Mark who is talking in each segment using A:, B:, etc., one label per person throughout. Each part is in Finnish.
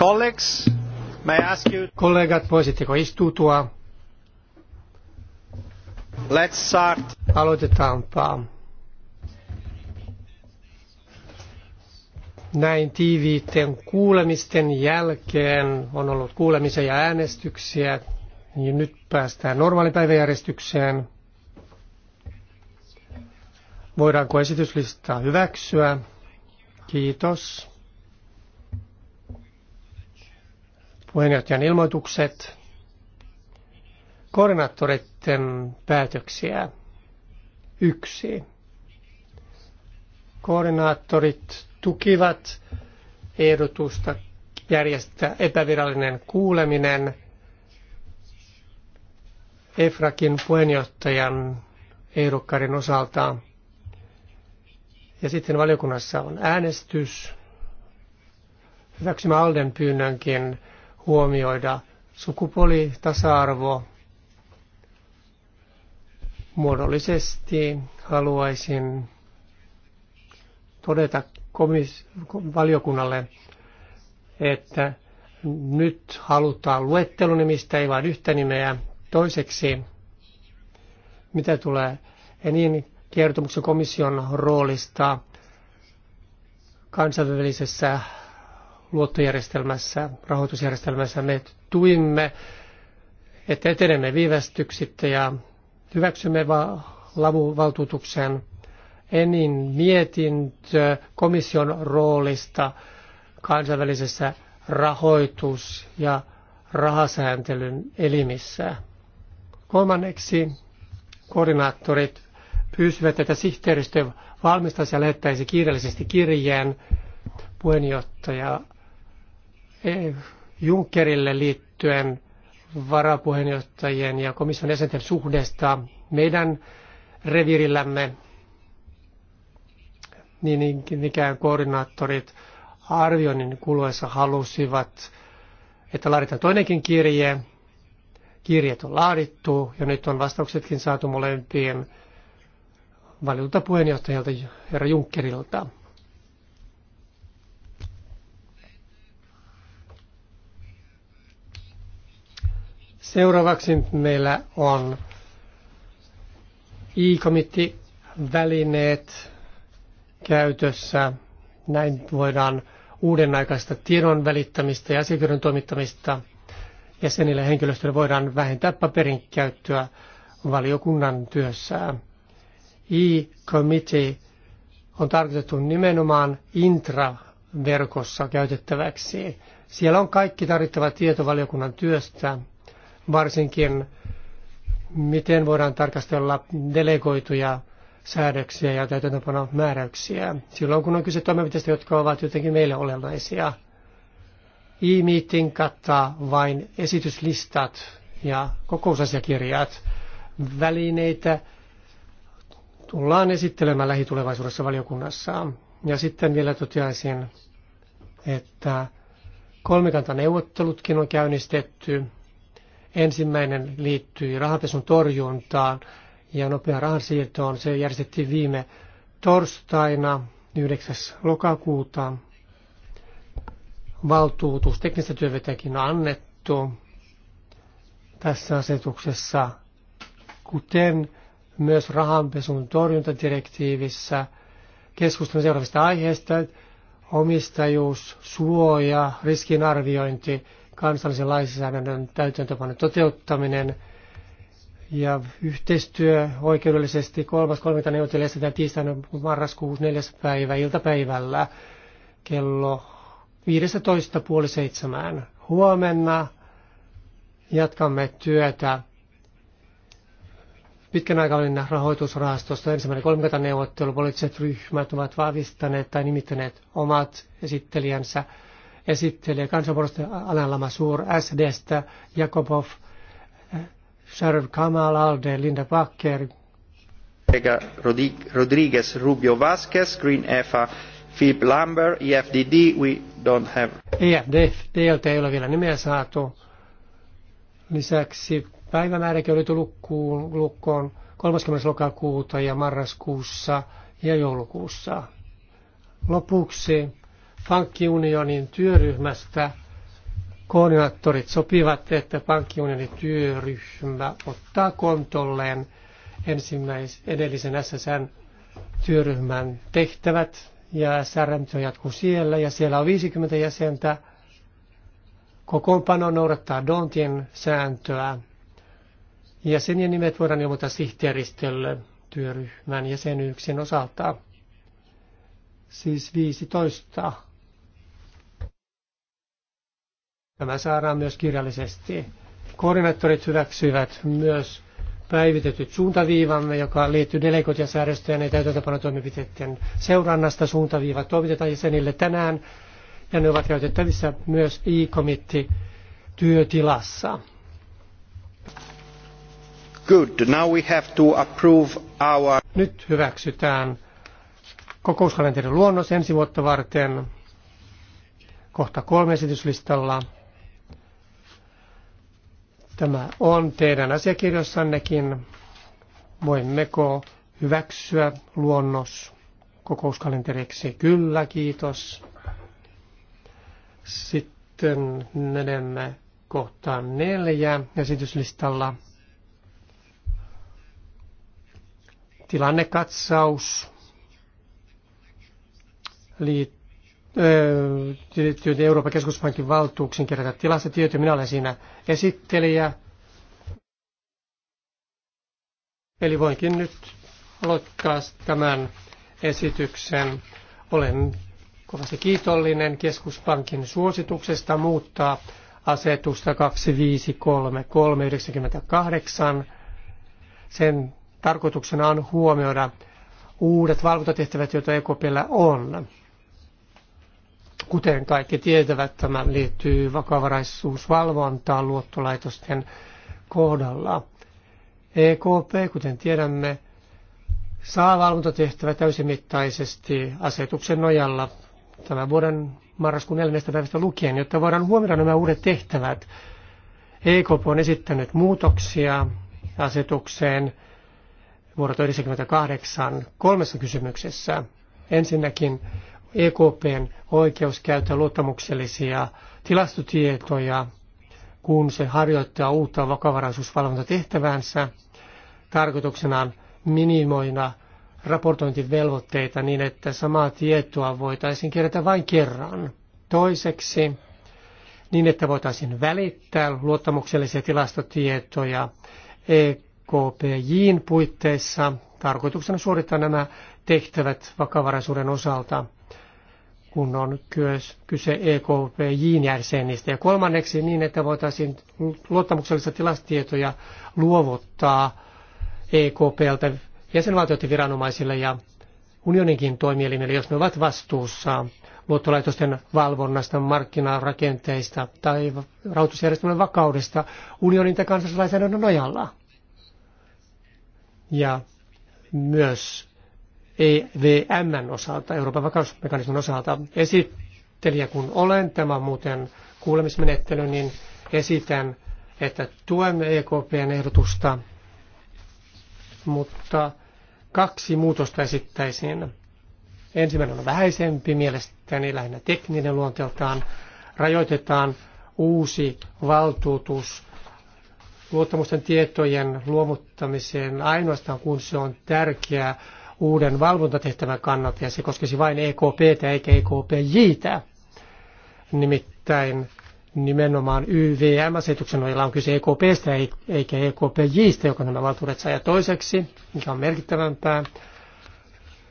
A: Colleagues, may I ask
B: you... Kollegat, voisitteko istutua. Let's start. Aloitetaanpa. Näin tiiviitten kuulemisten jälkeen on ollut kuulemisia ja äänestyksiä. Ja niin nyt päästään normaalipäiväjärjestykseen. Voidaanko esityslistaa hyväksyä? Kiitos. puheenjohtajan ilmoitukset, koordinaattoreiden päätöksiä. Yksi. Koordinaattorit tukivat ehdotusta järjestää epävirallinen kuuleminen EFRAKin puheenjohtajan ehdokkaiden osalta. Ja sitten valiokunnassa on äänestys. Hyväksymä Alden pyynnönkin huomioida sukupuolitasa-arvo. Muodollisesti haluaisin todeta komis- valiokunnalle, että nyt halutaan luettelo nimistä, ei vain yhtä nimeä. Toiseksi, mitä tulee niin kertomuksen komission roolista kansainvälisessä luottojärjestelmässä, rahoitusjärjestelmässä me tuimme, että etenemme viivästyksitte ja hyväksymme lavuvaltuutuksen enin mietintö komission roolista kansainvälisessä rahoitus- ja rahasääntelyn elimissä. Kolmanneksi koordinaattorit pyysivät, että sihteeristö valmistaisi ja lähettäisi kiireellisesti kirjeen puheenjohtaja Junckerille liittyen varapuheenjohtajien ja komission jäsenten suhdesta meidän revirillämme, niin ikään koordinaattorit arvioinnin kuluessa halusivat, että laaditaan toinenkin kirje. Kirjeet on laadittu ja nyt on vastauksetkin saatu molempien valiokuntapuheenjohtajilta herra Junckerilta. Seuraavaksi meillä on e-committee-välineet käytössä. Näin voidaan uuden aikaista tiedon välittämistä ja asiakirjan toimittamista jäsenille henkilöstölle voidaan vähentää paperin käyttöä valiokunnan työssä. E-committee on tarkoitettu nimenomaan intraverkossa käytettäväksi. Siellä on kaikki tarvittava tieto valiokunnan työstä varsinkin miten voidaan tarkastella delegoituja säädöksiä ja täytäntöpano määräyksiä silloin, kun on kyse toimenpiteistä, jotka ovat jotenkin meille olennaisia. E-meeting kattaa vain esityslistat ja kokousasiakirjat. Välineitä tullaan esittelemään lähitulevaisuudessa valiokunnassa. Ja sitten vielä toteaisin, että kolmikantaneuvottelutkin on käynnistetty Ensimmäinen liittyy rahanpesun torjuntaan ja nopean rahansiirtoon. Se järjestettiin viime torstaina 9. lokakuuta. Valtuutus teknistä työvetäkin on annettu tässä asetuksessa, kuten myös rahanpesun torjuntadirektiivissä. Keskustelun seuraavista aiheista omistajuus, suoja, riskinarviointi kansallisen lainsäädännön täytäntöpanon toteuttaminen ja yhteistyö oikeudellisesti kolmas kolmita neuvottelu estetään tiistaina marraskuun 4. päivä iltapäivällä kello 15.30 huomenna jatkamme työtä pitkän aikavälin rahoitusrahastosta ensimmäinen 30 neuvottelu, poliittiset ryhmät ovat vahvistaneet tai nimittäneet omat esittelijänsä esittelee kansanmuodosta Alan Lama Suur SDstä, Jakobov, Sharif Kamal Alde, Linda Bakker,
A: Rodriguez, Rubio Vasquez, Green EFA, Philip Lambert, EFDD, we don't have.
B: EFDltä ei ole vielä nimeä saatu. Lisäksi päivämääräkin oli lukkuun, lukkoon 30. lokakuuta ja marraskuussa ja joulukuussa. Lopuksi pankkiunionin työryhmästä koordinaattorit sopivat, että pankkiunionin työryhmä ottaa kontolleen ensimmäis, edellisen SSN työryhmän tehtävät ja SRM-työ jatkuu siellä ja siellä on 50 jäsentä. Kokoonpano noudattaa don'tin sääntöä. Jäsenien nimet voidaan ilmoittaa sihteeristölle työryhmän jäsenyyksien osalta. Siis 15 Tämä saadaan myös kirjallisesti. Koordinaattorit hyväksyivät myös päivitetyt suuntaviivamme, joka liittyy delegoituja ja täytäntöpanotoimenpiteiden seurannasta. Suuntaviivat toimitetaan jäsenille tänään ja ne ovat käytettävissä myös e-komitti työtilassa.
A: Good. Now we have to approve our...
B: Nyt hyväksytään kokouskalenterin luonnos ensi vuotta varten. Kohta kolme esityslistalla. Tämä on teidän asiakirjassannekin. Voimmeko hyväksyä luonnos kokouskalenteriksi? Kyllä, kiitos. Sitten menemme kohtaan neljä esityslistalla. Tilannekatsaus liittyy tietysti Euroopan keskuspankin valtuuksiin kerätä tilastotieto. Minä olen siinä esittelijä. Eli voinkin nyt aloittaa tämän esityksen. Olen kovasti kiitollinen keskuspankin suosituksesta muuttaa asetusta 253.398. Sen tarkoituksena on huomioida uudet valvontatehtävät, joita EKPllä on Kuten kaikki tietävät, tämä liittyy vakavaraisuusvalvontaan luottolaitosten kohdalla. EKP, kuten tiedämme, saa valvontatehtävä täysimittaisesti asetuksen nojalla tämän vuoden marraskuun 4. päivästä lukien, jotta voidaan huomioida nämä uudet tehtävät. EKP on esittänyt muutoksia asetukseen vuodelta 1998 kolmessa kysymyksessä. Ensinnäkin EKPn oikeus käyttää luottamuksellisia tilastotietoja, kun se harjoittaa uutta vakavaraisuusvalvontatehtäväänsä tarkoituksenaan minimoina raportointivelvoitteita niin, että samaa tietoa voitaisiin kerätä vain kerran. Toiseksi, niin että voitaisiin välittää luottamuksellisia tilastotietoja EKPJin puitteissa tarkoituksena suorittaa nämä tehtävät vakavaraisuuden osalta – kun on kyse EKPJin jäsenistä. Ja kolmanneksi niin, että voitaisiin luottamuksellisia tilastietoja luovuttaa EKPltä jäsenvaltioiden viranomaisille ja unioninkin toimielimille, jos ne ovat vastuussa luottolaitosten valvonnasta, markkinarakenteista tai rahoitusjärjestelmän vakaudesta unionin tai kansallislainsäädännön nojalla. Ja myös EVMn osalta, Euroopan vakausmekanismin osalta esittelijä kun olen, tämä on muuten kuulemismenettely, niin esitän, että tuemme EKPn ehdotusta, mutta kaksi muutosta esittäisin. Ensimmäinen on vähäisempi mielestäni, lähinnä tekninen luonteeltaan. Rajoitetaan uusi valtuutus luottamusten tietojen luovuttamiseen ainoastaan, kun se on tärkeää uuden valvontatehtävän kannalta, ja se koskisi vain EKPtä eikä EKPJtä. Nimittäin nimenomaan YVM-asetuksen nojalla on kyse EKPstä eikä EKPJstä, joka nämä valtuudet saa. Ja toiseksi, mikä on merkittävämpää,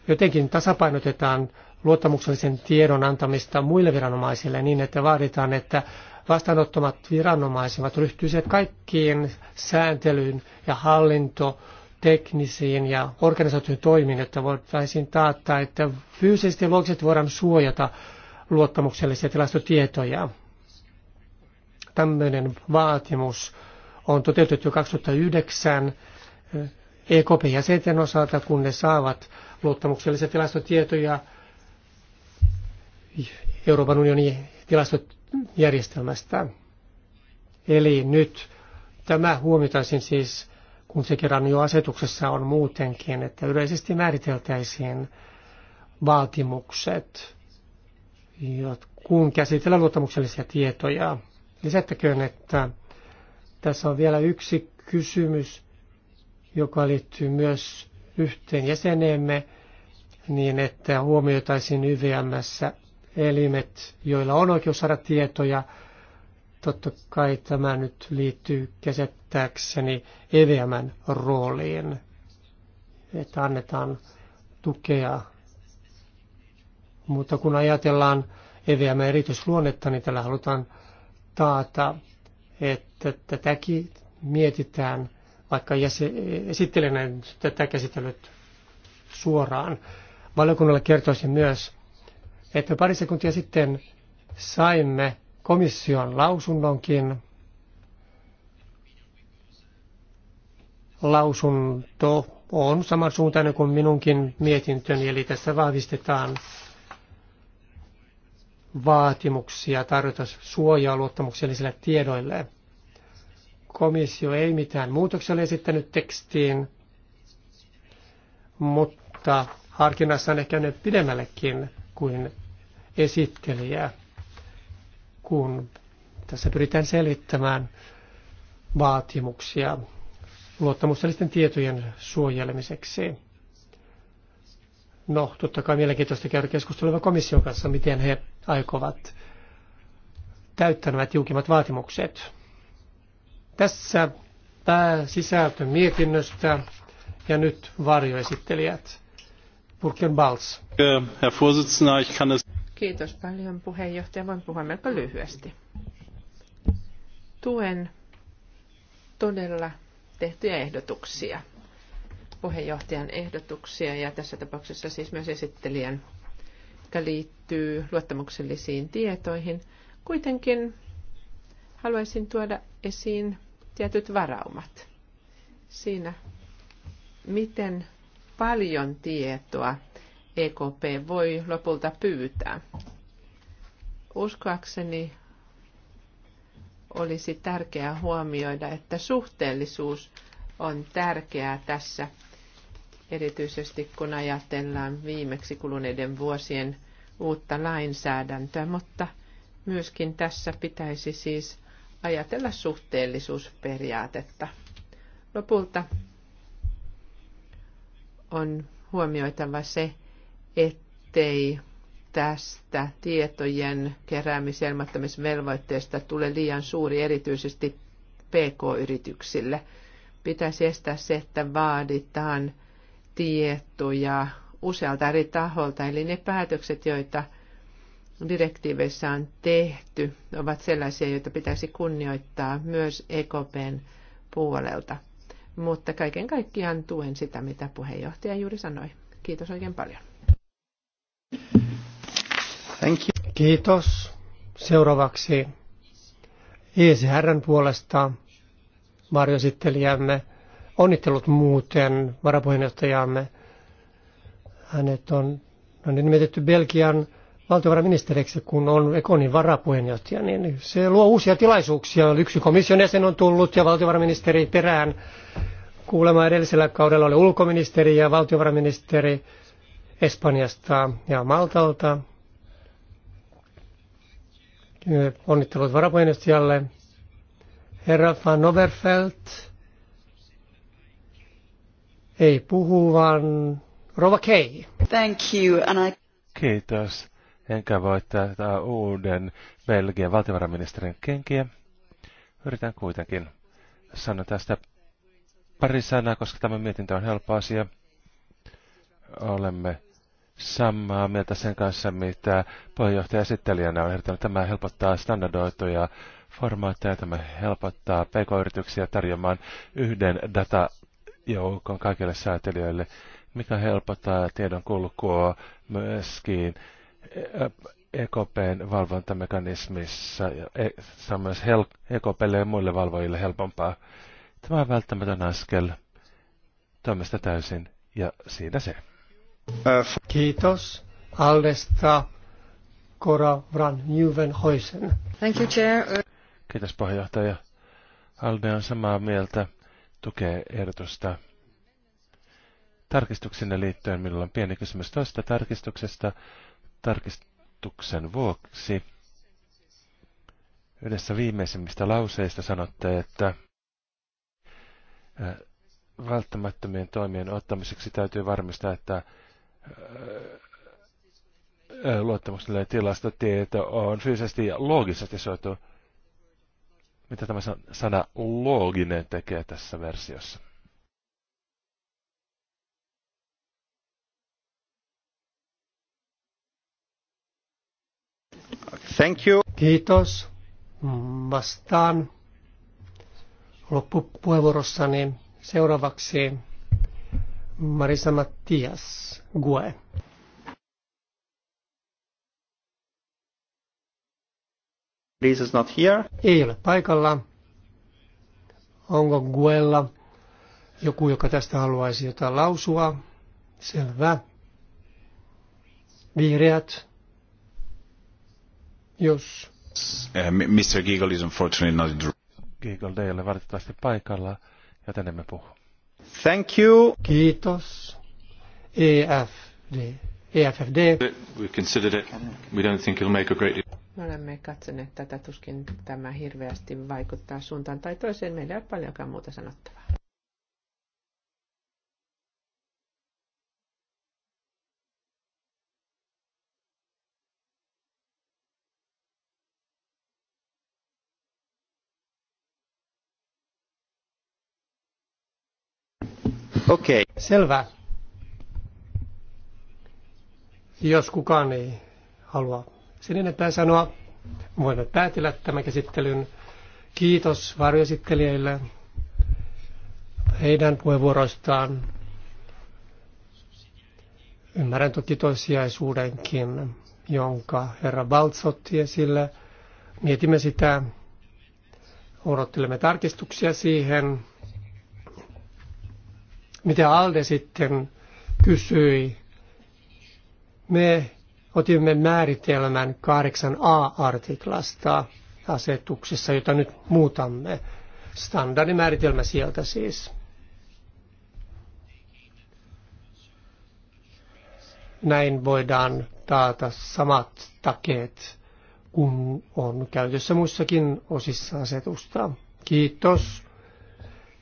B: jotenkin tasapainotetaan luottamuksellisen tiedon antamista muille viranomaisille niin, että vaaditaan, että vastaanottomat viranomaiset ryhtyisivät kaikkiin sääntelyyn ja hallinto teknisiin ja organisaatioihin toimiin, että voitaisiin taata, että fyysisesti luokset voidaan suojata luottamuksellisia tilastotietoja. Tämmöinen vaatimus on toteutettu 2009 EKP-jäsenten osalta, kun ne saavat luottamuksellisia tilastotietoja Euroopan unionin tilastojärjestelmästä. Eli nyt tämä huomioitaisiin siis kun se kerran jo asetuksessa on muutenkin, että yleisesti määriteltäisiin vaatimukset, kun käsitellään luottamuksellisia tietoja. Lisättäköön, että tässä on vielä yksi kysymys, joka liittyy myös yhteen jäseneemme, niin että huomioitaisiin YVMssä elimet, joilla on oikeus saada tietoja Totta kai tämä nyt liittyy käsittääkseni EVMn rooliin, että annetaan tukea. Mutta kun ajatellaan EVM erityisluonnetta, niin tällä halutaan taata, että tätäkin mietitään, vaikka esittelen tätä käsitellyt suoraan. Valiokunnalle kertoisin myös, että pari sekuntia sitten saimme komission lausunnonkin. Lausunto on samansuuntainen kuin minunkin mietintöni, eli tässä vahvistetaan vaatimuksia tarjota suojaa luottamuksellisille tiedoille. Komissio ei mitään muutoksia ole esittänyt tekstiin, mutta harkinnassa on ehkä pidemmällekin kuin esittelijä kun tässä pyritään selvittämään vaatimuksia luottamuksellisten tietojen suojelemiseksi. No, totta kai mielenkiintoista käydä keskustelua komission kanssa, miten he aikovat täyttää nämä tiukimmat vaatimukset. Tässä pääsisältö mietinnöstä ja nyt varjoesittelijät. Burkin Balz.
A: Herr Vorsitzender, ich kann es
C: Kiitos paljon puheenjohtaja. Voin puhua melko lyhyesti. Tuen todella tehtyjä ehdotuksia, puheenjohtajan ehdotuksia ja tässä tapauksessa siis myös esittelijän, joka liittyy luottamuksellisiin tietoihin. Kuitenkin haluaisin tuoda esiin tietyt varaumat siinä, miten paljon tietoa – EKP voi lopulta pyytää. Uskoakseni olisi tärkeää huomioida, että suhteellisuus on tärkeää tässä, erityisesti kun ajatellaan viimeksi kuluneiden vuosien uutta lainsäädäntöä, mutta myöskin tässä pitäisi siis ajatella suhteellisuusperiaatetta. Lopulta on huomioitava se, ettei tästä tietojen keräämis- ilmoittamisvelvoitteesta tule liian suuri erityisesti PK-yrityksille. Pitäisi estää se, että vaaditaan tietoja usealta eri taholta, eli ne päätökset, joita direktiiveissä on tehty, ovat sellaisia, joita pitäisi kunnioittaa myös EKPn puolelta. Mutta kaiken kaikkiaan tuen sitä, mitä puheenjohtaja juuri sanoi. Kiitos oikein paljon.
A: Thank
B: you. Kiitos. Seuraavaksi ECRn puolesta varjoesittelijämme. Onnittelut muuten varapuheenjohtajamme. Hänet on, on nimitetty Belgian valtiovarainministeriksi, kun on Ekonin varapuheenjohtaja, niin se luo uusia tilaisuuksia. Yksi komission jäsen on tullut ja valtiovarainministeri perään. Kuulemma edellisellä kaudella oli ulkoministeri ja valtiovarainministeri Espanjasta ja Maltalta. Onnittelut varapuheenjohtajalle. Herra van Overfeld ei puhu, vaan Rova Kei. Thank you, and I...
D: Kiitos. Enkä voi tätä uuden Belgian valtiovarainministerin kenkiä. Yritän kuitenkin sanoa tästä pari sanaa, koska tämä mietintö on helppo asia. Olemme samaa mieltä sen kanssa, mitä puheenjohtaja esittelijänä on ehdottanut. Tämä helpottaa standardoituja formaatteja, tämä helpottaa pk-yrityksiä tarjoamaan yhden datajoukon kaikille säätelijöille, mikä helpottaa tiedon kulkua myöskin EKPn valvontamekanismissa. Ja e, se on myös EKPlle e ja muille valvojille helpompaa. Tämä on välttämätön askel toimesta täysin, ja siinä se. Kiitos. Allesta
B: Cora Van Nieuwenhuisen. Thank you,
E: Chair.
D: Kiitos puheenjohtaja. Alde on samaa mieltä, tukee ehdotusta. Tarkistuksenne liittyen minulla on pieni kysymys toista tarkistuksesta tarkistuksen vuoksi. Yhdessä viimeisimmistä lauseista sanotte, että välttämättömien toimien ottamiseksi täytyy varmistaa, että luottamuksellinen tilastotieto on fyysisesti ja loogisesti soitu. Mitä tämä sana looginen tekee tässä versiossa?
B: Thank you. Kiitos. Vastaan loppupuheenvuorossani seuraavaksi Marisa Matias, GUE.
A: This is not here.
B: Ei ole paikalla. Onko Guella joku, joka tästä haluaisi jotain lausua? Selvä. Vihreät.
D: Jos.
F: Uh, eh, Mr. Giggle is unfortunately not in the room.
D: Giggle ei ole valitettavasti paikalla, joten emme puhu. Thank you. Kiitos. EFD. EFFD. considered it. We don't think it'll make a great me olemme katsoneet tätä, tuskin
C: tämä hirveästi vaikuttaa suuntaan tai toiseen. Meillä ei ole paljonkaan muuta sanottavaa.
A: Okei. Okay. Selvä.
B: Jos kukaan ei halua sen enempää sanoa, voimme päätellä tämän käsittelyn. Kiitos varjoesittelijöille heidän puheenvuoroistaan. Ymmärrän toki toissijaisuudenkin, jonka herra Baltz otti esille. Mietimme sitä, odottelemme tarkistuksia siihen mitä Alde sitten kysyi, me otimme määritelmän 8a-artiklasta asetuksessa, jota nyt muutamme. Standardimääritelmä sieltä siis. Näin voidaan taata samat takeet, kun on käytössä muissakin osissa asetusta. Kiitos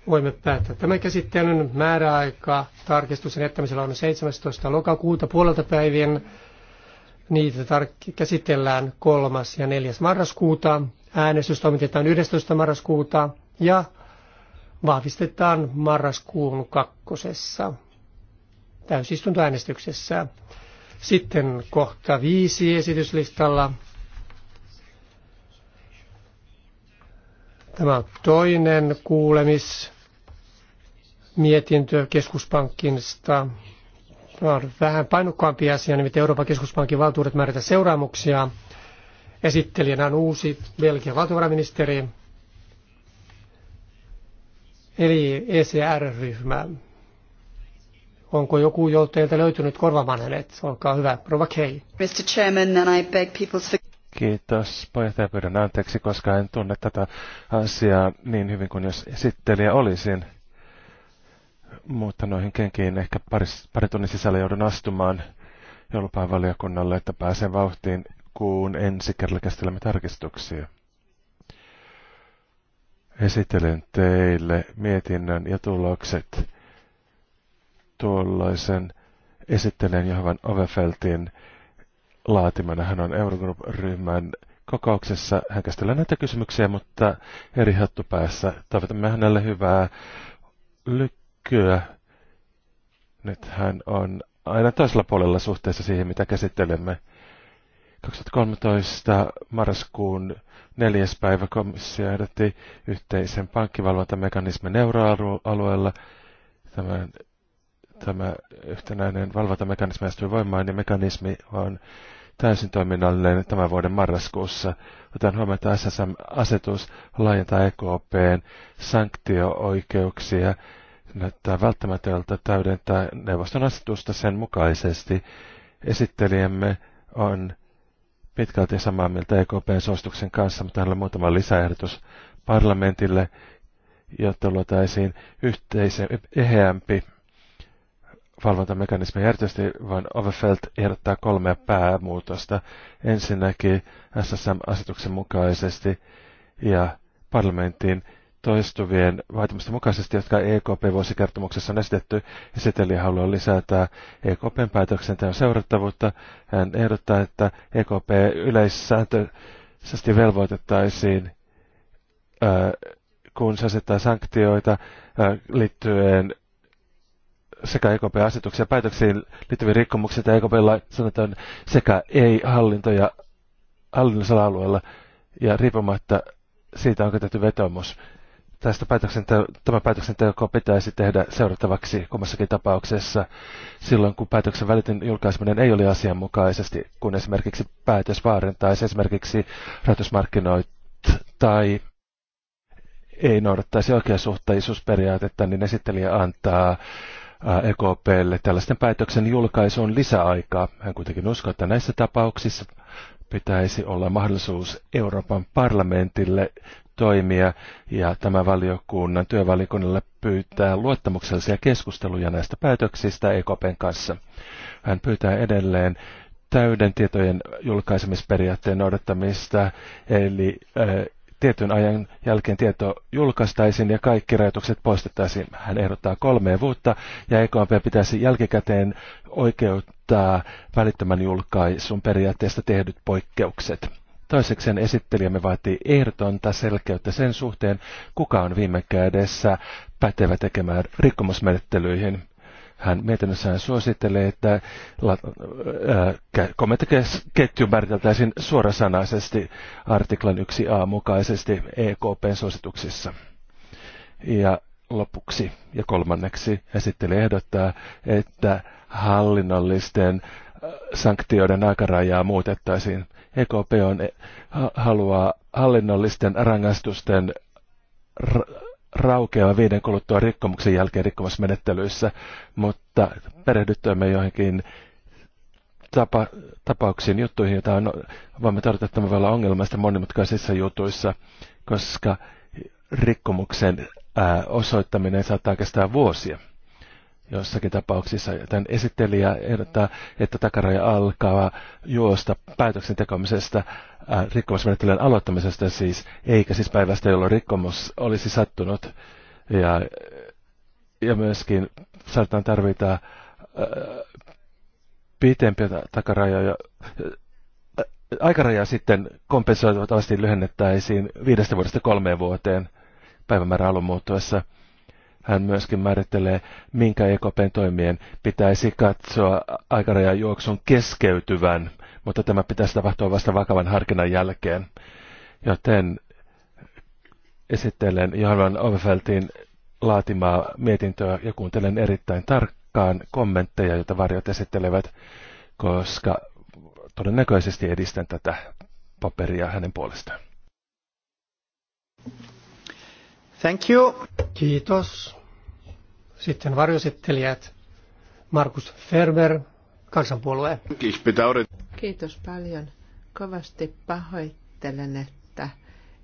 B: voimme päättää tämän käsittelyn määräaika tarkistuksen jättämisellä on 17. lokakuuta puolelta päivien. Niitä tar- käsitellään 3. ja 4. marraskuuta. Äänestys toimitetaan 11. marraskuuta ja vahvistetaan marraskuun kakkosessa täysistuntoäänestyksessä. Sitten kohta viisi esityslistalla. Tämä on toinen kuulemis mietintö Tämä on vähän painokkaampi asia, nimittäin Euroopan keskuspankin valtuudet määrätä seuraamuksia. Esittelijänä on uusi Belgian valtiovarainministeri, eli ECR-ryhmä. Onko joku jo teiltä löytynyt korvaamaan hänet? Olkaa hyvä, Rova Kay. Mr.
G: Chairman, and I
B: beg people's...
D: Kiitos, puheenjohtaja pyydän anteeksi, koska en tunne tätä asiaa niin hyvin kuin jos esittelijä olisin. Mutta noihin kenkiin ehkä pari, pari tunnin sisällä joudun astumaan joulupäivän että pääsen vauhtiin, kuun ensi kerralla käsittelemme tarkistuksia. Esittelen teille mietinnön ja tulokset tuollaisen esittelen Johan Ovefeltin laatimana. Hän on Eurogroup-ryhmän kokouksessa. Hän käsittelee näitä kysymyksiä, mutta eri hattupäässä. Toivotamme hänelle hyvää ly- Kyllä, Nyt hän on aina toisella puolella suhteessa siihen, mitä käsittelemme. 2013 marraskuun neljäs päivä komissio ehdotti yhteisen pankkivalvontamekanismin euroalueella. Tämä, tämä yhtenäinen valvontamekanismi astui voimaan ja mekanismi on täysin toiminnallinen tämän vuoden marraskuussa. Otan huomioon, että SSM-asetus laajentaa EKPn sanktio-oikeuksia näyttää välttämätöntä täydentää neuvoston asetusta sen mukaisesti. Esittelijämme on pitkälti samaa mieltä EKPn suostuksen kanssa, mutta hänellä on muutama lisäehdotus parlamentille, jotta luotaisiin yhteisen eheämpi valvontamekanismi. Erityisesti Van Overfeld ehdottaa kolmea päämuutosta. Ensinnäkin SSM-asetuksen mukaisesti ja parlamentin toistuvien vaatimusten mukaisesti, jotka EKP-vuosikertomuksessa on esitetty. esiteli haluaa lisätä EKPn päätöksenteon seurattavuutta. Hän ehdottaa, että EKP yleissääntöisesti velvoitettaisiin, kun se asettaa sanktioita liittyen sekä EKP-asetuksia päätöksiin liittyviin rikkomuksiin että EKPlla sanotaan sekä ei-hallinto ja hallinnollisella alueella ja riippumatta siitä, onko tehty vetomus tästä päätöksenteo, tämä päätöksenteko pitäisi tehdä seurattavaksi kummassakin tapauksessa silloin, kun päätöksen välitön julkaiseminen ei ole asianmukaisesti, kun esimerkiksi päätös vaarantaisi esimerkiksi rahoitusmarkkinoit tai ei noudattaisi oikeasuhtaisuusperiaatetta, niin esittelijä antaa EKPlle tällaisten päätöksen julkaisuun lisäaikaa. Hän kuitenkin uskoo, että näissä tapauksissa pitäisi olla mahdollisuus Euroopan parlamentille toimia ja tämä valiokunnan työvaliokunnalle pyytää luottamuksellisia keskusteluja näistä päätöksistä EKPn kanssa. Hän pyytää edelleen täyden tietojen julkaisemisperiaatteen noudattamista, eli äh, tietyn ajan jälkeen tieto julkaistaisiin ja kaikki rajoitukset poistettaisiin. Hän ehdottaa kolmea vuotta ja EKP pitäisi jälkikäteen oikeuttaa välittömän julkaisun periaatteesta tehdyt poikkeukset. Toisekseen esittelijämme vaatii ehdotonta selkeyttä sen suhteen, kuka on viime kädessä pätevä tekemään rikkomusmenettelyihin. Hän mietinnössään suosittelee, että kommenttiketju määriteltäisiin suorasanaisesti artiklan 1a mukaisesti EKPn suosituksissa. Ja lopuksi ja kolmanneksi esitteli ehdottaa, että hallinnollisten sanktioiden aikarajaa muutettaisiin EKP on, eh, haluaa hallinnollisten rangaistusten raukeaa viiden kuluttua rikkomuksen jälkeen rikkomusmenettelyissä, mutta perehdyttyämme johonkin tapa, tapauksiin, juttuihin, joita on, voimme todeta, että voi olla ongelmaista monimutkaisissa jutuissa, koska rikkomuksen ää, osoittaminen saattaa kestää vuosia jossakin tapauksissa. Tämän esittelijä ehdottaa, että takaraja alkaa juosta päätöksen tekemisestä äh, rikkomusmenettelyn aloittamisesta siis, eikä siis päivästä, jolloin rikkomus olisi sattunut. Ja, ja myöskin saattaa tarvita äh, pitempiä takarajoja, äh, aikarajaa sitten kompensoitavasti lyhennettäisiin viidestä vuodesta kolmeen vuoteen päivämäärä alun muuttuessa – hän myöskin määrittelee, minkä EKPn toimien pitäisi katsoa aikarajan juoksun keskeytyvän, mutta tämä pitäisi tapahtua vasta vakavan harkinnan jälkeen. Joten esittelen Johan Overfeltin laatimaa mietintöä ja kuuntelen erittäin tarkkaan kommentteja, joita varjot esittelevät, koska todennäköisesti edistän tätä paperia hänen puolestaan.
B: Thank you. Kiitos. Sitten varjoesittelijät. Markus Ferber, kansanpuolue.
C: Kiitos paljon. Kovasti pahoittelen, että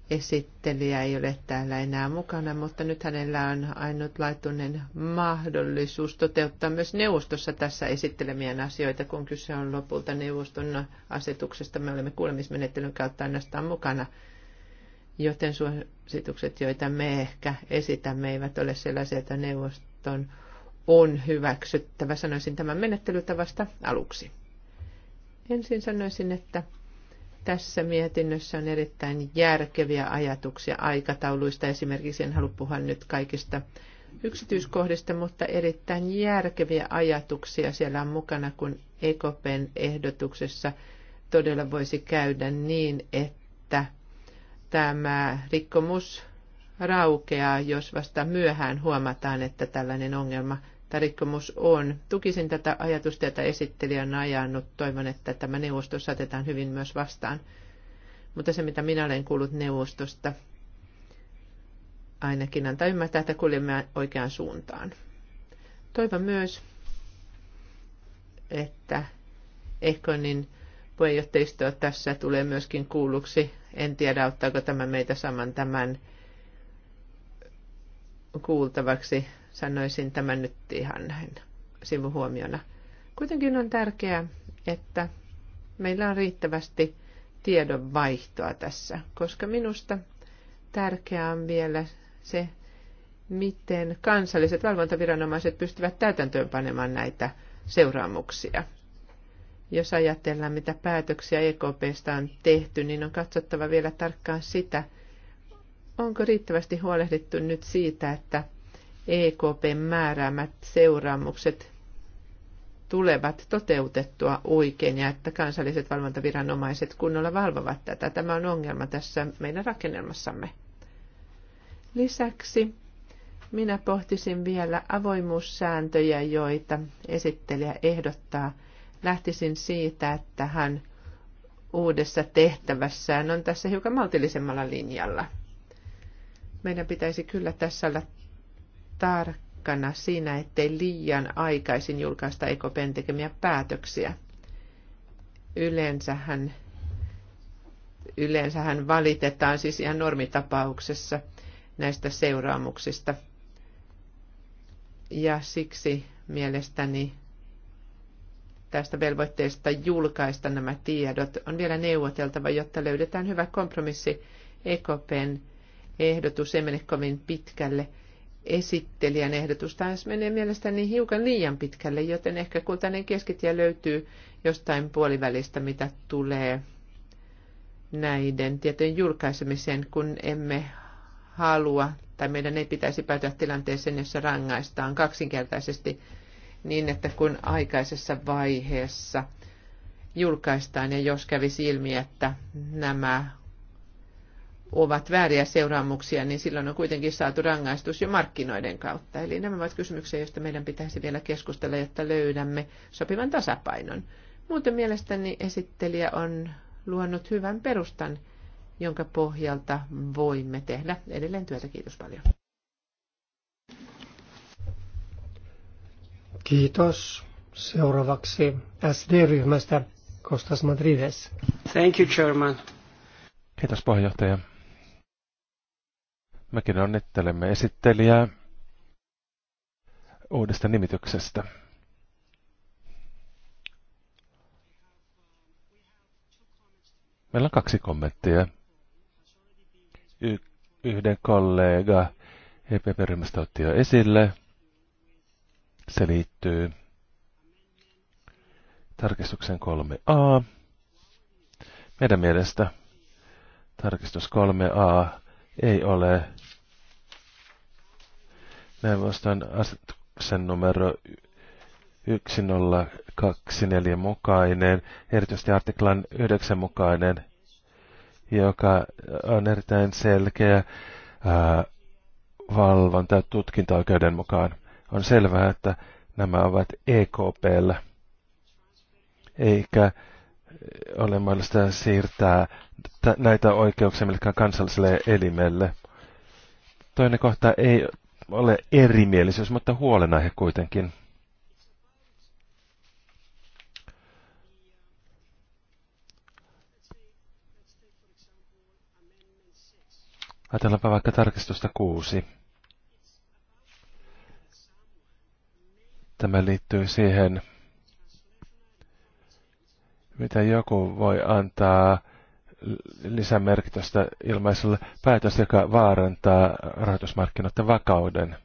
C: esittelijä ei ole täällä enää mukana, mutta nyt hänellä on ainutlaatuinen mahdollisuus toteuttaa myös neuvostossa tässä esittelemien asioita, kun kyse on lopulta neuvoston asetuksesta. Me olemme kuulemismenettelyn kautta ainoastaan mukana joten suositukset, joita me ehkä esitämme, eivät ole sellaisia, että neuvoston on hyväksyttävä. Sanoisin tämän menettelytavasta aluksi. Ensin sanoisin, että tässä mietinnössä on erittäin järkeviä ajatuksia aikatauluista. Esimerkiksi en halua puhua nyt kaikista yksityiskohdista, mutta erittäin järkeviä ajatuksia siellä on mukana, kun EKPn ehdotuksessa todella voisi käydä niin, että tämä rikkomus raukeaa, jos vasta myöhään huomataan, että tällainen ongelma tai rikkomus on. Tukisin tätä ajatusta, jota esittelijä on ajanut. Toivon, että tämä neuvosto saatetaan hyvin myös vastaan. Mutta se, mitä minä olen kuullut neuvostosta, ainakin antaa ymmärtää, että kuljemme oikeaan suuntaan. Toivon myös, että Ehkonin puheenjohtajisto tässä tulee myöskin kuulluksi en tiedä, auttaako tämä meitä saman tämän kuultavaksi. Sanoisin tämän nyt ihan sivuhuomiona. Kuitenkin on tärkeää, että meillä on riittävästi tiedonvaihtoa tässä, koska minusta tärkeää on vielä se, miten kansalliset valvontaviranomaiset pystyvät täytäntöönpanemaan näitä seuraamuksia. Jos ajatellaan, mitä päätöksiä EKPstä on tehty, niin on katsottava vielä tarkkaan sitä, onko riittävästi huolehdittu nyt siitä, että EKPn määräämät seuraamukset tulevat toteutettua oikein ja että kansalliset valvontaviranomaiset kunnolla valvovat tätä. Tämä on ongelma tässä meidän rakennelmassamme. Lisäksi minä pohtisin vielä avoimuussääntöjä, joita esittelijä ehdottaa – lähtisin siitä, että hän uudessa tehtävässään on tässä hiukan maltillisemmalla linjalla. Meidän pitäisi kyllä tässä olla tarkkana siinä, ettei liian aikaisin julkaista EKPn tekemiä päätöksiä. Yleensähän, yleensähän valitetaan siis ihan normitapauksessa näistä seuraamuksista. Ja siksi mielestäni tästä velvoitteesta julkaista nämä tiedot on vielä neuvoteltava, jotta löydetään hyvä kompromissi. EKPn ehdotus ei mene kovin pitkälle. Esittelijän ehdotus taas menee mielestäni hiukan liian pitkälle, joten ehkä kultainen keskitie löytyy jostain puolivälistä, mitä tulee näiden tietojen julkaisemiseen, kun emme halua tai meidän ei pitäisi päätyä tilanteeseen, jossa rangaistaan kaksinkertaisesti – niin, että kun aikaisessa vaiheessa julkaistaan ja jos kävisi ilmi, että nämä ovat vääriä seuraamuksia, niin silloin on kuitenkin saatu rangaistus jo markkinoiden kautta. Eli nämä ovat kysymyksiä, joista meidän pitäisi vielä keskustella, jotta löydämme sopivan tasapainon. Muuten mielestäni esittelijä on luonut hyvän perustan, jonka pohjalta voimme tehdä edelleen työtä. Kiitos paljon.
B: Kiitos. Seuraavaksi SD-ryhmästä Kostas Madrides.
G: Thank you, Chairman.
D: Kiitos puheenjohtaja. Mekin onnittelemme esittelijää uudesta nimityksestä. Meillä on kaksi kommenttia. Y- yhden kollega EPP-ryhmästä otti jo esille. Se liittyy tarkistuksen 3a. Meidän mielestä tarkistus 3a ei ole neuvoston asetuksen numero 1024 mukainen, erityisesti artiklan 9 mukainen, joka on erittäin selkeä ää, valvonta tutkintaoikeuden mukaan. On selvää, että nämä ovat EKPllä, eikä eh, ole mahdollista siirtää näitä oikeuksia millekään kansalliselle elimelle. Toinen kohta ei ole erimielisyys, mutta huolenaihe kuitenkin. Ajatellaanpa vaikka tarkistusta kuusi. Tämä liittyy siihen, mitä joku voi antaa lisämerkitystä ilmaiselle päätös, joka vaarantaa rahoitusmarkkinoiden vakauden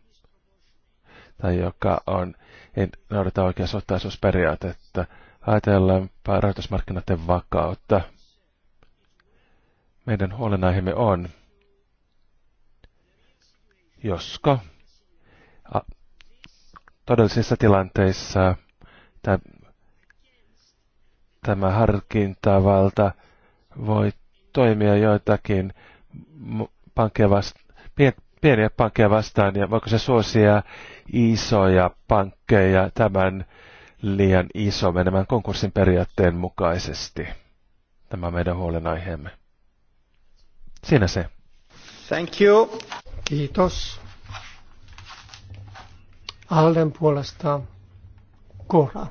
D: tai joka on, ei noudata oikeasuhtaisuusperiaatetta. Ajatellaanpa rahoitusmarkkinoiden vakautta. Meidän huolenaiheemme on, josko todellisissa tilanteissa tämä harkintavalta voi toimia joitakin pankkeja vastaan, pieniä pankkeja vastaan ja voiko se suosia isoja pankkeja tämän liian iso menemään konkurssin periaatteen mukaisesti. Tämä on meidän huolenaiheemme. Siinä se.
A: Thank you. Kiitos.
B: Alden puolesta Kora.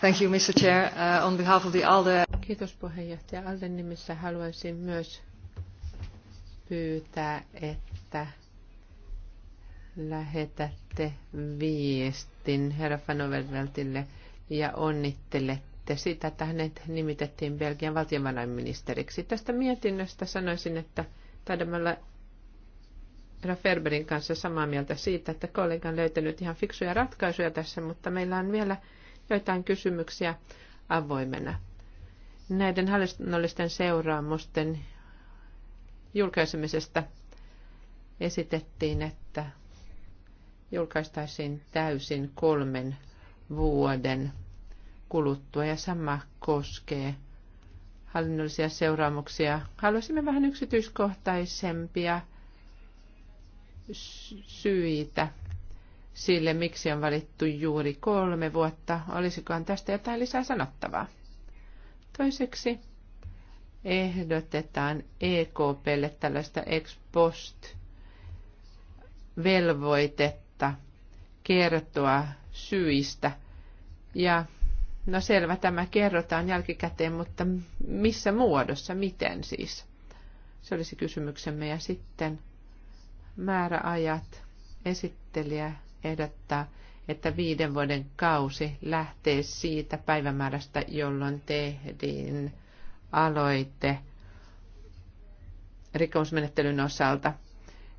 C: Thank you, Mr. Chair. Uh, on behalf of the ALDE... Kiitos puheenjohtaja. Alden nimissä haluaisin myös pyytää, että lähetätte viestin herra Fanoverveltille ja onnittelette sitä, että hänet nimitettiin Belgian valtiovarainministeriksi. Tästä mietinnöstä sanoisin, että taidamme olla herra Ferberin kanssa samaa mieltä siitä, että kollega on löytänyt ihan fiksuja ratkaisuja tässä, mutta meillä on vielä joitain kysymyksiä avoimena. Näiden hallinnollisten seuraamusten julkaisemisesta esitettiin, että julkaistaisiin täysin kolmen vuoden kuluttua ja sama koskee hallinnollisia seuraamuksia. Haluaisimme vähän yksityiskohtaisempia syitä sille, miksi on valittu juuri kolme vuotta. Olisikohan tästä jotain lisää sanottavaa? Toiseksi ehdotetaan EKPlle tällaista ex post velvoitetta kertoa syistä. Ja no selvä, tämä kerrotaan jälkikäteen, mutta missä muodossa, miten siis? Se olisi kysymyksemme. Ja sitten määräajat. Esittelijä ehdottaa, että viiden vuoden kausi lähtee siitä päivämäärästä, jolloin tehdin aloite rikkomusmenettelyn osalta,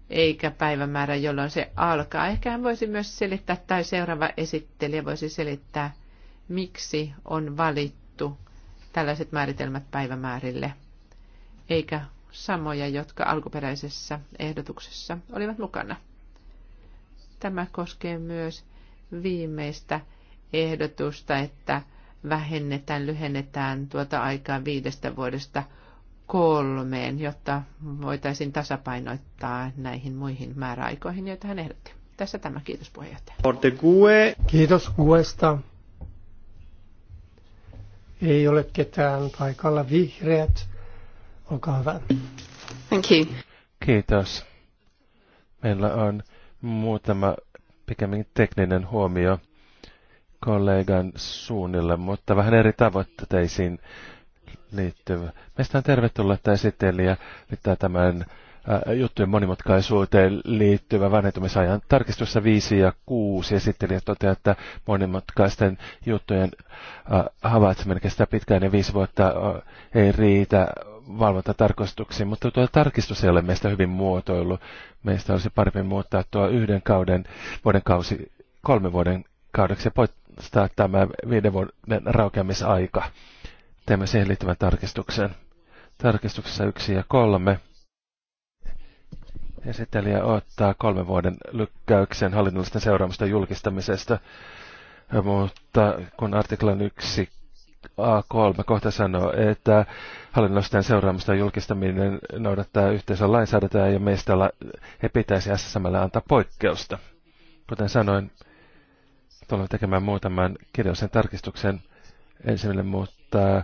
C: eikä päivämäärä, jolloin se alkaa. Ehkä hän voisi myös selittää, tai seuraava esittelijä voisi selittää, miksi on valittu tällaiset määritelmät päivämäärille, eikä samoja, jotka alkuperäisessä ehdotuksessa olivat mukana. Tämä koskee myös viimeistä ehdotusta, että vähennetään, lyhennetään tuota aikaa viidestä vuodesta kolmeen, jotta voitaisiin tasapainoittaa näihin muihin määräaikoihin, joita hän ehdotti. Tässä tämä, kiitos puheenjohtaja.
B: Kiitos kuesta. Ei ole ketään paikalla vihreät. Olkaa hyvä.
C: Thank
D: you. Kiitos. Meillä on muutama pikemmin tekninen huomio kollegan suunnille, mutta vähän eri tavoitteisiin liittyvä. Meistä on tervetullut, että esittelijä liittää tämän ää, äh, juttujen monimutkaisuuteen liittyvä vanhentumisajan tarkistussa 5 ja 6 esittelijä toteaa, että monimutkaisten juttujen ää, äh, havaitseminen kestää pitkään ja viisi vuotta äh, ei riitä valvontatarkastuksiin, mutta tuo tarkistus ei ole meistä hyvin muotoillut. Meistä olisi parempi muuttaa tuo yhden kauden, vuoden kausi, kolmen vuoden kaudeksi ja poistaa tämä viiden vuoden raukeamisaika. Teemme siihen liittyvän tarkistuksen. Tarkistuksessa yksi ja kolme. Esittelijä ottaa kolmen vuoden lykkäyksen hallinnollisten seuraamusten julkistamisesta, mutta kun artiklan yksi A3 kohta sanoo, että hallinnollisten ja julkistaminen noudattaa yhteisön lainsäädäntöä ja meistä he pitäisi SSML antaa poikkeusta. Kuten sanoin, tulemme tekemään muutaman kirjallisen tarkistuksen. Ensimmäinen muuttaa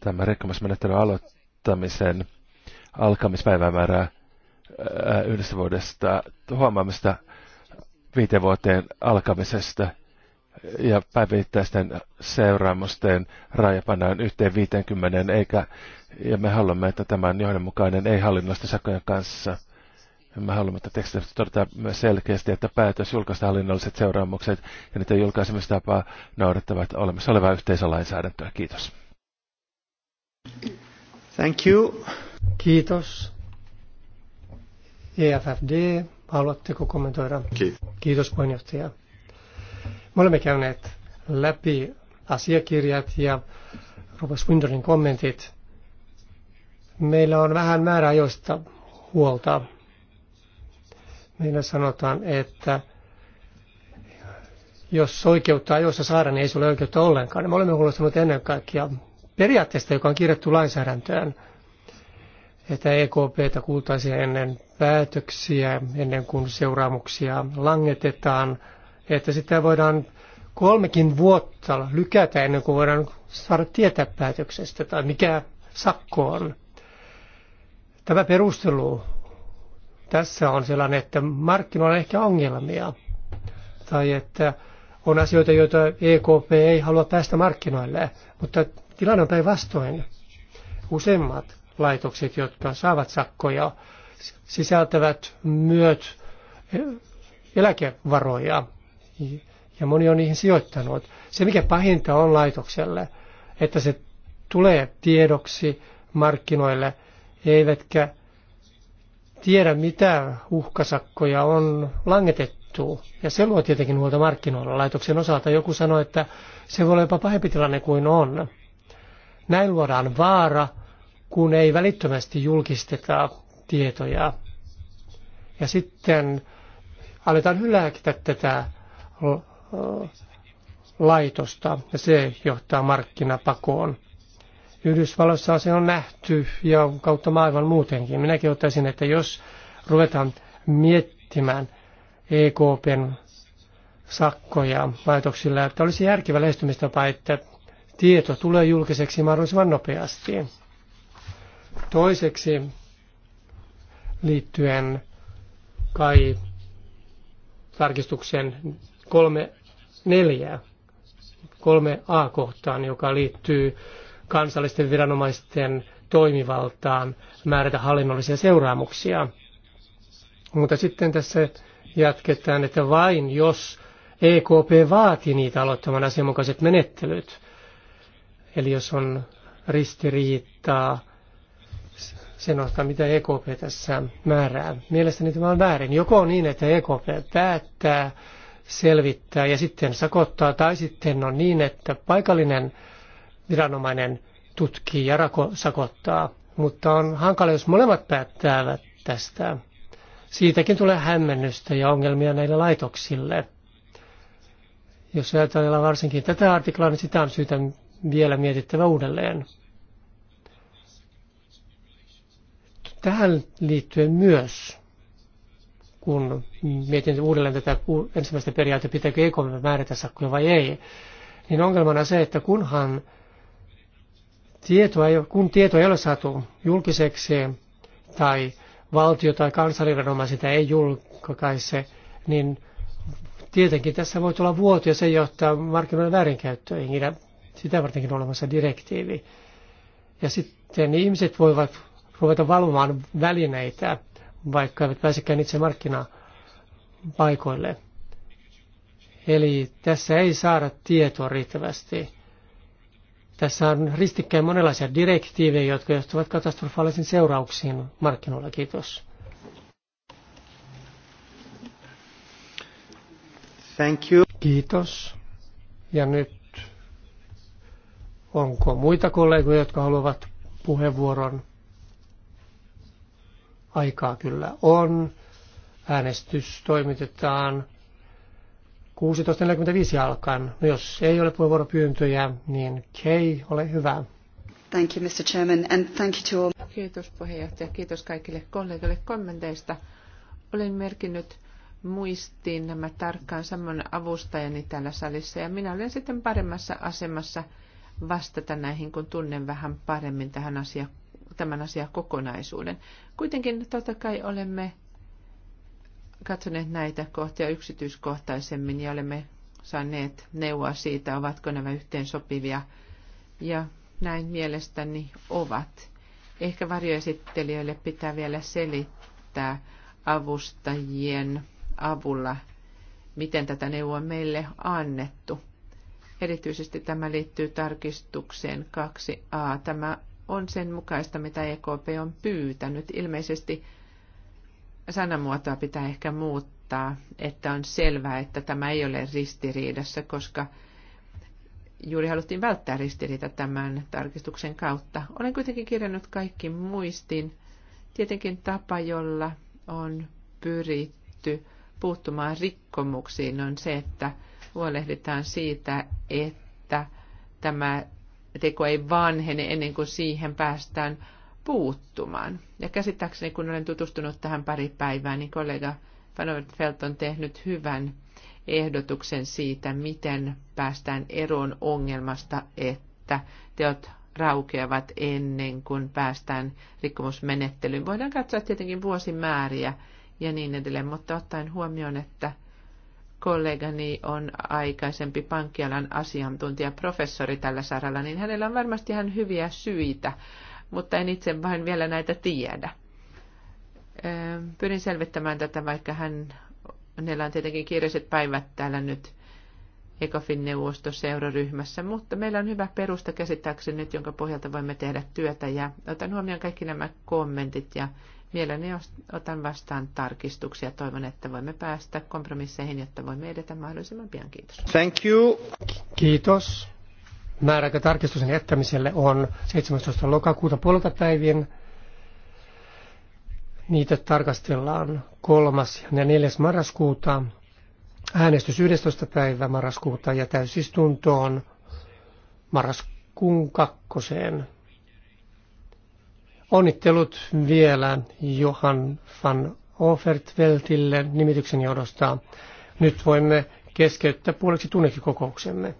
D: tämä rikkomusmenettelyn aloittamisen alkamispäivämäärää ää, yhdestä vuodesta huomaamista viiteen vuoteen alkamisesta – ja päivittäisten seuraamusten raja pannaan yhteen 50, eikä, ja me haluamme, että tämä on johdonmukainen ei-hallinnollisten sakkojen kanssa. Ja me haluamme, että tekstissä todetaan myös selkeästi, että päätös julkaista hallinnolliset seuraamukset ja niiden julkaisemistapaa noudattavat olemassa olevaa yhteisölainsäädäntöä. Kiitos. Thank
B: you. Kiitos. EFFD, haluatteko kommentoida? Kiitos. Kiitos puheenjohtaja. Me olemme käyneet läpi asiakirjat ja Robert Swindonin kommentit. Meillä on vähän määräajoista huolta. Meillä sanotaan, että jos oikeutta ajoissa saada, niin ei se ole oikeutta ollenkaan. Me olemme huolestuneet ennen kaikkea periaatteesta, joka on kirjattu lainsäädäntöön, että EKPtä kuultaisiin ennen päätöksiä, ennen kuin seuraamuksia langetetaan – että sitä voidaan kolmekin vuotta lykätä ennen kuin voidaan saada tietää päätöksestä tai mikä sakko on. Tämä perustelu tässä on sellainen, että markkinoilla on ehkä ongelmia tai että on asioita, joita EKP ei halua päästä markkinoille, mutta tilanne on päinvastoin. Useimmat laitokset, jotka saavat sakkoja, sisältävät myöt eh, eläkevaroja ja moni on niihin sijoittanut. Se mikä pahinta on laitokselle, että se tulee tiedoksi markkinoille, eivätkä tiedä mitä uhkasakkoja on langetettu. Ja se luo tietenkin huolta markkinoilla laitoksen osalta. Joku sanoi, että se voi olla jopa pahempi tilanne kuin on. Näin luodaan vaara, kun ei välittömästi julkisteta tietoja. Ja sitten aletaan hylätä tätä laitosta ja se johtaa markkinapakoon. Yhdysvalloissa se on nähty ja kautta maailman muutenkin. Minäkin ottaisin, että jos ruvetaan miettimään EKPn sakkoja laitoksilla, että olisi järkevä lähestymistapa, että tieto tulee julkiseksi mahdollisimman nopeasti. Toiseksi liittyen kai tarkistuksen kolme neljää, kolme A-kohtaan, joka liittyy kansallisten viranomaisten toimivaltaan määrätä hallinnollisia seuraamuksia. Mutta sitten tässä jatketaan, että vain jos EKP vaati niitä aloittamaan asianmukaiset menettelyt, eli jos on ristiriitaa sen osalta, mitä EKP tässä määrää. Mielestäni tämä on väärin. Joko niin, että EKP päättää, selvittää ja sitten sakottaa, tai sitten on niin, että paikallinen viranomainen tutkii ja rako, sakottaa. Mutta on hankala, jos molemmat päättävät tästä. Siitäkin tulee hämmennystä ja ongelmia näille laitoksille. Jos ajatellaan varsinkin tätä artiklaa, niin sitä on syytä vielä mietittävä uudelleen. Tähän liittyen myös kun mietin uudelleen tätä ensimmäistä periaatetta, pitääkö EKP määrätä sakkoja vai ei, niin ongelmana se, että kunhan tietoa ei, kun tieto ei ole saatu julkiseksi tai valtio tai kansallinen sitä ei julkaise, niin tietenkin tässä voi tulla vuoto ja se johtaa markkinoiden väärinkäyttöihin. Ja sitä vartenkin on olemassa direktiivi. Ja sitten ihmiset voivat ruveta valvomaan välineitä vaikka eivät pääsekään itse markkinapaikoille. Eli tässä ei saada tietoa riittävästi. Tässä on ristikkäin monenlaisia direktiivejä, jotka johtuvat katastrofaalisiin seurauksiin markkinoilla. Kiitos. Thank you. Kiitos. Ja nyt onko muita kollegoja, jotka haluavat puheenvuoron? Aikaa kyllä on. Äänestys toimitetaan 16.45 alkaen. No jos ei ole puheenvuoropyyntöjä, niin Kei, ole hyvä.
G: Thank you, Mr. Chairman, and thank you to all.
C: Kiitos puheenjohtaja, kiitos kaikille kollegoille kommenteista. Olen merkinnyt muistiin nämä tarkkaan samoin avustajani täällä salissa ja minä olen sitten paremmassa asemassa vastata näihin, kun tunnen vähän paremmin tähän asiaan tämän asian kokonaisuuden. Kuitenkin totta kai olemme katsoneet näitä kohtia yksityiskohtaisemmin ja olemme saaneet neuvoa siitä, ovatko nämä yhteen sopivia. Ja näin mielestäni ovat. Ehkä varjoesittelijöille pitää vielä selittää avustajien avulla, miten tätä neuvoa meille annettu. Erityisesti tämä liittyy tarkistukseen 2a. Tämä on sen mukaista, mitä EKP on pyytänyt. Ilmeisesti sanamuotoa pitää ehkä muuttaa, että on selvää, että tämä ei ole ristiriidassa, koska juuri haluttiin välttää ristiriita tämän tarkistuksen kautta. Olen kuitenkin kirjannut kaikki muistin. Tietenkin tapa, jolla on pyritty puuttumaan rikkomuksiin, on se, että huolehditaan siitä, että tämä teko ei vanhene ennen kuin siihen päästään puuttumaan. Ja käsittääkseni, kun olen tutustunut tähän pari päivää, niin kollega Fanovertfeld on tehnyt hyvän ehdotuksen siitä, miten päästään eroon ongelmasta, että teot raukeavat ennen kuin päästään rikkomusmenettelyyn. Voidaan katsoa tietenkin vuosimääriä ja niin edelleen, mutta ottaen huomioon, että kollegani on aikaisempi pankkialan asiantuntija, professori tällä saralla, niin hänellä on varmasti ihan hyviä syitä, mutta en itse vain vielä näitä tiedä. Öö, pyrin selvittämään tätä, vaikka hän, hänellä on tietenkin kiireiset päivät täällä nyt ECOFIN neuvostossa mutta meillä on hyvä perusta käsittääkseni nyt, jonka pohjalta voimme tehdä työtä ja otan huomioon kaikki nämä kommentit ja Mielelläni otan vastaan tarkistuksia. Toivon, että voimme päästä kompromisseihin, jotta voimme edetä mahdollisimman pian. Kiitos.
B: Thank you. Kiitos. Määräaika tarkistuksen jättämiselle on 17. lokakuuta puolelta päivien. Niitä tarkastellaan 3. ja 4. marraskuuta. Äänestys 11. päivä marraskuuta ja täysistuntoon marraskuun kakkoseen Onnittelut vielä Johan van Ofertveltille nimityksen johdosta. Nyt voimme keskeyttää puoleksi tunnekin kokouksemme.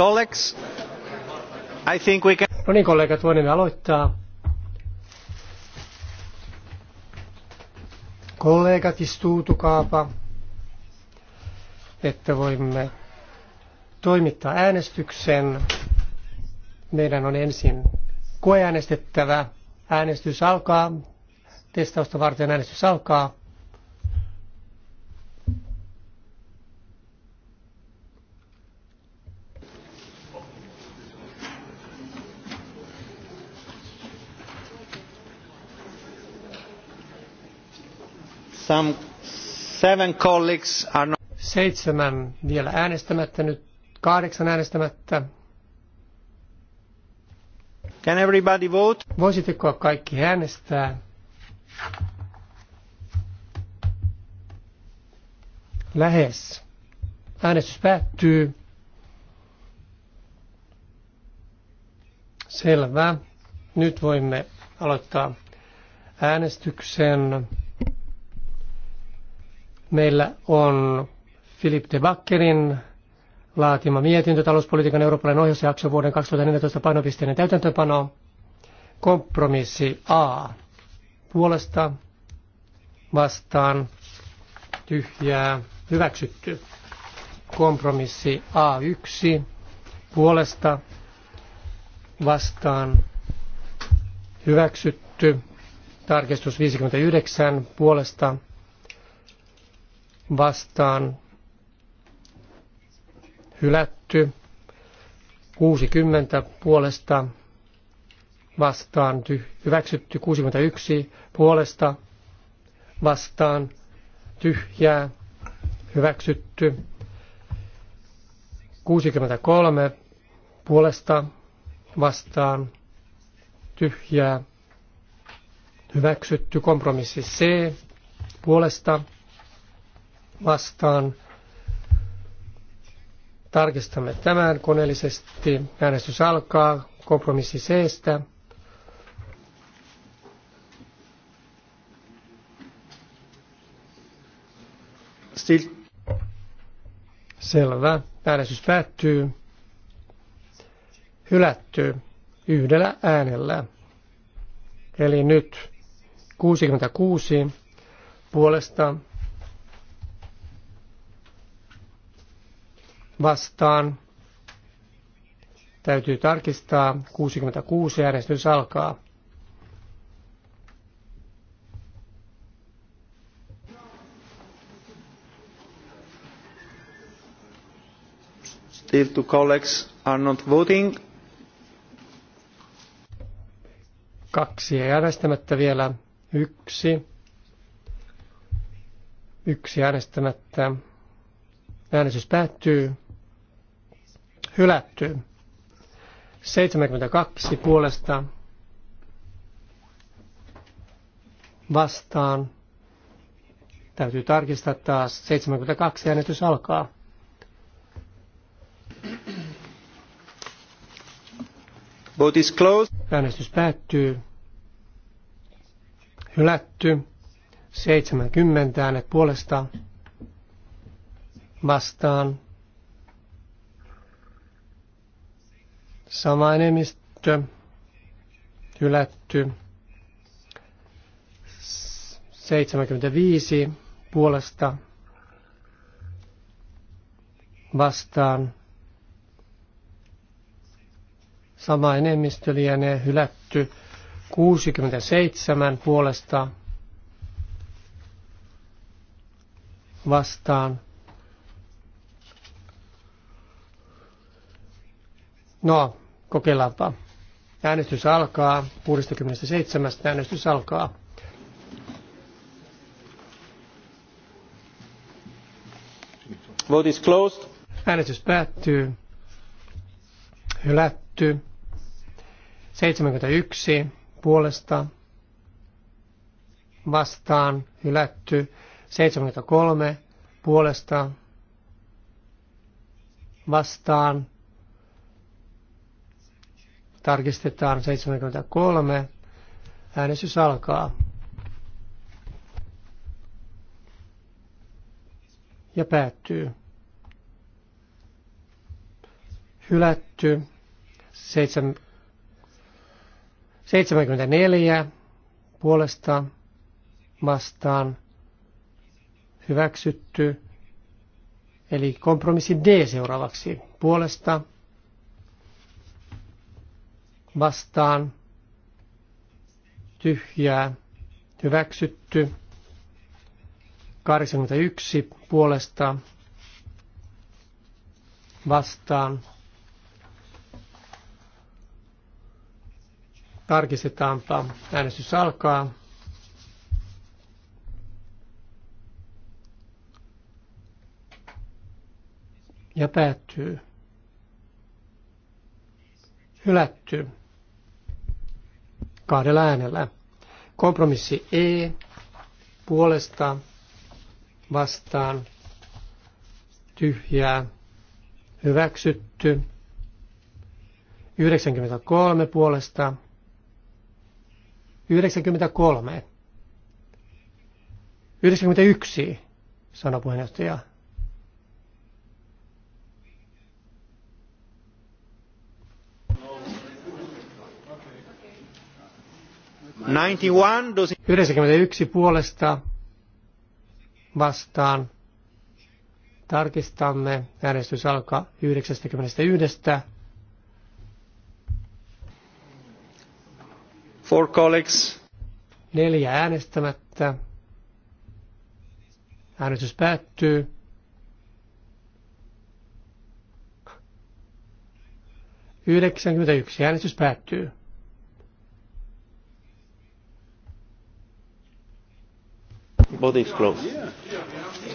A: Colleagues, I
B: think we can... No niin, kollegat, voimme aloittaa. Kollegat, istuutukaapa, että voimme toimittaa äänestyksen. Meidän on ensin koeäänestettävä. Äänestys alkaa. Testausta varten äänestys alkaa.
A: Some seven colleagues are not... Seitsemän
B: vielä äänestämättä, nyt kahdeksan äänestämättä. Can everybody vote? Voisitteko kaikki äänestää? Lähes. Äänestys päättyy. Selvä. Nyt voimme aloittaa äänestyksen. Meillä on Philip de Bakkerin laatima mietintö talouspolitiikan eurooppalainen ohjausjakso vuoden 2014 painopisteiden täytäntöpano. Kompromissi A. Puolesta vastaan tyhjää hyväksytty. Kompromissi A1 puolesta vastaan hyväksytty. Tarkistus 59 puolesta vastaan hylätty. 60 puolesta vastaan hyväksytty. 61 puolesta vastaan tyhjää hyväksytty. 63 puolesta vastaan tyhjää hyväksytty kompromissi C puolesta vastaan. Tarkistamme tämän koneellisesti. Äänestys alkaa. Kompromissi seestä. stil Selvä. Äänestys päättyy. Hylätty yhdellä äänellä. Eli nyt 66 puolesta vastaan. Täytyy tarkistaa. 66 äänestys alkaa.
A: Still two colleagues are not voting.
B: Kaksi ei äänestämättä vielä. Yksi. Yksi äänestämättä. Äänestys päättyy. Hylätty. 72 puolesta vastaan. Täytyy tarkistaa taas. 72 äänetys alkaa.
A: Vote is closed.
B: Äänestys päättyy. Hylätty. 70 äänet puolesta vastaan Sama enemmistö hylätty. 75 puolesta vastaan. Sama enemmistö lienee hylätty 67 puolesta vastaan No, kokeillaanpa. Äänestys alkaa. 67. Äänestys alkaa.
A: Vote is closed.
B: Äänestys päättyy. Hylätty. 71 puolesta vastaan hylätty. 73 puolesta vastaan Tarkistetaan 73. Äänestys alkaa. Ja päättyy. Hylätty. 74 puolesta vastaan hyväksytty. Eli kompromissi D seuraavaksi puolesta vastaan tyhjää hyväksytty. 81 puolesta vastaan Tarkistetaanpa. Äänestys alkaa. Ja päättyy. Hylätty kahdella äänellä. Kompromissi E puolesta vastaan tyhjää hyväksytty. 93 puolesta 93 91 sanoi puheenjohtaja
A: 91
B: puolesta vastaan. Tarkistamme. Äänestys alkaa 91.
A: Four colleagues.
B: Neljä äänestämättä. Äänestys päättyy. 91. Äänestys päättyy.
A: Vote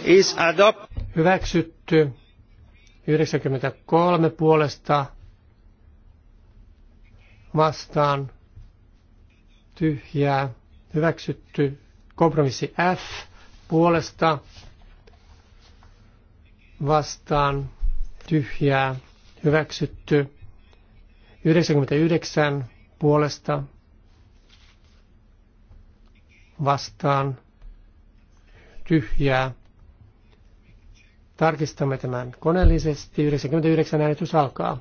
A: Is adopt.
B: Hyväksytty. 93 puolesta vastaan tyhjää. Hyväksytty. Kompromissi F puolesta vastaan tyhjää. Hyväksytty. 99 puolesta vastaan tyhjää. Tarkistamme tämän koneellisesti. 99 äänestys alkaa.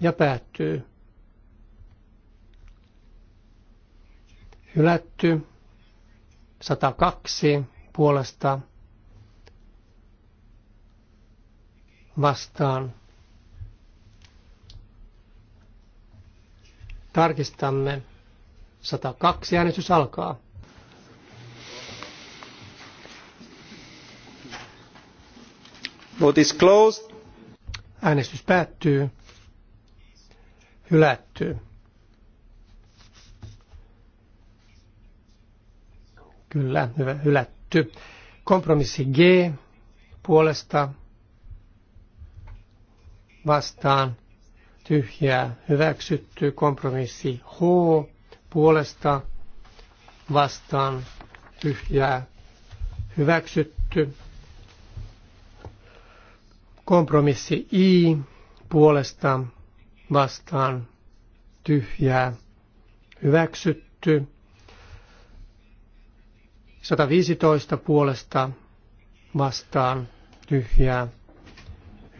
B: Ja päättyy. Hylätty. 102 puolesta vastaan Tarkistamme. 102 äänestys alkaa.
A: Vote is closed.
B: Äänestys päättyy. Hylättyy. Kyllä, hyvä, hylätty. Kompromissi G puolesta vastaan tyhjää hyväksytty. Kompromissi H puolesta vastaan tyhjää hyväksytty. Kompromissi I puolesta vastaan tyhjää hyväksytty. 115 puolesta vastaan tyhjää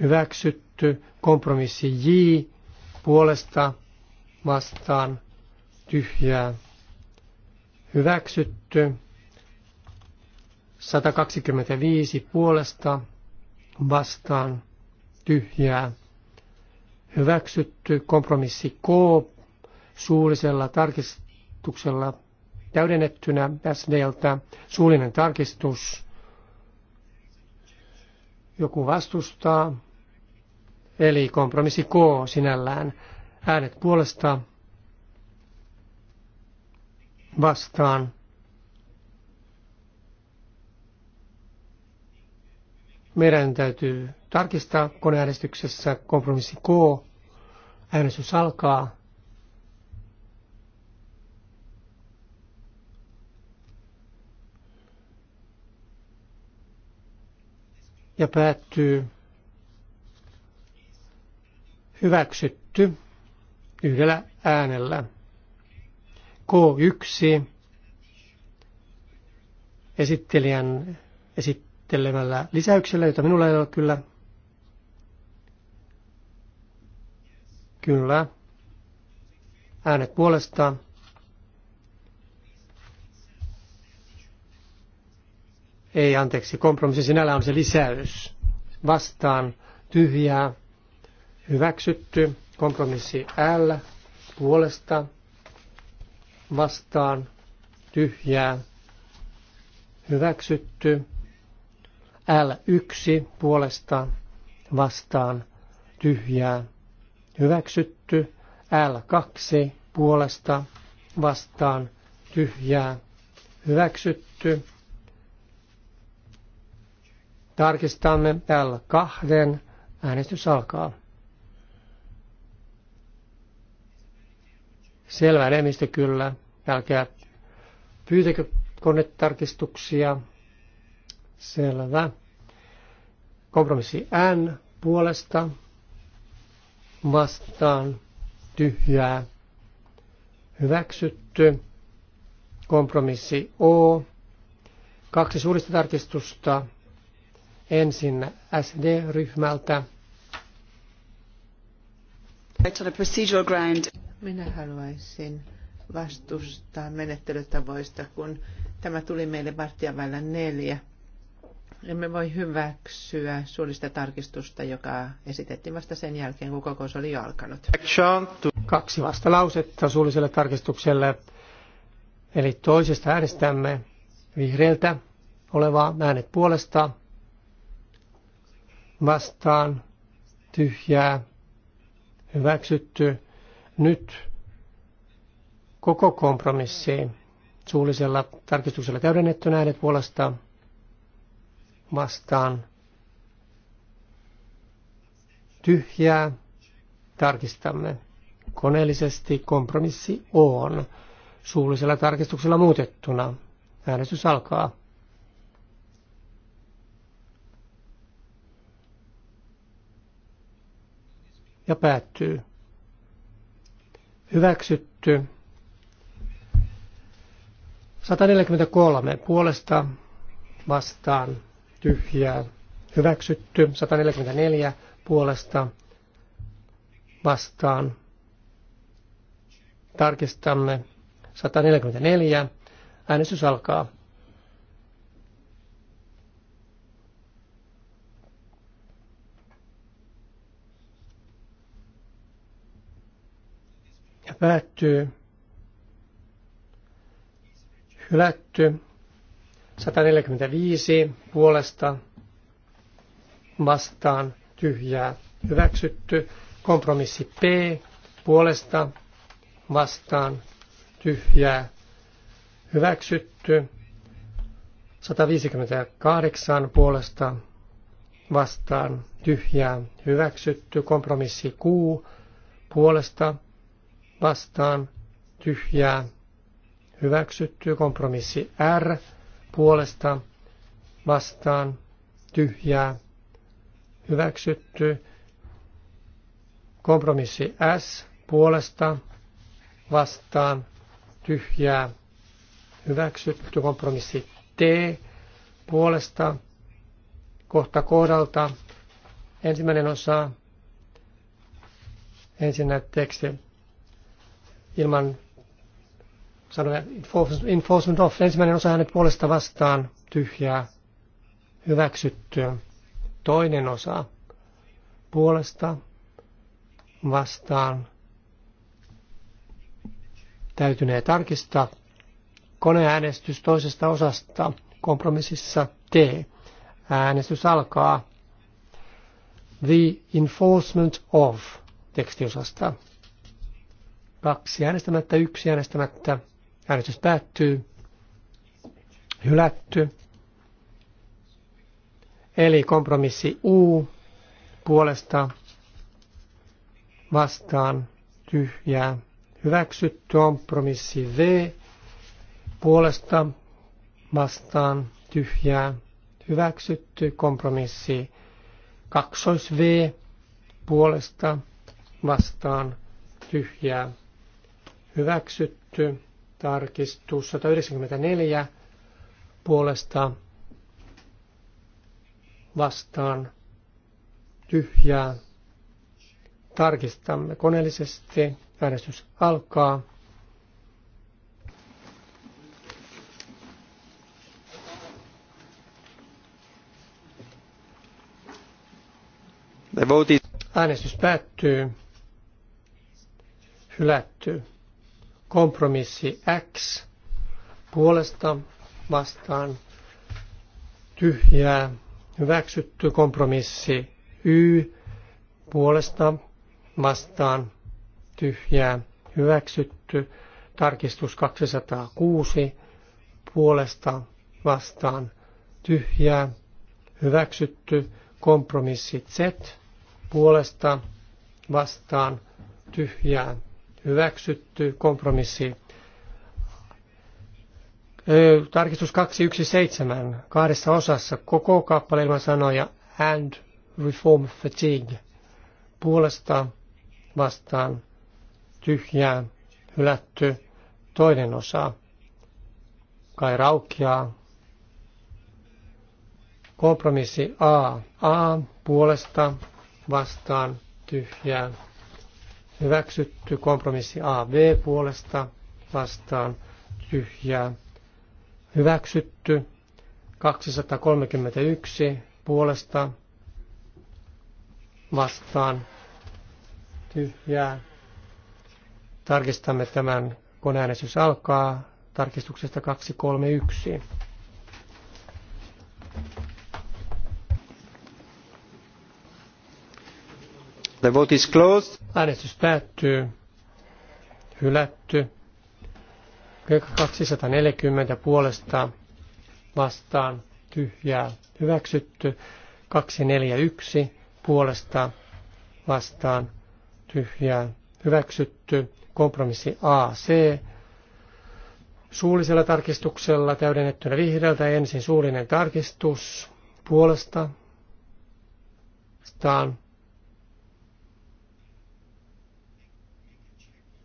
B: hyväksytty. Kompromissi J puolesta vastaan tyhjää hyväksytty. 125 puolesta vastaan tyhjää hyväksytty. Kompromissi K suullisella tarkistuksella täydennettynä SDltä suullinen tarkistus. Joku vastustaa. Eli kompromissi K sinällään. Äänet puolesta vastaan. Meidän täytyy tarkistaa koneäänestyksessä kompromissi K. Äänestys alkaa. Ja päättyy hyväksytty yhdellä äänellä. K1 esittelijän esittelemällä lisäyksellä, jota minulla ei ole kyllä. Kyllä. Äänet puolestaan. Ei, anteeksi, kompromissi sinällä on se lisäys. Vastaan tyhjää Hyväksytty. Kompromissi L puolesta vastaan tyhjää. Hyväksytty. L1 puolesta vastaan tyhjää. Hyväksytty. L2 puolesta vastaan tyhjää. Hyväksytty. Tarkistamme L2. Äänestys alkaa. Selvä enemmistö kyllä. Älkää pyytäkö konetarkistuksia. Selvä. Kompromissi N puolesta vastaan tyhjää hyväksytty. Kompromissi O. Kaksi suurista tarkistusta. Ensin SD-ryhmältä.
C: Right on a procedural ground. Minä haluaisin vastustaa menettelytavoista, kun tämä tuli meille vartija väillä neljä. Emme voi hyväksyä suullista tarkistusta, joka esitettiin vasta sen jälkeen, kun kokous oli jo alkanut.
B: Kaksi lausetta suulliselle tarkistukselle. Eli toisesta äänestämme vihreiltä olevaa äänet puolesta vastaan tyhjää hyväksytty nyt koko kompromissi suullisella tarkistuksella täydennettynä äänet puolesta vastaan tyhjää tarkistamme. Koneellisesti kompromissi on suullisella tarkistuksella muutettuna. Äänestys alkaa. Ja päättyy hyväksytty. 143 puolesta vastaan tyhjää hyväksytty. 144 puolesta vastaan tarkistamme 144. Äänestys alkaa. päättyy, hylätty, 145 puolesta vastaan tyhjää hyväksytty, kompromissi P puolesta vastaan tyhjää hyväksytty, 158 puolesta vastaan tyhjää hyväksytty, kompromissi Q puolesta vastaan tyhjää hyväksytty. Kompromissi R puolesta vastaan tyhjää hyväksytty. Kompromissi S puolesta vastaan tyhjää hyväksytty. Kompromissi T puolesta kohta kohdalta ensimmäinen osa ensinnä teksti ilman sanoja enforcement of. Ensimmäinen osa hänen puolesta vastaan tyhjää hyväksyttyä. Toinen osa puolesta vastaan täytynee tarkistaa koneäänestys toisesta osasta kompromississa T. Äänestys alkaa The Enforcement of tekstiosasta. Kaksi äänestämättä, yksi äänestämättä. Äänestys päättyy. Hylätty. Eli kompromissi U puolesta vastaan tyhjää. Hyväksytty kompromissi V puolesta vastaan tyhjää. Hyväksytty kompromissi kaksois V puolesta vastaan tyhjää hyväksytty. Tarkistus 194 puolesta vastaan tyhjää. Tarkistamme koneellisesti. Äänestys alkaa. Äänestys päättyy. Hylätty. Kompromissi X puolesta vastaan tyhjää hyväksytty kompromissi Y puolesta vastaan tyhjää hyväksytty tarkistus 206 puolesta vastaan tyhjää hyväksytty kompromissi Z puolesta vastaan tyhjää hyväksytty kompromissi. Tarkistus 217 kahdessa osassa koko kappale ilman sanoja and reform fatigue puolesta vastaan tyhjää hylätty toinen osa kai raukkiaa. Kompromissi A. A puolesta vastaan tyhjää Hyväksytty kompromissi AB puolesta vastaan tyhjää. Hyväksytty 231 puolesta vastaan tyhjää. Tarkistamme tämän, kun äänestys alkaa tarkistuksesta 231.
A: The vote is closed.
B: Äänestys päättyy. Hylätty. 240 puolesta vastaan tyhjää hyväksytty. 241 puolesta vastaan tyhjää hyväksytty. Kompromissi AC suullisella tarkistuksella täydennettynä vihreältä ensin suullinen tarkistus puolesta vastaan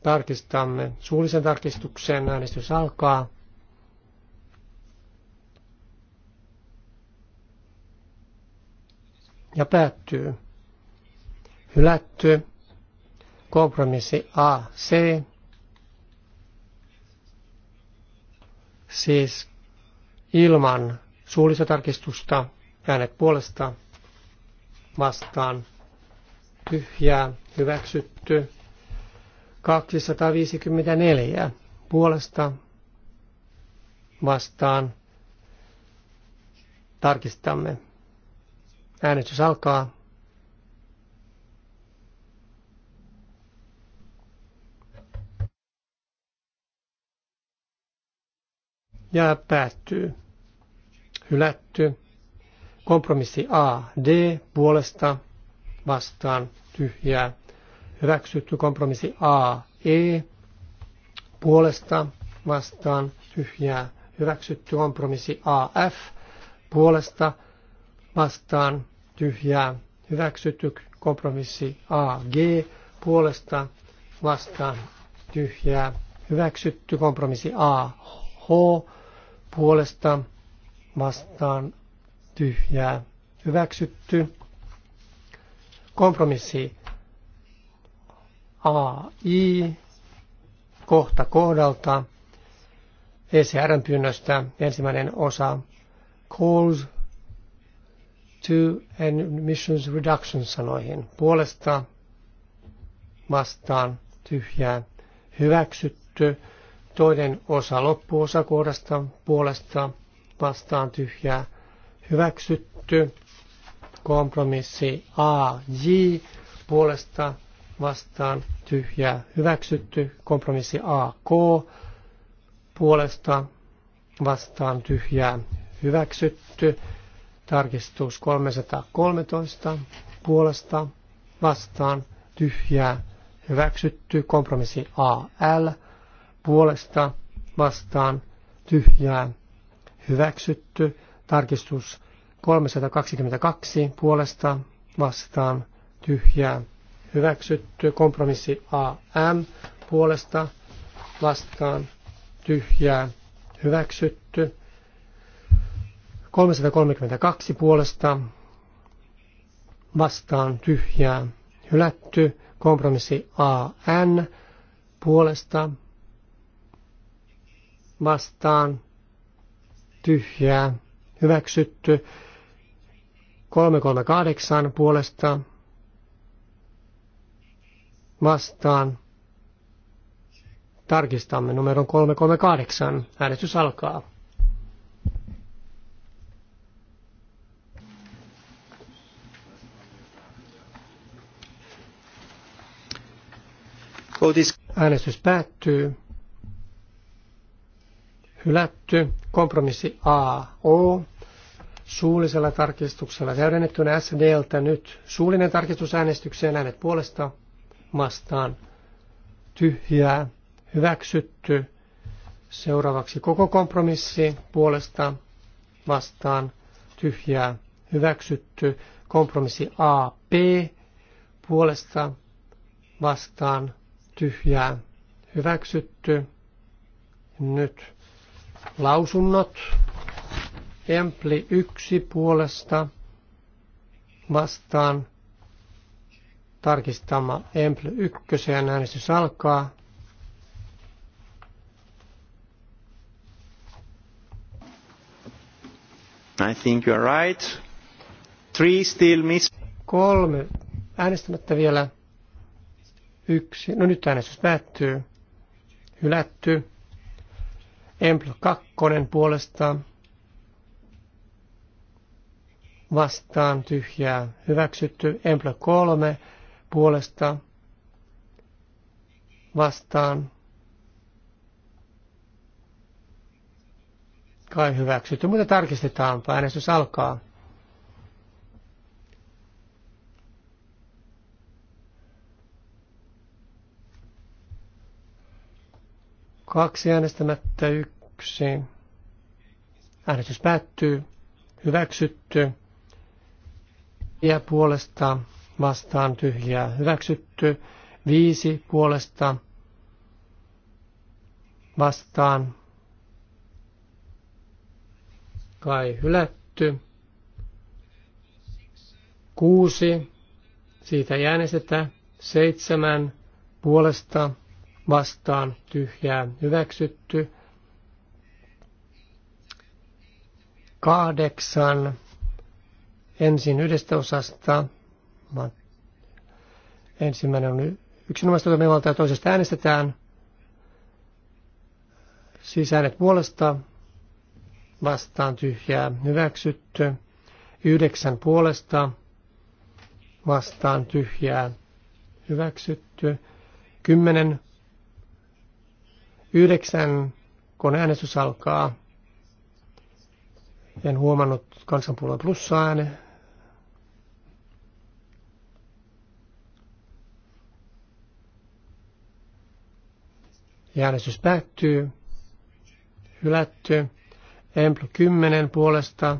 B: Tarkistamme suullisen tarkistuksen. Äänestys alkaa. Ja päättyy. Hylätty. Kompromissi AC. Siis ilman suullista tarkistusta äänet puolesta vastaan tyhjää hyväksytty 254 puolesta vastaan. Tarkistamme. Äänestys alkaa. Ja päättyy. Hylätty. Kompromissi A, D puolesta vastaan tyhjää Hyväksytty kompromissi A, E, puolesta vastaan tyhjää. Hyväksytty kompromissi A F puolesta vastaan tyhjää. Hyväksytty kompromissi A G puolesta vastaan tyhjää. Hyväksytty kompromissi A H puolesta vastaan tyhjää. Hyväksytty kompromissi AI kohta kohdalta ECRn pyynnöstä ensimmäinen osa Calls to Emissions Reduction sanoihin puolesta vastaan tyhjää hyväksytty. Toinen osa loppuosa kohdasta puolesta vastaan tyhjää hyväksytty. Kompromissi AJ puolesta vastaan tyhjää hyväksytty. Kompromissi AK puolesta vastaan tyhjää hyväksytty. Tarkistus 313 puolesta vastaan tyhjää hyväksytty. Kompromissi AL puolesta vastaan tyhjää hyväksytty. Tarkistus 322 puolesta vastaan tyhjää hyväksytty. Kompromissi AM puolesta vastaan tyhjää hyväksytty. 332 puolesta vastaan tyhjää hylätty. Kompromissi AN puolesta vastaan tyhjää hyväksytty. 338 puolesta vastaan. Tarkistamme numeron 338. Äänestys alkaa. Äänestys päättyy. Hylätty. Kompromissi A. O. Suullisella tarkistuksella täydennettynä SDltä nyt suullinen tarkistus äänestykseen äänet puolesta vastaan tyhjää hyväksytty. Seuraavaksi koko kompromissi puolesta vastaan tyhjää hyväksytty. Kompromissi AP puolesta vastaan tyhjää hyväksytty. Nyt lausunnot. Empli 1 puolesta vastaan tarkistama Empl 1. Äänestys alkaa.
A: I think you are right. Three still miss.
B: Kolme äänestämättä vielä. Yksi. No nyt äänestys päättyy. Hylätty. Empl 2 puolestaan vastaan tyhjää hyväksytty. Emplo 3 puolesta vastaan. Kai hyväksytty, mutta tarkistetaan, äänestys alkaa. Kaksi äänestämättä yksi. Äänestys päättyy. Hyväksytty. Ja puolestaan vastaan tyhjää hyväksytty. Viisi puolesta vastaan kai hylätty. Kuusi, siitä ei äänestetä. Seitsemän puolesta vastaan tyhjää hyväksytty. Kahdeksan ensin yhdestä osasta vaan ensimmäinen on yksinomaista toimivalta ja toisesta äänestetään. Siis äänet puolesta vastaan tyhjää hyväksytty. Yhdeksän puolesta vastaan tyhjää hyväksytty. Kymmenen. Yhdeksän, kun äänestys alkaa. En huomannut kansanpuolueen plussa ääne, Ja äänestys päättyy. Hylätty. Emplu 10 puolesta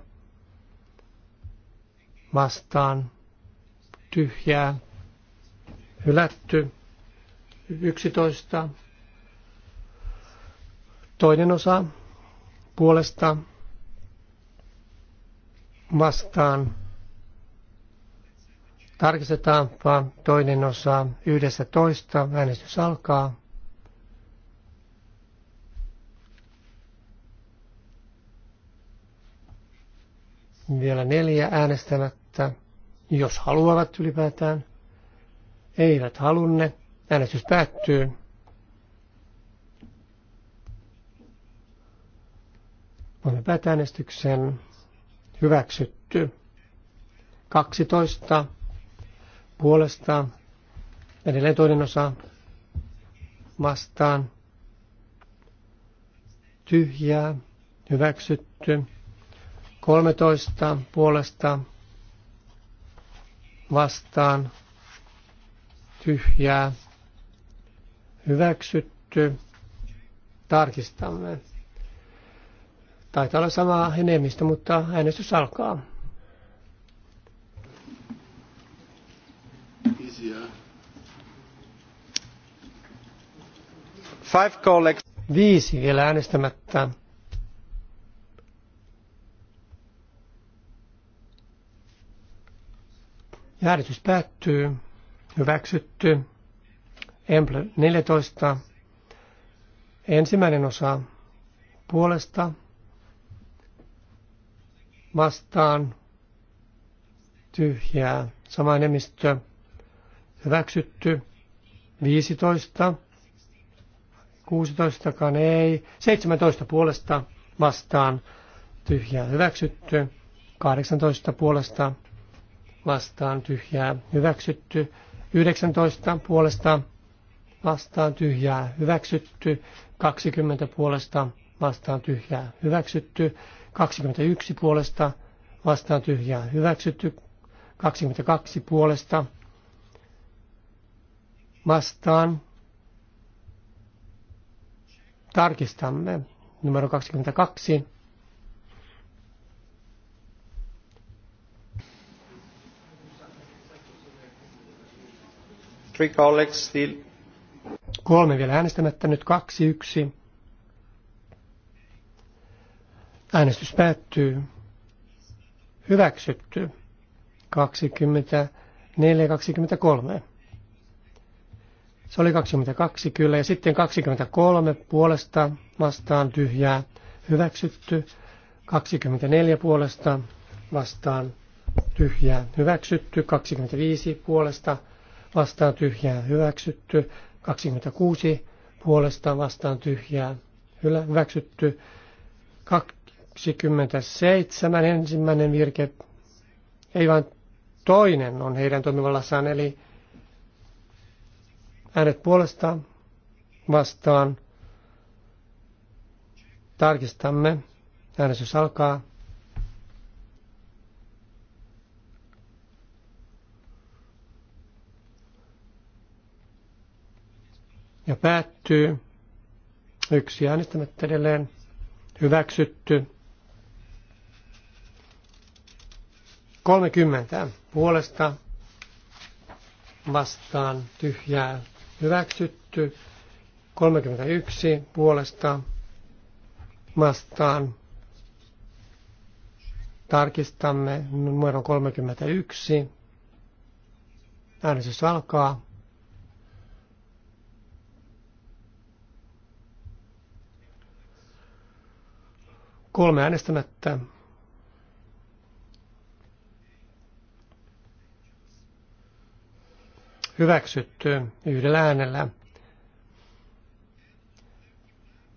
B: vastaan tyhjää. Hylätty. 11. Toinen osa puolesta vastaan. Tarkistetaanpa toinen osa 11. Äänestys alkaa. vielä neljä äänestämättä, jos haluavat ylipäätään. Eivät halunne. Äänestys päättyy. Voimme päätäänestyksen hyväksytty. 12 puolesta, edelleen toinen osa vastaan, tyhjää, hyväksytty. 13 puolesta vastaan tyhjää hyväksytty. Tarkistamme. Taitaa olla sama enemmistö, mutta äänestys alkaa. Five colleagues. Viisi vielä äänestämättä. Ja päättyy. Hyväksytty. Emple 14. Ensimmäinen osa puolesta vastaan tyhjää. Sama enemmistö hyväksytty. 15, 16 ei, 17 puolesta vastaan tyhjää hyväksytty, 18 puolesta vastaan tyhjää hyväksytty. 19 puolesta vastaan tyhjää hyväksytty. 20 puolesta vastaan tyhjää hyväksytty. 21 puolesta vastaan tyhjää hyväksytty. 22 puolesta vastaan. Tarkistamme numero 22.
A: three colleagues still.
B: Kolme vielä äänestämättä, nyt kaksi, yksi. Äänestys päättyy. Hyväksytty. 24-23. Se oli 22 kyllä. Ja sitten 23 puolesta vastaan tyhjää hyväksytty. 24 puolesta vastaan tyhjää hyväksytty. 25 puolesta vastaan tyhjää hyväksytty, 26 puolesta vastaan tyhjää hyväksytty, 27 ensimmäinen virke, ei vain toinen on heidän toimivallassaan, eli äänet puolesta vastaan tarkistamme. Äänestys alkaa. ja päättyy. Yksi äänestämättä edelleen hyväksytty. 30 puolesta vastaan tyhjää hyväksytty. 31 puolesta vastaan tarkistamme numero 31. Äänestys alkaa. Kolme äänestämättä. Hyväksytty yhdellä äänellä.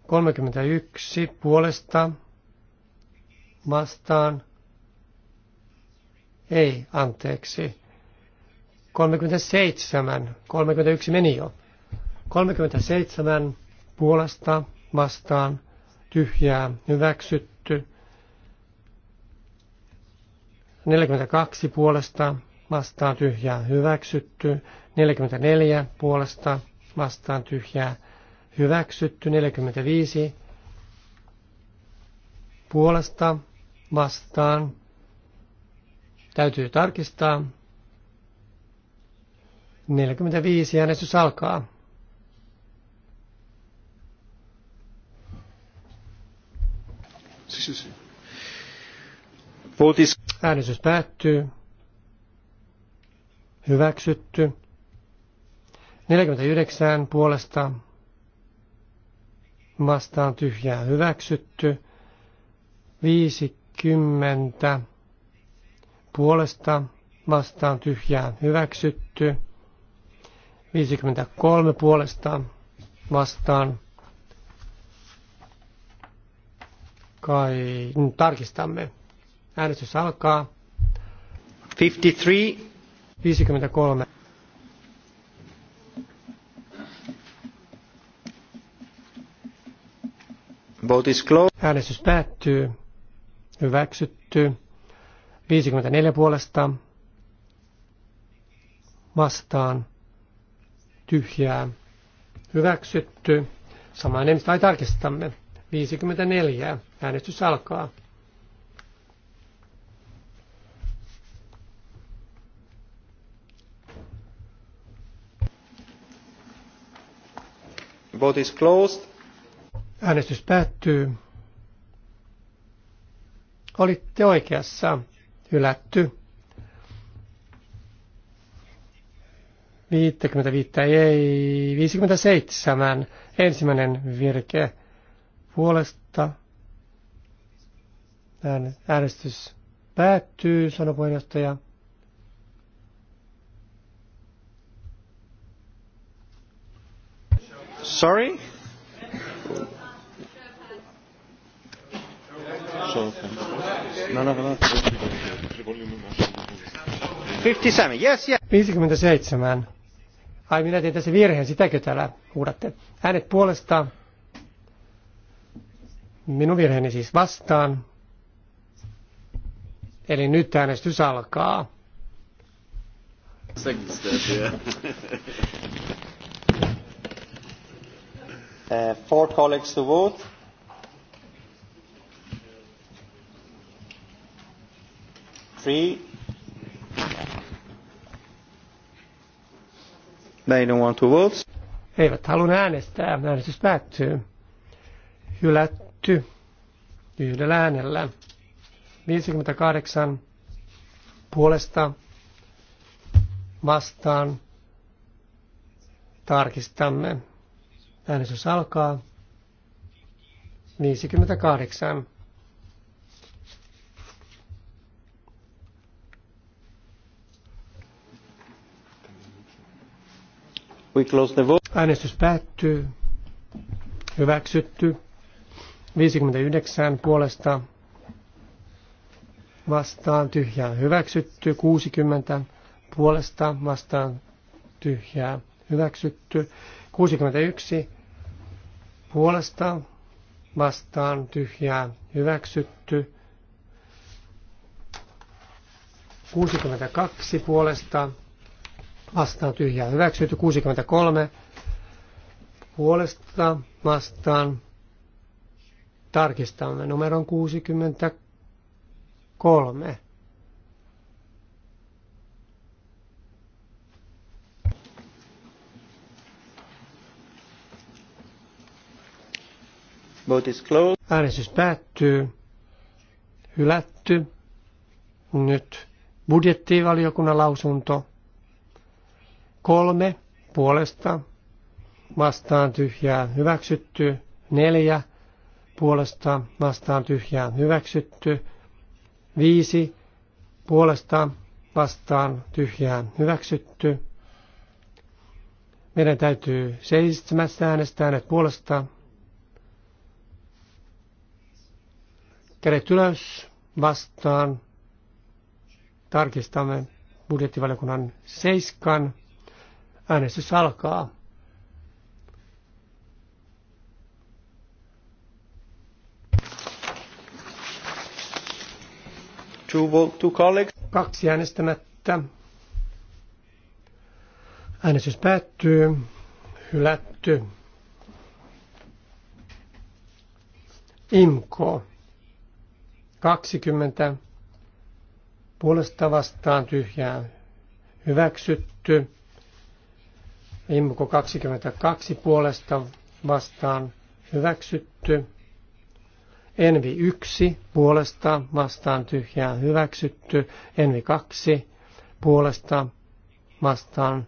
B: 31 puolesta vastaan. Ei, anteeksi. 37, 31 meni jo. 37 puolesta vastaan tyhjää hyväksytty. 42 puolesta vastaan tyhjää hyväksytty. 44 puolesta vastaan tyhjää hyväksytty. 45 puolesta vastaan täytyy tarkistaa. 45 äänestys alkaa. Äänestys päättyy. Hyväksytty. 49 puolesta vastaan tyhjää hyväksytty. 50 puolesta vastaan tyhjää hyväksytty. 53 puolesta vastaan kai mm, tarkistamme. Äänestys alkaa. 53. 53.
A: Vote is closed.
B: Äänestys päättyy. Hyväksytty. 54 puolesta. Vastaan. Tyhjää. Hyväksytty. Sama enemmistö tarkistamme. 54. Äänestys alkaa.
A: Vote is closed.
B: Äänestys päättyy. Olitte oikeassa. Hylätty. 55 ei, 57, ensimmäinen virke puolesta. Äänestys päättyy, sanoi puheenjohtaja.
D: Sorry? No, no, no.
B: 57, yes, yes. 57. Ai minä tein tässä virheen, sitäkö täällä huudatte? Äänet puolesta Minun virheeni siis vastaan. Eli nyt äänestys alkaa.
A: Uh, four colleagues to vote. Three. They don't want to vote.
B: Eivät halua äänestää. Äänestys päättyy. Hylät hylätty yhdellä äänellä. 58 puolesta vastaan tarkistamme. Äänestys alkaa. 58.
A: We close the vote. Äänestys
B: päättyy. Hyväksytty. 59 puolesta vastaan tyhjää hyväksytty, 60 puolesta vastaan tyhjää hyväksytty, 61 puolesta vastaan tyhjää hyväksytty, 62 puolesta vastaan tyhjää hyväksytty, 63 puolesta vastaan Tarkistamme numeron 63.
A: Vote is closed. Äänestys
B: päättyy. Hylätty. Nyt budjettivaliokunnan lausunto. Kolme puolesta vastaan tyhjää hyväksytty. Neljä puolesta vastaan tyhjään hyväksytty. viisi. puolesta vastaan tyhjään hyväksytty. Meidän täytyy seitsemässä äänestää äänet puolesta. Kädet ylös vastaan. Tarkistamme budjettivaliokunnan seiskan. Äänestys alkaa.
A: Two, two colleagues.
B: Kaksi äänestämättä. Äänestys päättyy. Hylätty. IMKO 20 puolesta vastaan tyhjää hyväksytty. IMKO 22 puolesta vastaan hyväksytty. Envi 1 puolesta vastaan tyhjää hyväksytty. Envi 2 puolesta vastaan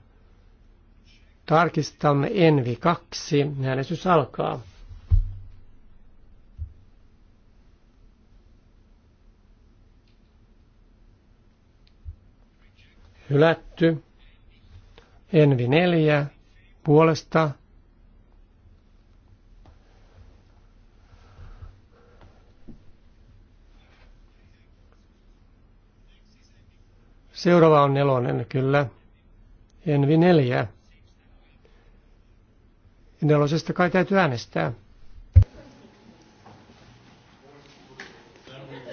B: tarkistamme Envi 2. Äänestys alkaa. Hylätty. Envi 4 puolesta Seuraava on nelonen, kyllä. Envi neljä. Nelosesta kai täytyy äänestää.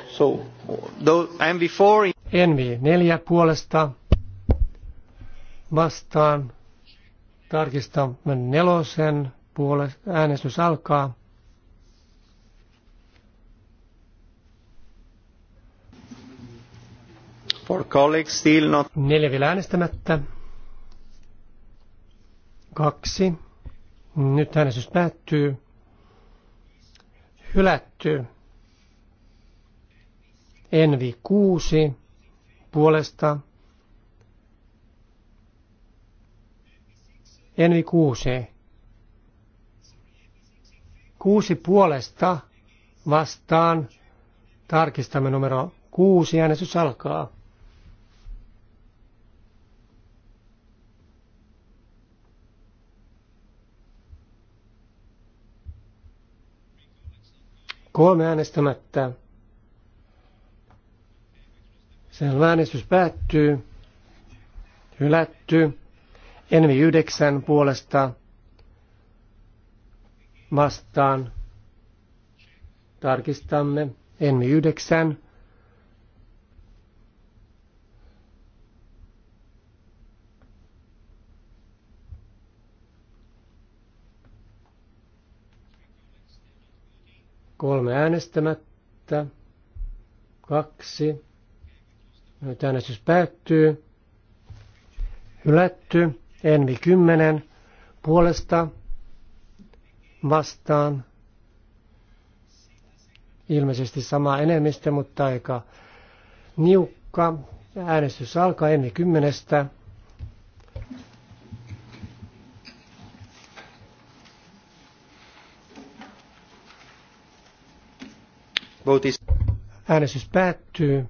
A: So, MV4...
B: neljä puolesta vastaan tarkistamme nelosen puolesta. Äänestys alkaa.
A: For colleagues still not.
B: Neljä vielä äänestämättä. Kaksi. Nyt äänestys päättyy. Hylätty. Envi kuusi puolesta. Envi kuusi. Kuusi puolesta vastaan. Tarkistamme numero kuusi. Äänestys alkaa. Kolme äänestämättä. Sen äänestys päättyy. Hylätty. Envi yhdeksän puolesta vastaan. Tarkistamme. Envi yhdeksän. Kolme äänestämättä. Kaksi. Nyt äänestys päättyy. Hylätty. Envi 10. Puolesta. Vastaan. Ilmeisesti sama enemmistö, mutta aika niukka. Äänestys alkaa Envi 10. Vote is... Äänestys päättyy.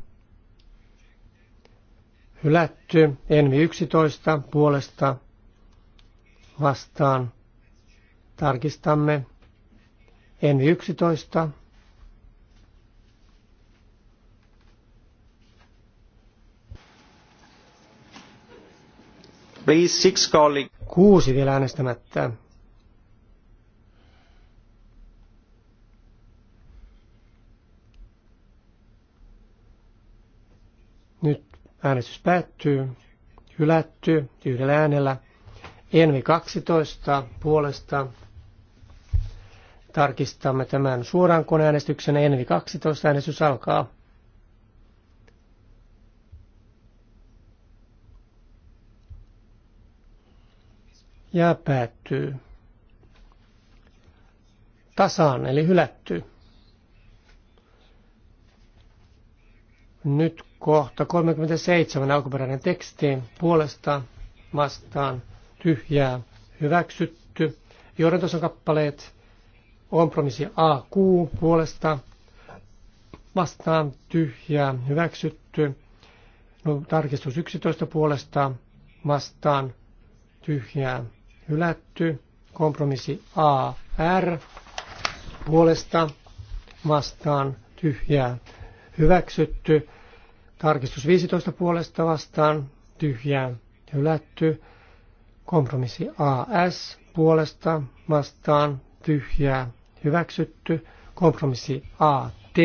B: Hylätty. Envi 11 puolesta vastaan. Tarkistamme. Envi 11.
A: Please, six colleagues.
B: Kuusi vielä äänestämättä. Äänestys päättyy. Hylätty yhdellä äänellä. Envi 12 puolesta. Tarkistamme tämän suoraan koneäänestyksen. Envi 12 äänestys alkaa. Ja päättyy. Tasaan eli hylättyy. Nyt kohta 37 alkuperäinen teksti puolesta vastaan tyhjää hyväksytty. Johdantoson kappaleet kompromissi AQ puolesta vastaan tyhjää hyväksytty. No, tarkistus 11 puolesta vastaan tyhjää hylätty. Kompromissi AR puolesta vastaan tyhjää hyväksytty. Tarkistus 15 puolesta vastaan tyhjää hylätty. Kompromissi AS puolesta vastaan tyhjää hyväksytty. Kompromissi AT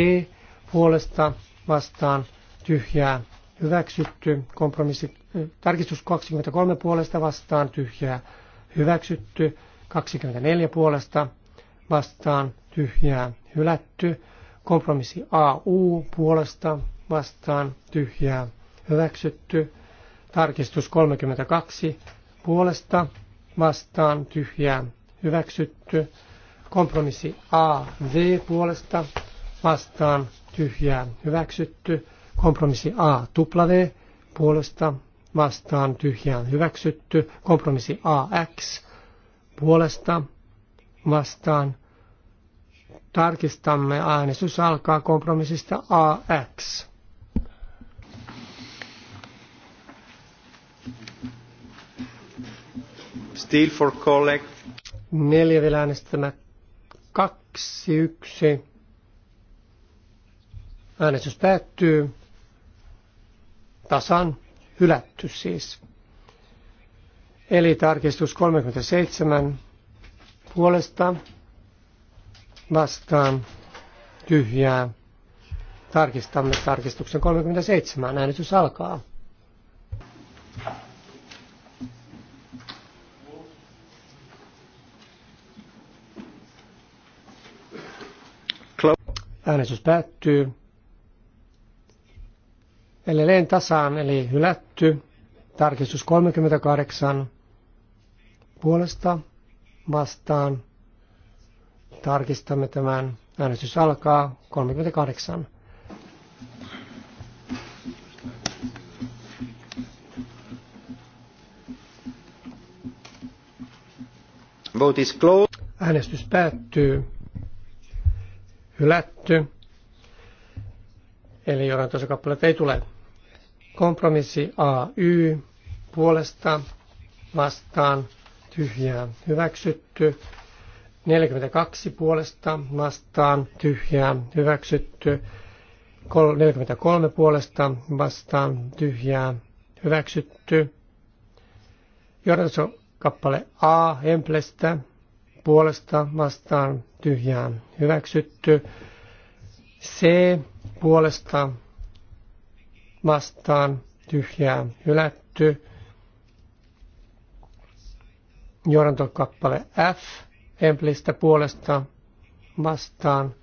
B: puolesta vastaan tyhjää hyväksytty. Kompromissi, eh, tarkistus 23 puolesta vastaan tyhjää hyväksytty. 24 puolesta vastaan tyhjää hylätty. Kompromissi AU puolesta vastaan tyhjää hyväksytty. Tarkistus 32 puolesta vastaan tyhjää hyväksytty. Kompromissi AV puolesta vastaan tyhjää hyväksytty. Kompromissi A W puolesta vastaan tyhjään hyväksytty. Kompromissi AX puolesta vastaan tarkistamme. Äänestys alkaa kompromissista AX.
A: Still for collect.
B: Neljä vielä äänestämät. Kaksi, yksi. Äänestys päättyy. Tasan hylätty siis. Eli tarkistus 37 puolesta vastaan tyhjää. Tarkistamme tarkistuksen 37. Äänestys alkaa. Äänestys päättyy. Edelleen tasaan, eli hylätty. Tarkistus 38 puolesta vastaan Tarkistamme tämän. Äänestys alkaa 38.
A: Vote is closed.
B: Äänestys päättyy. Hylätty. Eli jotain tuossa kappaleet ei tule. Kompromissi AY puolesta vastaan tyhjää hyväksytty. 42 puolesta vastaan tyhjää hyväksytty. 43 puolesta vastaan tyhjää hyväksytty. jordanso kappale A Emplestä puolesta vastaan tyhjää hyväksytty. C puolesta vastaan tyhjää hylätty. Johdantokappale F Emplistä puolesta vastaan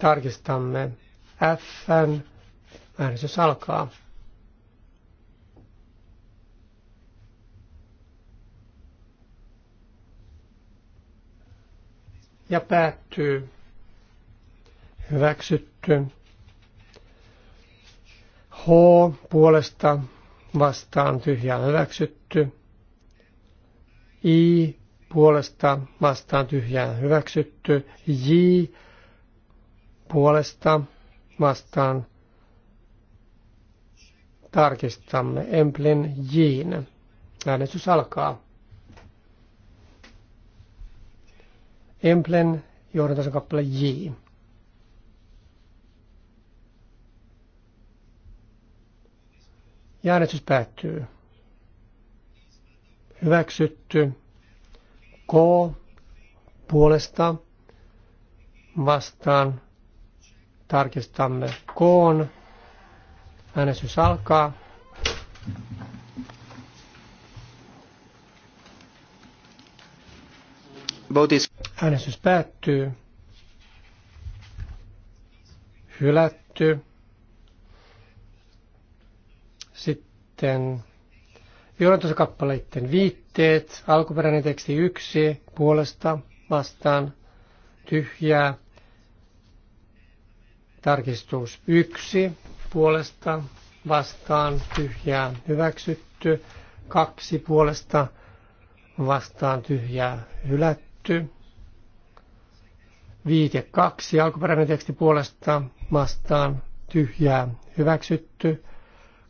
B: tarkistamme Fn. Äänestys alkaa. Ja päättyy. Hyväksytty. H puolesta vastaan tyhjää hyväksytty. I puolesta vastaan tyhjään hyväksytty. J puolesta vastaan tarkistamme Emplin Jin. Äänestys alkaa. Emplen johdantaisen kappale J. Ja äänestys päättyy. Hyväksytty. K puolesta vastaan tarkistamme koon. Äänestys alkaa. Äänestys päättyy. Hylätty. Sitten johdantosa viitti teet alkuperäinen teksti yksi puolesta vastaan tyhjää, tarkistus yksi puolesta vastaan tyhjää hyväksytty, kaksi puolesta vastaan tyhjää hylätty, viite kaksi alkuperäinen teksti puolesta vastaan tyhjää hyväksytty,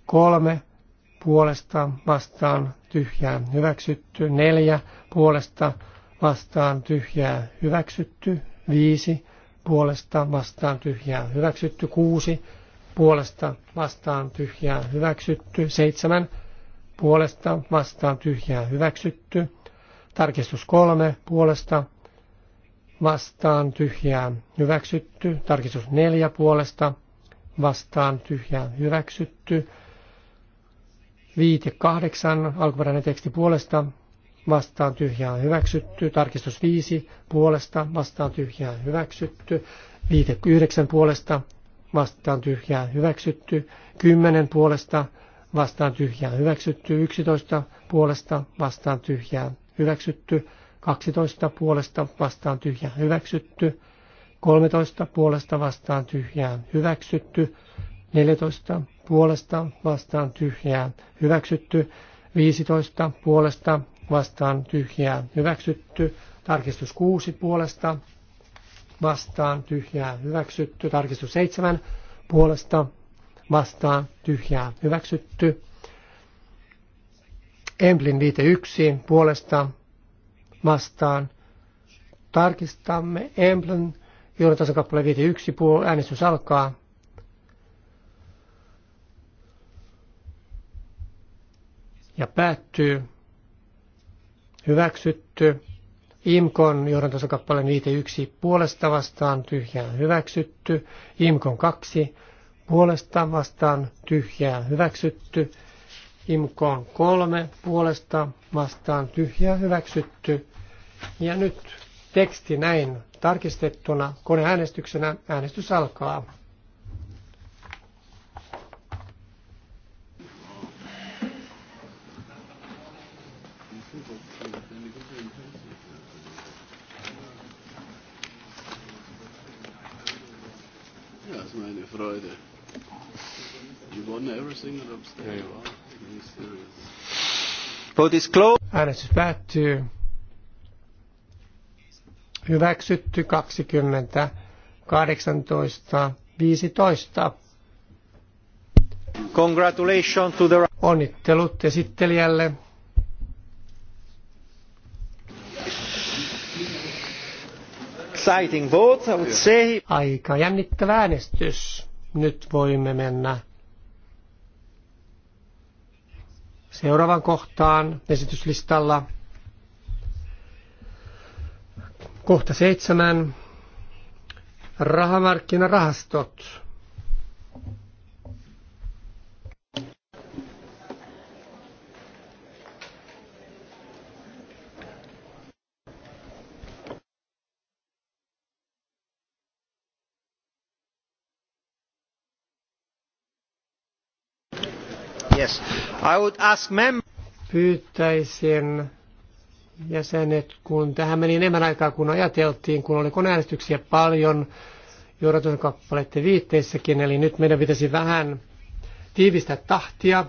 B: kolme puolesta vastaan tyhjää hyväksytty, neljä puolesta vastaan tyhjää hyväksytty, viisi puolesta vastaan tyhjää hyväksytty, kuusi puolesta vastaan tyhjää hyväksytty, seitsemän puolesta vastaan tyhjää hyväksytty, tarkistus kolme puolesta vastaan tyhjää hyväksytty, tarkistus neljä puolesta vastaan tyhjää hyväksytty, Viite kahdeksan, alkuperäinen teksti puolesta, vastaan tyhjää hyväksytty. Tarkistus viisi puolesta, vastaan tyhjää hyväksytty. Viite yhdeksän puolesta, vastaan tyhjää hyväksytty. Kymmenen puolesta, vastaan tyhjää hyväksytty. Yksitoista puolesta, vastaan tyhjää hyväksytty. 12 puolesta vastaan tyhjää hyväksytty, 13 puolesta vastaan tyhjää hyväksytty, 14 puolesta vastaan tyhjää hyväksytty. 15 puolesta vastaan tyhjää hyväksytty. Tarkistus 6 puolesta vastaan tyhjää hyväksytty. Tarkistus 7 puolesta vastaan tyhjää hyväksytty. Emblin viite 1 puolesta vastaan tarkistamme Emblin johdantosakappale viite 1 äänestys alkaa. ja päättyy. Hyväksytty. IMKON johdantosakappale 5.1 puolesta vastaan tyhjää hyväksytty. IMKON 2 puolesta vastaan tyhjää hyväksytty. IMKON 3 puolesta vastaan tyhjää hyväksytty. Ja nyt teksti näin tarkistettuna koneäänestyksenä äänestys alkaa.
H: Freude. You won everything that upstairs.
B: Vote is closed. back to Hyväksytty 20, 18, 15.
A: Congratulations to the...
B: Onnittelut esittelijälle.
A: exciting vote,
B: I would say. Aika jännittävä äänestys. Nyt voimme mennä seuraavan kohtaan esityslistalla. Kohta seitsemän. Rahamarkkinarahastot. I would ask mem- Pyytäisin jäsenet, kun tähän meni enemmän aikaa kun ajateltiin, kun oli koneäänestyksiä paljon johdaton kappaleiden viitteissäkin, eli nyt meidän pitäisi vähän tiivistää tahtia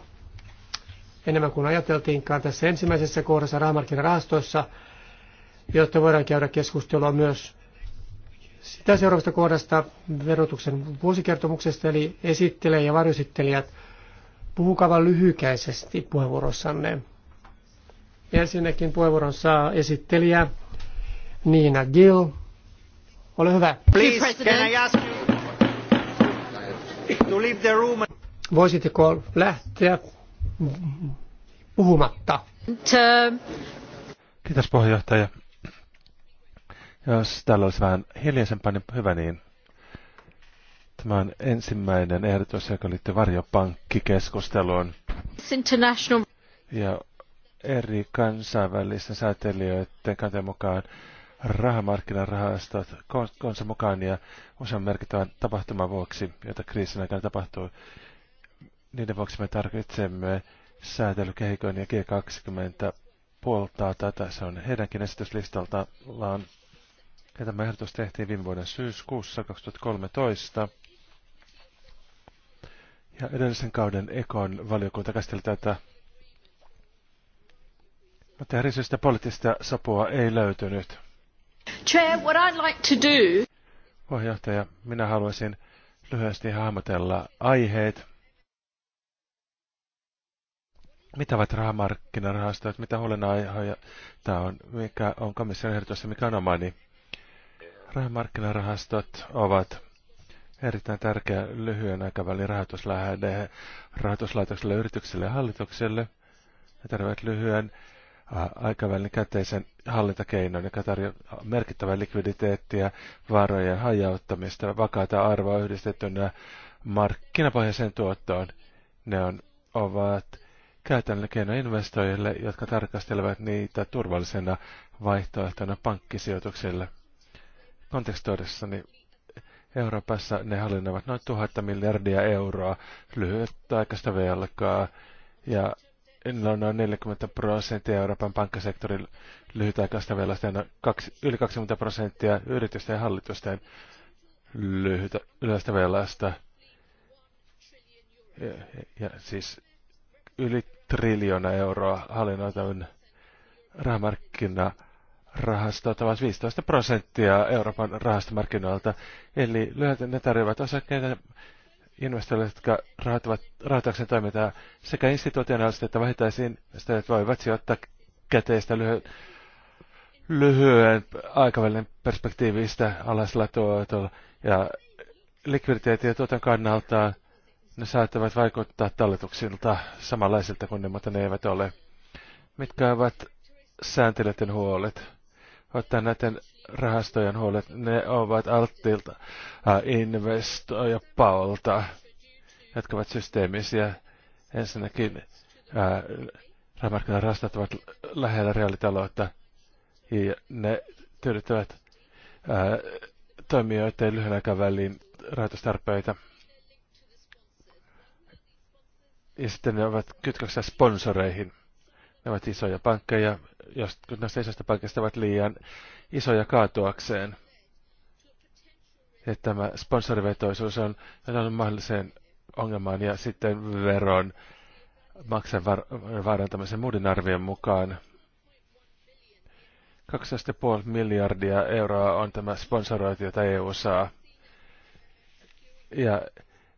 B: enemmän kuin ajateltiinkaan tässä ensimmäisessä kohdassa rahamarkkinarahastoissa, jotta voidaan käydä keskustelua myös sitä seuraavasta kohdasta verotuksen vuosikertomuksesta, eli esittelee ja varjosittelijat Puhukaa lyhykäisesti puheenvuorossanne. Ensinnäkin puheenvuoron saa esittelijä Niina Gill. Ole hyvä. Please, can I ask
A: you to leave the room?
B: Voisitteko lähteä
D: puhumatta? Uh, Kiitos puheenjohtaja. Jos täällä olisi vähän hiljaisempaa, niin hyvä niin. Tämä on ensimmäinen ehdotus, joka liittyy varjopankkikeskusteluun.
E: International.
D: Ja eri kansainvälisten säätelijöiden kanteen mukaan rahamarkkinarahastot koonsa mukaan ja usean merkittävän tapahtuman vuoksi, joita kriisin aikana tapahtuu. Niiden vuoksi me tarvitsemme säätelykehikon ja G20 puoltaa tätä. Se on heidänkin esityslistaltaan. Ja tämä ehdotus tehtiin viime vuoden syyskuussa 2013. Ja edellisen kauden Ekon valiokunta käsitteli tätä. Mutta erityistä poliittista sopua ei löytynyt.
E: Chair, what I'd like to do...
D: Puheenjohtaja, minä haluaisin lyhyesti hahmotella aiheet. Mitä ovat rahamarkkinarahastot, mitä huolenaiheja tämä on, mikä on komission ehdotus ja mikä on omani. Rahamarkkinarahastot ovat erittäin tärkeä lyhyen aikavälin rahoituslähde rahoituslaitokselle, yritykselle ja hallitukselle. Ne tarvitsevat lyhyen aikavälin käteisen hallintakeinon, joka tarjoaa merkittävää likviditeettiä, varojen hajauttamista, vakaita arvoa yhdistettynä markkinapohjaiseen tuottoon. Ne on, ovat käytännön keino investoijille, jotka tarkastelevat niitä turvallisena vaihtoehtona pankkisijoituksille. Kontekstoidessani Euroopassa ne hallinnoivat noin tuhatta miljardia euroa aikaista velkaa ja niillä on noin 40 prosenttia Euroopan pankkisektorin lyhytaikaista velasta ja kaksi, yli 20 prosenttia yritysten ja hallitusten lyhytä, lyhyistä velasta. Ja, ja siis yli triljoona euroa hallinnoitavan rahamarkkina rahastot ovat 15 prosenttia Euroopan rahastomarkkinoilta. Eli lyhyesti ne tarjoavat osakkeita investoijille, jotka rahoittavat rahoituksen toimintaa sekä institutionaaliset että vähittäisiin investoijat voivat sijoittaa käteistä lyhyen, lyhyen aikavälin perspektiivistä alaisella tuotolla. Ja likviditeetin ja tuoton kannalta ne saattavat vaikuttaa talletuksilta samanlaisilta kuin ne, mutta ne eivät ole. Mitkä ovat sääntelijöiden huolet? ottaa näiden rahastojen huolet. Ne ovat alttilta investoja, paolta, jotka ovat systeemisiä. Ensinnäkin rahamarkkinarastat ovat lähellä reaalitaloutta ja ne tyydyttävät ää, toimijoiden lyhyen aikavälin rahoitustarpeita. Ja sitten ne ovat kytköksessä sponsoreihin. Ne ovat isoja pankkeja, jos näistä isoista paikoista ovat liian isoja kaatuakseen. Että tämä sponsorivetoisuus on johtanut mahdolliseen ongelmaan ja sitten veron maksan vaarantamisen muiden arvion mukaan. 2,5 miljardia euroa on tämä sponsorointi, jota EU saa. Ja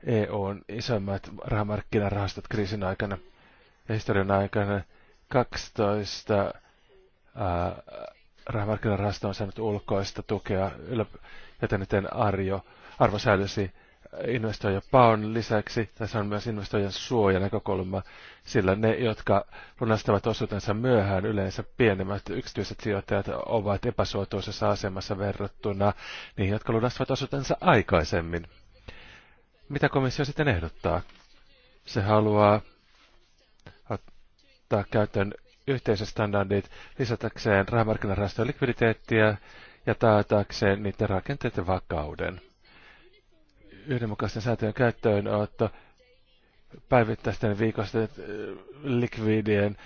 D: EU on isoimmat rahamarkkinarahastot kriisin aikana ja historian aikana. 12 Äh, rahamarkkinarahasto on saanut ulkoista tukea, joten niiden arjo, arvo säilyisi investoija paon lisäksi. Tässä on myös investoijan suojanäkökulma, sillä ne, jotka lunastavat osuutensa myöhään, yleensä pienemmät yksityiset sijoittajat ovat epäsuotuisessa asemassa verrattuna niihin, jotka lunastavat osuutensa aikaisemmin. Mitä komissio sitten ehdottaa? Se haluaa ottaa käyttöön standardit lisätäkseen rahamarkkinarahastojen likviditeettiä ja taatakseen niiden rakenteiden vakauden. Yhdenmukaisten sääntöjen käyttöönotto päivittäisten viikosten äh, likvidien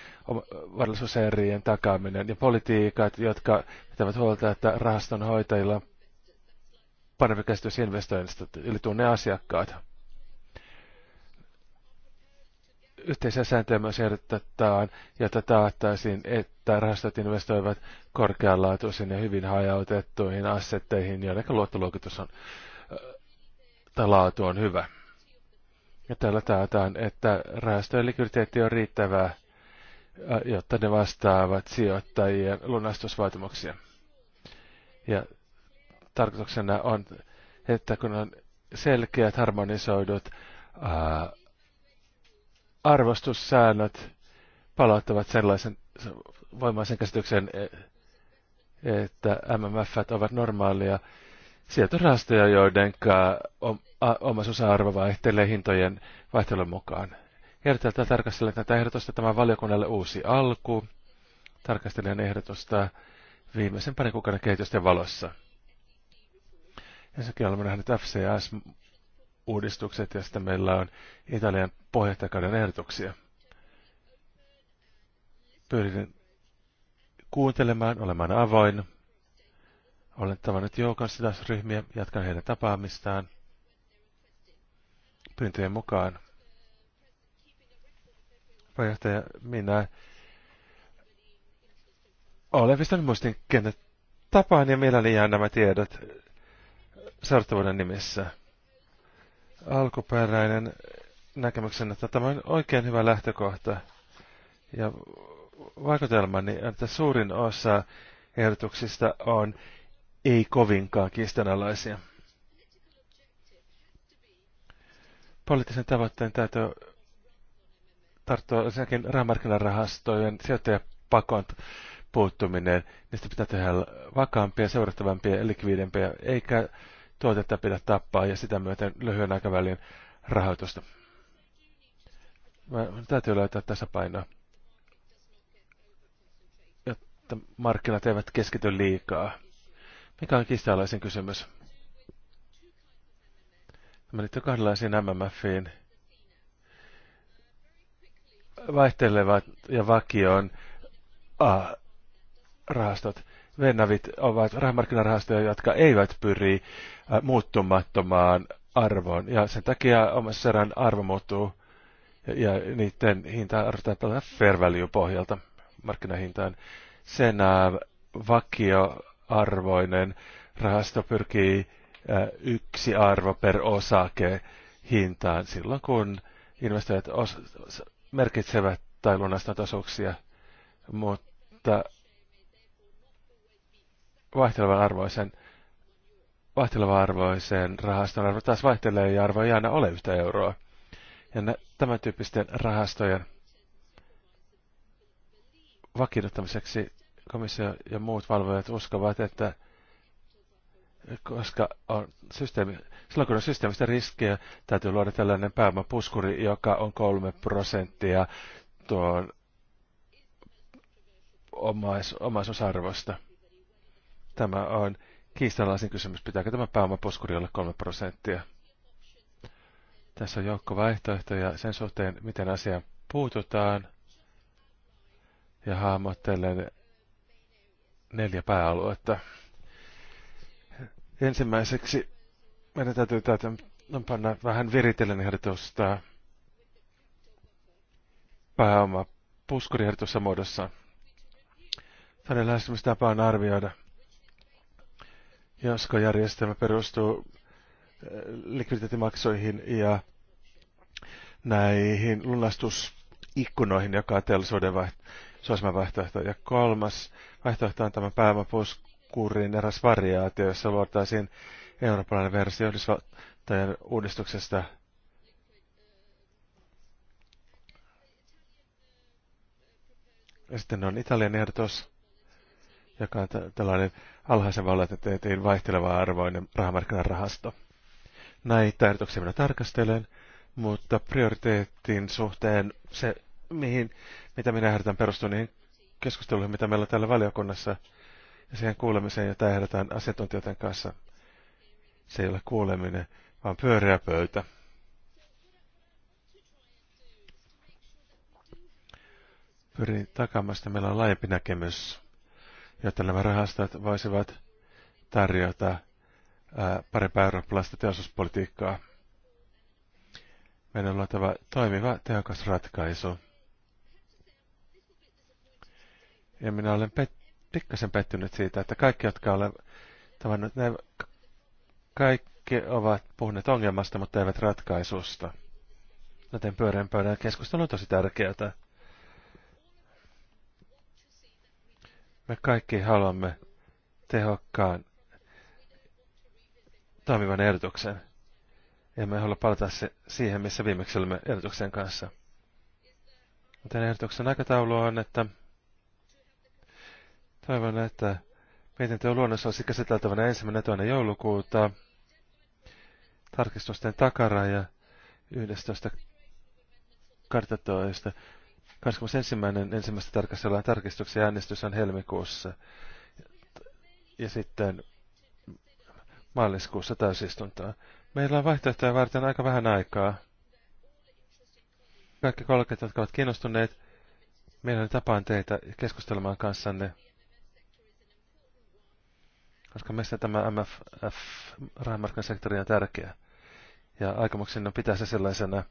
D: varallisuuserien takaaminen ja politiikat, jotka pitävät huolta, että rahaston hoitajilla on parempi käsitys investoinnista, eli tunne asiakkaita. yhteisiä sääntöjä myös ehdotetaan, jotta taattaisiin, että rahastot investoivat korkeanlaatuisiin ja hyvin hajautettuihin assetteihin, joiden luottoluokitus on, tai laatu on hyvä. Ja tällä taataan, että rahastojen likviditeetti on riittävää, jotta ne vastaavat sijoittajien lunastusvaatimuksia. Ja tarkoituksena on, että kun on selkeät harmonisoidut ää, arvostussäännöt palauttavat sellaisen voimaisen käsityksen, e, että MMF ovat normaalia sijoitusrahastoja, joiden omaisuusarvo vaihtelee hintojen vaihtelun mukaan. Järjestelmä tarkastelen tätä ehdotusta tämän valiokunnalle uusi alku. Tarkastelen ehdotusta viimeisen parin kuukauden kehitysten valossa. Ensinnäkin olemme nähneet FCS uudistukset ja sitten meillä on Italian pohjohtajakauden ehdotuksia. Pyydän kuuntelemaan, olemaan avoin. Olen tavannut joukon sidosryhmiä, jatkan heidän tapaamistaan pyyntöjen mukaan. Pääjohtaja, minä olen pistänyt muistin kenet tapaan ja mielelläni jään nämä tiedot seurattavuuden nimissä alkuperäinen näkemyksen, että tämä on oikein hyvä lähtökohta. Ja vaikutelmani, että suurin osa ehdotuksista on ei kovinkaan kiistanalaisia. Poliittisen tavoitteen täytyy tarttua ensinnäkin rahamarkkinarahastojen sijoittajapakon puuttuminen. Niistä pitää tehdä vakaampia, seurattavampia ja likvidempiä, eikä tuotetta pidä tappaa ja sitä myöten lyhyen aikavälin rahoitusta. Mä, täytyy löytää tasapainoa, jotta markkinat eivät keskity liikaa. Mikä on kiistalaisen kysymys? Tämä liittyy kahdenlaisiin MMFiin. Vaihtelevat ja vakioon ah, rahastot. Vennavit ovat rahamarkkinarahastoja, jotka eivät pyri äh, muuttumattomaan arvoon. Ja sen takia omassaran arvo muuttuu ja, ja niiden hinta arvotetaan tällä fair value pohjalta markkinahintaan. Sen äh, vakioarvoinen rahasto pyrkii äh, yksi arvo per osake hintaan silloin, kun investoijat merkitsevät tai lunastavat osuuksia, mutta vaihtelevan arvoisen, vaihtelevan arvoisen rahaston arvo taas vaihtelee ja arvo ei aina ole yhtä euroa. Ja nä, tämän tyyppisten rahastojen vakiinnuttamiseksi komissio ja muut valvojat uskovat, että koska on systeemi, silloin kun on systeemistä riskejä, täytyy luoda tällainen pääomapuskuri, joka on kolme prosenttia tuon omais, omaisuusarvosta. Tämä on kiistanalaisin kysymys, pitääkö tämä pääomaposkuri olla 3 prosenttia. Tässä on joukko vaihtoehtoja sen suhteen, miten asiaan puututaan. Ja hahmottelen neljä pääaluetta. Ensimmäiseksi meidän täytyy panna vähän viritellen ehdotusta pääoma puskuriehdotussa muodossa. Tänne lähestymistapa on arvioida – josko järjestelmä perustuu eh, likviditeettimaksoihin ja näihin lunastusikkunoihin, joka on teollisuuden vaihtoehto. Ja kolmas vaihtoehto on tämä pääomapuskurin eräs variaatio, jossa luotaisiin eurooppalainen versio Yhdysvaltojen uudistuksesta. Ja sitten on Italian ehdotus joka on tällainen alhaisen vallatateetin vaihteleva arvoinen rahasto. Näitä ehdotuksia minä tarkastelen, mutta prioriteetin suhteen se, mihin, mitä minä ehdotan, perustuu niihin keskusteluihin, mitä meillä on täällä valiokunnassa, ja siihen kuulemiseen, jota ehdotan asiantuntijoiden kanssa. Se ei ole kuuleminen, vaan pyöreä pöytä. Pyrin takamasta, meillä on laajempi näkemys jotta nämä rahastot voisivat tarjota parempaa eurooppalaista teollisuuspolitiikkaa. Meidän on luotava toimiva, tehokas ratkaisu. Ja minä olen pet- pikkasen pettynyt siitä, että kaikki, jotka olen tavannut, ne kaikki ovat puhuneet ongelmasta, mutta eivät ratkaisusta. Joten pyöreän pöydän keskustelu on tosi tärkeää. Me kaikki haluamme tehokkaan toimivan ehdotuksen. Emme halua palata se, siihen, missä viimeksi olimme ehdotuksen kanssa. Joten ehdotuksen aikataulu on, että toivon, että mietintöön luonnossa olisi käsiteltävänä ensimmäinen toinen joulukuuta tarkistusten takaraja 11 kartatoista 21. ensimmäistä tarkastellaan tarkistuksia äänestys on helmikuussa. Ja sitten maaliskuussa täysistuntoa. Meillä on vaihtoehtoja varten aika vähän aikaa. Kaikki kollegat, jotka ovat kiinnostuneet, mielelläni tapaan teitä keskustelemaan kanssanne. Koska meistä tämä MFF, rahamarkkinasektori on tärkeä. Ja on pitää se sellaisena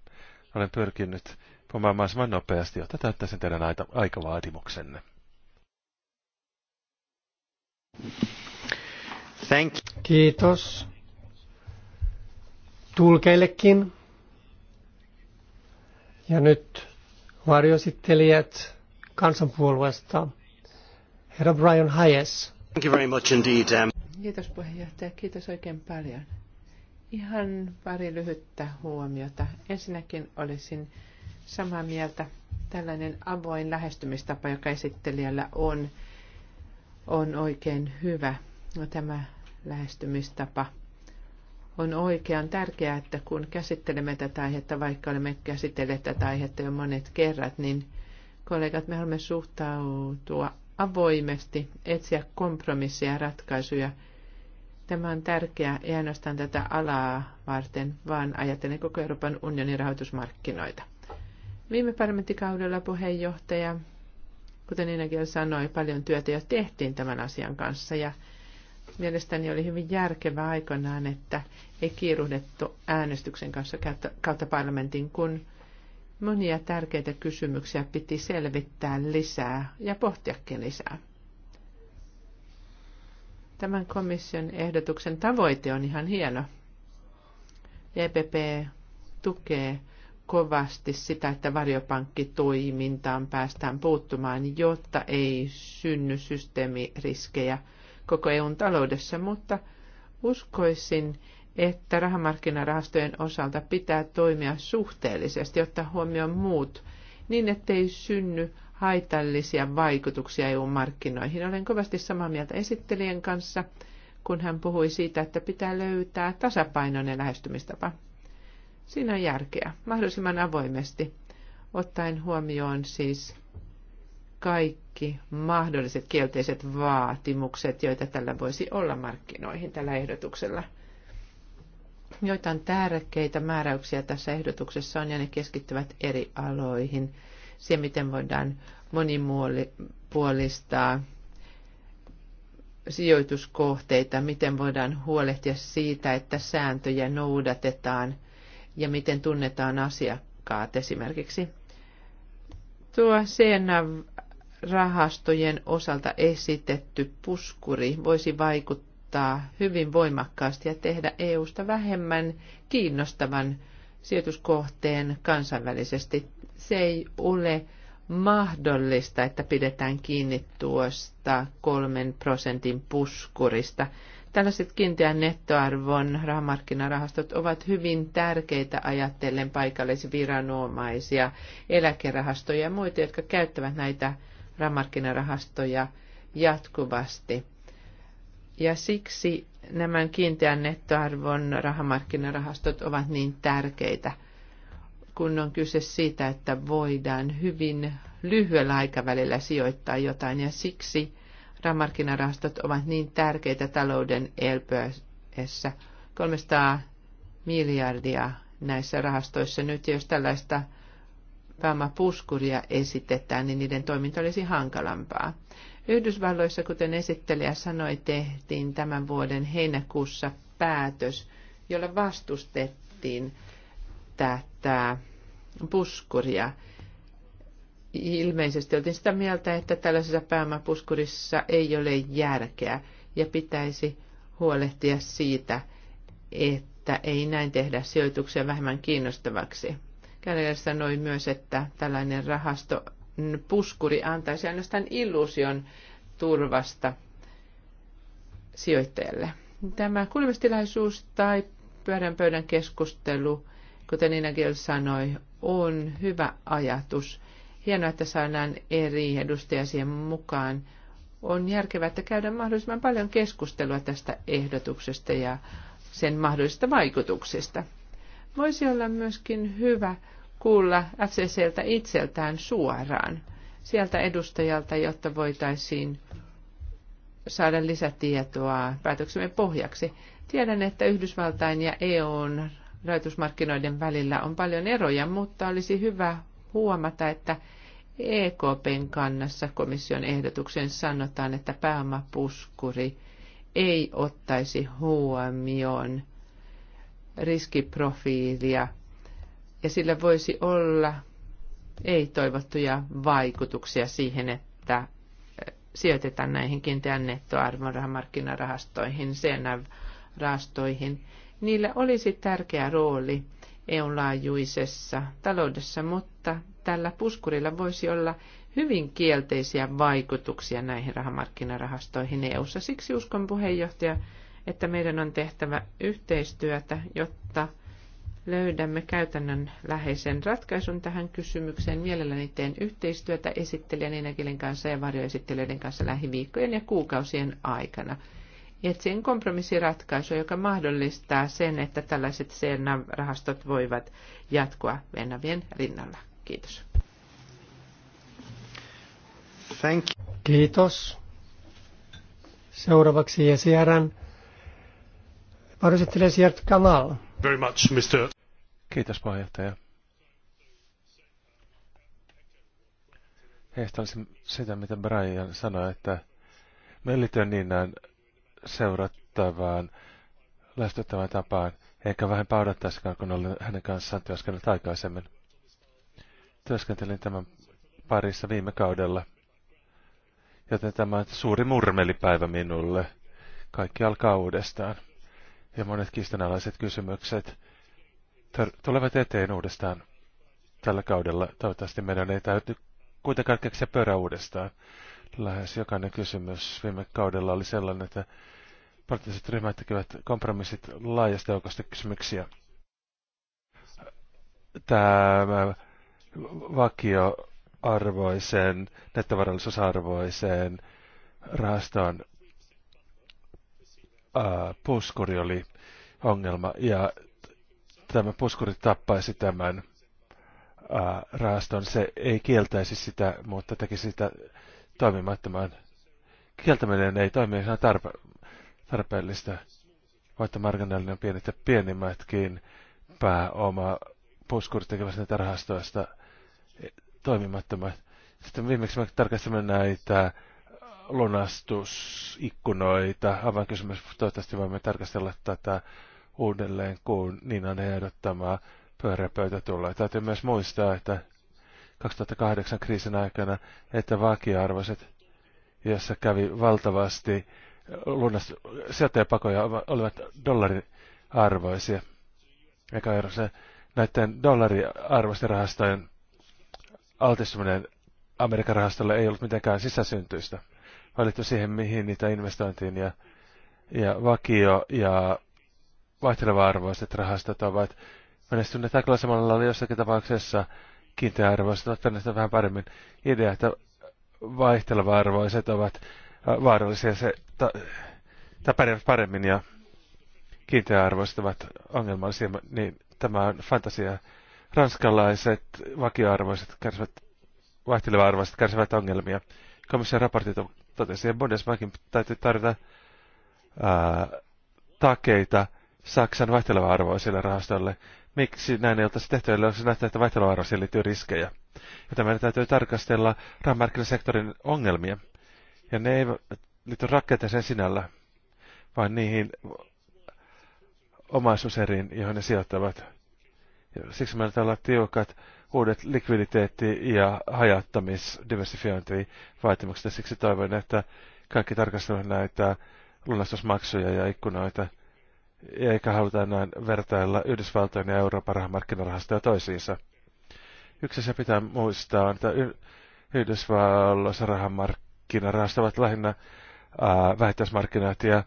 D: olen pyrkinyt puhumaan mahdollisimman nopeasti, jotta täyttäisin teidän aikavaatimuksenne.
A: Thank you. Kiitos
B: tulkeillekin. Ja nyt varjosittelijät kansanpuolueesta. Herra Brian Hayes.
I: Thank you very
D: much indeed. um...
C: Kiitos puheenjohtaja, kiitos oikein paljon. Ihan pari lyhyttä huomiota. Ensinnäkin olisin samaa mieltä. Tällainen avoin lähestymistapa, joka esittelijällä on, on oikein hyvä. No, tämä lähestymistapa on oikean tärkeää, että kun käsittelemme tätä aihetta, vaikka olemme käsitelleet tätä aihetta jo monet kerrat, niin kollegat, me haluamme suhtautua avoimesti, etsiä kompromisseja ja ratkaisuja – Tämä on tärkeää ei ainoastaan tätä alaa varten, vaan ajatellen koko Euroopan unionin rahoitusmarkkinoita. Viime parlamenttikaudella puheenjohtaja, kuten Inakin jo sanoi, paljon työtä jo tehtiin tämän asian kanssa ja mielestäni oli hyvin järkevää aikanaan, että ei kiiruhdettu äänestyksen kanssa kautta parlamentin, kun monia tärkeitä kysymyksiä piti selvittää lisää ja pohtiakin lisää. Tämän komission ehdotuksen tavoite on ihan hieno. EPP tukee kovasti sitä, että varjopankkitoimintaan päästään puuttumaan, jotta ei synny systeemiriskejä koko EUn taloudessa, mutta uskoisin, että rahamarkkinarahastojen osalta pitää toimia suhteellisesti, ottaa huomioon muut, niin ettei synny haitallisia vaikutuksia EU-markkinoihin. Olen kovasti samaa mieltä esittelijän kanssa, kun hän puhui siitä, että pitää löytää tasapainoinen lähestymistapa. Siinä on järkeä, mahdollisimman avoimesti, ottaen huomioon siis kaikki mahdolliset kielteiset vaatimukset, joita tällä voisi olla markkinoihin tällä ehdotuksella. Joitain tärkeitä määräyksiä tässä ehdotuksessa on ja ne keskittyvät eri aloihin – se, miten voidaan monipuolistaa sijoituskohteita, miten voidaan huolehtia siitä, että sääntöjä noudatetaan ja miten tunnetaan asiakkaat esimerkiksi. Tuo CNA-rahastojen osalta esitetty puskuri voisi vaikuttaa hyvin voimakkaasti ja tehdä EUsta vähemmän kiinnostavan sijoituskohteen kansainvälisesti se ei ole mahdollista, että pidetään kiinni tuosta kolmen prosentin puskurista. Tällaiset kiinteän nettoarvon rahamarkkinarahastot ovat hyvin tärkeitä ajatellen paikallisviranomaisia, eläkerahastoja ja muita, jotka käyttävät näitä rahamarkkinarahastoja jatkuvasti. Ja siksi nämä kiinteän nettoarvon rahamarkkinarahastot ovat niin tärkeitä – kun on kyse siitä, että voidaan hyvin lyhyellä aikavälillä sijoittaa jotain ja siksi rahamarkkinarahastot ovat niin tärkeitä talouden elpyessä. 300 miljardia näissä rahastoissa nyt, jos tällaista pääomapuskuria esitetään, niin niiden toiminta olisi hankalampaa. Yhdysvalloissa, kuten esittelijä sanoi, tehtiin tämän vuoden heinäkuussa päätös, jolla vastustettiin tätä käyttää puskuria. Ilmeisesti oltiin sitä mieltä, että tällaisessa pääomapuskurissa ei ole järkeä ja pitäisi huolehtia siitä, että ei näin tehdä sijoituksia vähemmän kiinnostavaksi. Kärjellä sanoi myös, että tällainen rahasto puskuri antaisi ainoastaan illusion turvasta sijoittajalle. Tämä kuulemistilaisuus tai pyörän pöydän keskustelu kuten Inagil sanoi, on hyvä ajatus. Hienoa, että saadaan eri edustajia siihen mukaan. On järkevää, että käydään mahdollisimman paljon keskustelua tästä ehdotuksesta ja sen mahdollisista vaikutuksista. Voisi olla myöskin hyvä kuulla FCCltä itseltään suoraan, sieltä edustajalta, jotta voitaisiin saada lisätietoa päätöksemme pohjaksi. Tiedän, että Yhdysvaltain ja EUn rahoitusmarkkinoiden välillä on paljon eroja, mutta olisi hyvä huomata, että EKPn kannassa komission ehdotuksen sanotaan, että pääomapuskuri ei ottaisi huomioon riskiprofiilia ja sillä voisi olla ei-toivottuja vaikutuksia siihen, että sijoitetaan näihin kiinteän nettoarvon rahamarkkinarahastoihin, CNR-rahastoihin Niillä olisi tärkeä rooli EUn laajuisessa taloudessa, mutta tällä puskurilla voisi olla hyvin kielteisiä vaikutuksia näihin rahamarkkinarahastoihin EUssa. Siksi uskon puheenjohtaja, että meidän on tehtävä yhteistyötä, jotta löydämme käytännön läheisen ratkaisun tähän kysymykseen. Mielelläni teen yhteistyötä esittelijän Inäkilin kanssa ja varjoesittelijöiden kanssa lähiviikkojen ja kuukausien aikana ja etsien kompromissiratkaisu, joka mahdollistaa sen, että tällaiset CNA-rahastot voivat jatkua Venäjän rinnalla. Kiitos.
B: Thank you. Kiitos. Seuraavaksi Jesijärän Varusettelee Sjärt Kamal.
D: Very much, Mr. Kiitos puheenjohtaja. Heistä olisi sitä, mitä Brian sanoi, että Mellitön Niinään seurattavaan, lähestyttävään tapaan, eikä vähän paudattaisikaan, kun olen hänen kanssaan työskennellyt aikaisemmin. Työskentelin tämän parissa viime kaudella, joten tämä on suuri murmelipäivä minulle. Kaikki alkaa uudestaan, ja monet kiistanalaiset kysymykset tulevat eteen uudestaan tällä kaudella. Toivottavasti meidän ei täytyy kuitenkaan keksiä pörä uudestaan. Lähes jokainen kysymys viime kaudella oli sellainen, että Poliittiset ryhmät tekevät kompromissit laajasta joukosta kysymyksiä. Tämä vakioarvoiseen, nettovarallisuusarvoiseen rahastoon puskuri oli ongelma ja tämä puskuri tappaisi tämän rahaston. Se ei kieltäisi sitä, mutta teki sitä toimimattoman. Kieltäminen ei toimi ihan tarpe- tarpeellista, vaikka marginaalinen pieni, että pienimmätkin pääoma puskurit tekevät näitä rahastoista toimimattomat. Sitten viimeksi me tarkastamme näitä lunastusikkunoita. Aivan kysymys, toivottavasti voimme tarkastella tätä uudelleen, kun on ehdottamaa pyöräpöytä tulee. Täytyy myös muistaa, että 2008 kriisin aikana, että vakiarvoiset, jossa kävi valtavasti lunnas sijoittajapakoja olivat dollarin arvoisia. ero se näiden dollariarvoisten rahastojen altistuminen Amerikan rahastolle ei ollut mitenkään sisäsyntyistä. Valittu siihen, mihin niitä investointiin ja, ja vakio ja vaihteleva-arvoiset rahastot ovat menestyneet aika samalla lailla jossakin tapauksessa kiinteäarvoiset ovat tänne vähän paremmin. Idea, että vaihteleva-arvoiset ovat äh, vaarallisia, se mutta äh, tämä pärjäävät paremmin ja kiinteäarvoiset ovat ongelmallisia, niin tämä on fantasia. Ranskalaiset vakioarvoiset kärsivät, vaihteleva arvoiset kärsivät ongelmia. Komission raportit totesi, että Bundesbankin täytyy tarjota ää, takeita Saksan vaihteleva arvoisille rahastolle. Miksi näin ei oltaisi tehty, ellei olisi nähty, että vaihteleva-arvoisiin liittyy riskejä? Joten meidän täytyy tarkastella rahamarkkinasektorin ongelmia. Ja ne eivät niiden rakenteeseen sinällä, vaan niihin omaisuuseriin, johon ne sijoittavat. Ja siksi meillä täällä tiukat uudet likviditeetti- ja hajattamisdiversifiointivaatimukset. Ja siksi toivon, että kaikki tarkastelevat näitä lunastusmaksuja ja ikkunoita, eikä haluta enää vertailla Yhdysvaltojen ja Euroopan rahamarkkinarahastoja toisiinsa. Yksi se pitää muistaa, että Yhdysvalloissa rahamarkkinarahasto ovat lähinnä vähittäismarkkinat ja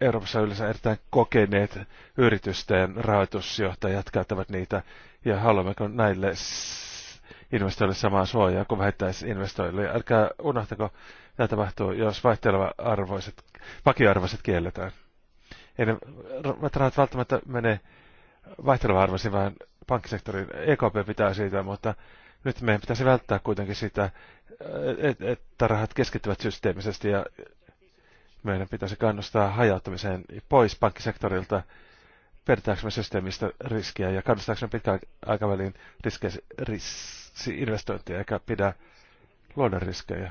D: Euroopassa yleensä erittäin kokeneet yritysten rahoitusjohtajat käyttävät niitä. Ja haluammeko näille investoille samaa suojaa kuin vähittäisinvestoille. Älkää unohtako, mitä tapahtuu, jos vaihteleva-arvoiset, vakiarvoiset kielletään. Ei ne rahat välttämättä mene vaihteleva arvoisin, vaan pankkisektorin EKP pitää siitä, mutta nyt meidän pitäisi välttää kuitenkin sitä, että rahat keskittyvät systeemisesti ja meidän pitäisi kannustaa hajauttamiseen pois pankkisektorilta, pidetäänkö me systeemistä riskiä ja kannustaako me pitkän aikavälin riskejä, ris, investointeja eikä pidä luoda riskejä.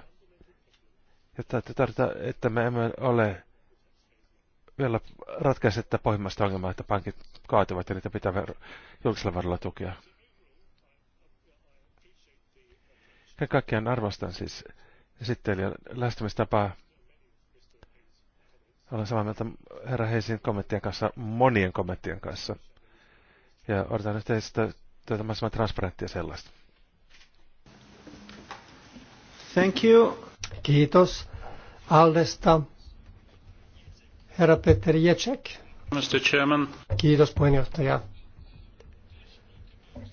D: että, tarvita, että me emme ole vielä ratkaise tätä pohjimmasta ongelmaa, että pankit kaatuvat ja niitä pitää julkisella varoilla tukea. kaikkiaan arvostan siis esittelijän lähestymistapaa olen samaa mieltä herra Heisin kommenttien kanssa, monien kommenttien kanssa. Ja odotan nyt teistä mahdollisimman transparenttia sellaista. Thank you. Kiitos. Aldesta.
B: Herra Peter Jecek.
F: Mr. Chairman.
B: Kiitos puheenjohtaja.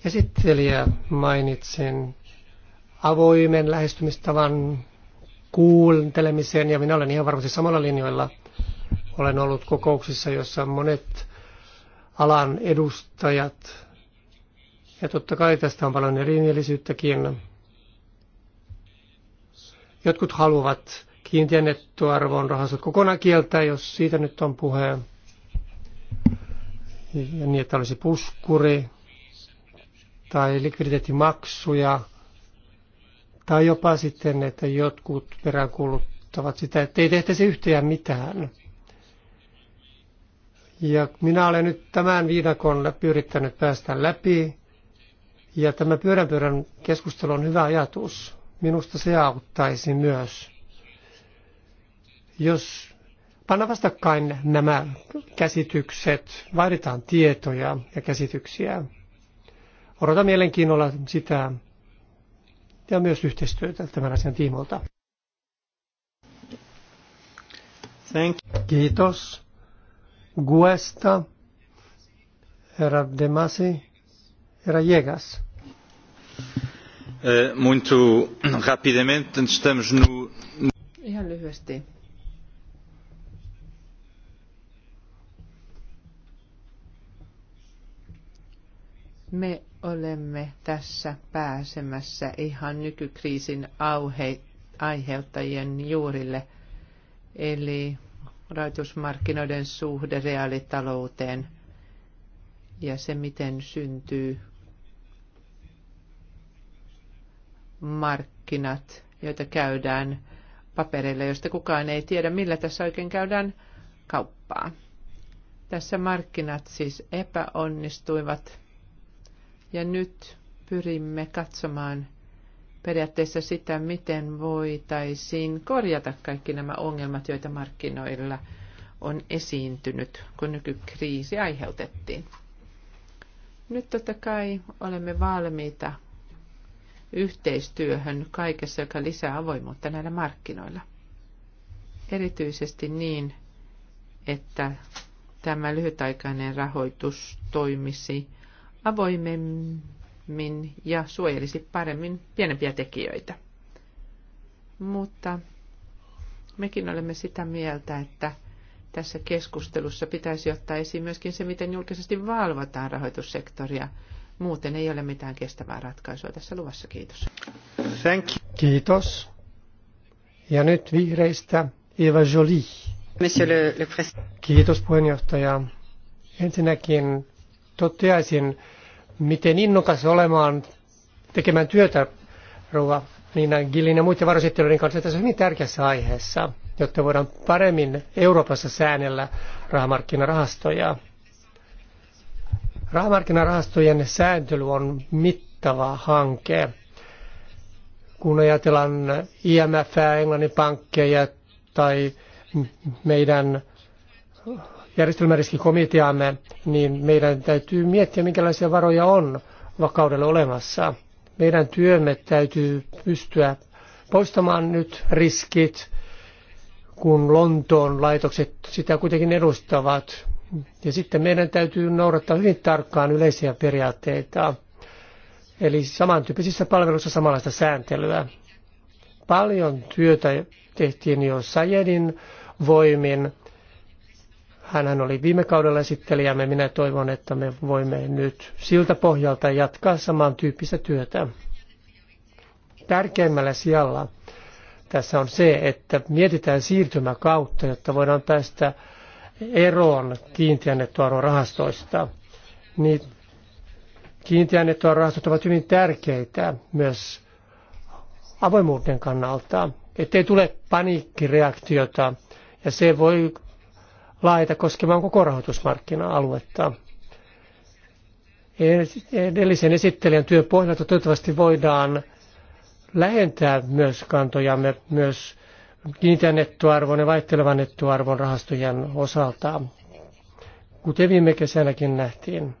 B: Esittelijä mainitsin avoimen lähestymistavan kuuntelemiseen ja minä olen ihan varmasti samalla linjoilla – olen ollut kokouksissa, jossa monet alan edustajat, ja totta kai tästä on paljon erimielisyyttäkin, jotkut haluavat kiintiennettua nettoarvon rahastot kokonaan kieltää, jos siitä nyt on puhe. Ja niin, että olisi puskuri tai likviditeettimaksuja tai jopa sitten, että jotkut peräänkuuluttavat sitä, että ei tehtäisi yhtään mitään. Ja minä olen nyt tämän viidakon läpi yrittänyt päästä läpi. Ja tämä pyöränpyörän keskustelu on hyvä ajatus. Minusta se auttaisi myös. Jos panna vastakkain nämä käsitykset, vaaditaan tietoja ja käsityksiä. Odota mielenkiinnolla sitä ja myös yhteistyötä tämän asian tiimolta. Thank you. Kiitos. Guesta, era de Masi, era Jegas.
F: Eh, muito
A: rapidamente, estamos no, no...
C: Ihan lyhyesti. Me olemme tässä pääsemässä ihan nykykriisin aiheuttajien juurille, eli rahoitusmarkkinoiden suhde reaalitalouteen ja se, miten syntyy markkinat, joita käydään papereilla, josta kukaan ei tiedä, millä tässä oikein käydään kauppaa. Tässä markkinat siis epäonnistuivat ja nyt pyrimme katsomaan, periaatteessa sitä, miten voitaisiin korjata kaikki nämä ongelmat, joita markkinoilla on esiintynyt, kun nykykriisi aiheutettiin. Nyt totta kai olemme valmiita yhteistyöhön kaikessa, joka lisää avoimuutta näillä markkinoilla. Erityisesti niin, että tämä lyhytaikainen rahoitus toimisi avoimemmin paremmin ja suojelisi paremmin pienempiä tekijöitä. Mutta mekin olemme sitä mieltä, että tässä keskustelussa pitäisi ottaa esiin myöskin se, miten julkisesti valvotaan rahoitussektoria. Muuten ei ole mitään kestävää ratkaisua tässä luvassa. Kiitos.
A: Thank you.
B: Kiitos. Ja nyt vihreistä Eva Jolie. Monsieur le, le Kiitos puheenjohtaja. Ensinnäkin toteaisin, miten innokas olemaan tekemään työtä rouva Niina Gillin ja muiden varasittelijoiden kanssa tässä hyvin tärkeässä aiheessa, jotta voidaan paremmin Euroopassa säännellä rahamarkkinarahastoja. Rahamarkkinarahastojen sääntely on mittava hanke. Kun ajatellaan IMF, Englannin pankkeja tai meidän järjestelmäriskikomiteamme, niin meidän täytyy miettiä, minkälaisia varoja on vakaudelle olemassa. Meidän työmme täytyy pystyä poistamaan nyt riskit, kun Lontoon laitokset sitä kuitenkin edustavat. Ja sitten meidän täytyy noudattaa hyvin tarkkaan yleisiä periaatteita. Eli samantyyppisissä palveluissa samanlaista sääntelyä. Paljon työtä tehtiin jo Sajedin voimin Hänhän oli viime kaudella esittelijämme. Minä toivon, että me voimme nyt siltä pohjalta jatkaa samantyyppistä työtä. Tärkeimmällä sijalla tässä on se, että mietitään siirtymäkautta, jotta voidaan päästä eroon kiinteännettuarvon rahastoista. Niin kiinteännettuarvon rahastot ovat hyvin tärkeitä myös avoimuuden kannalta, ettei tule paniikkireaktiota. Ja se voi laajeta koskemaan koko rahoitusmarkkina-aluetta. Edellisen esittelijän työn pohjalta toivottavasti voidaan lähentää myös kantojamme myös nettoarvon ja vaihtelevan nettuarvon rahastojen osalta, kuten viime kesänäkin nähtiin.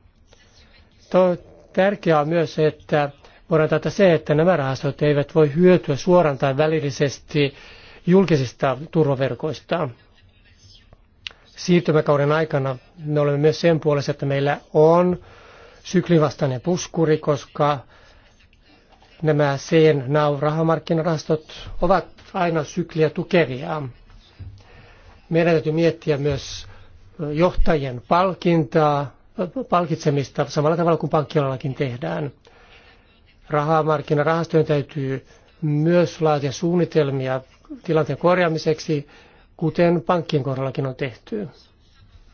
B: tärkeää on myös, että voidaan taata se, että nämä rahastot eivät voi hyötyä suoraan tai välillisesti julkisista turvaverkoista siirtymäkauden aikana me olemme myös sen puolesta, että meillä on syklivastainen puskuri, koska nämä sen nau rahamarkkinarahastot ovat aina sykliä tukevia. Meidän täytyy miettiä myös johtajien palkintaa, palkitsemista samalla tavalla kuin pankkialallakin tehdään. Rahamarkkinarahastojen täytyy myös laatia suunnitelmia tilanteen korjaamiseksi kuten pankkien kohdallakin on tehty.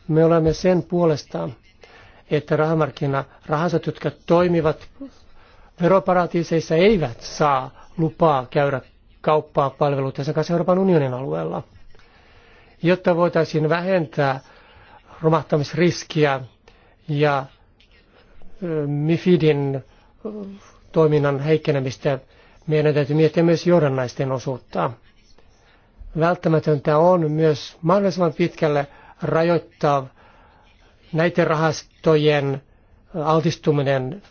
B: Me olemme sen puolesta, että rahamarkkinarahastot, jotka toimivat veroparatiiseissa, eivät saa lupaa käydä kauppaa sen kanssa Euroopan unionin alueella. Jotta voitaisiin vähentää romahtamisriskiä ja MIFIDin toiminnan heikkenemistä, meidän täytyy miettiä myös johdannaisten osuutta välttämätöntä on myös mahdollisimman pitkälle rajoittaa näiden rahastojen altistuminen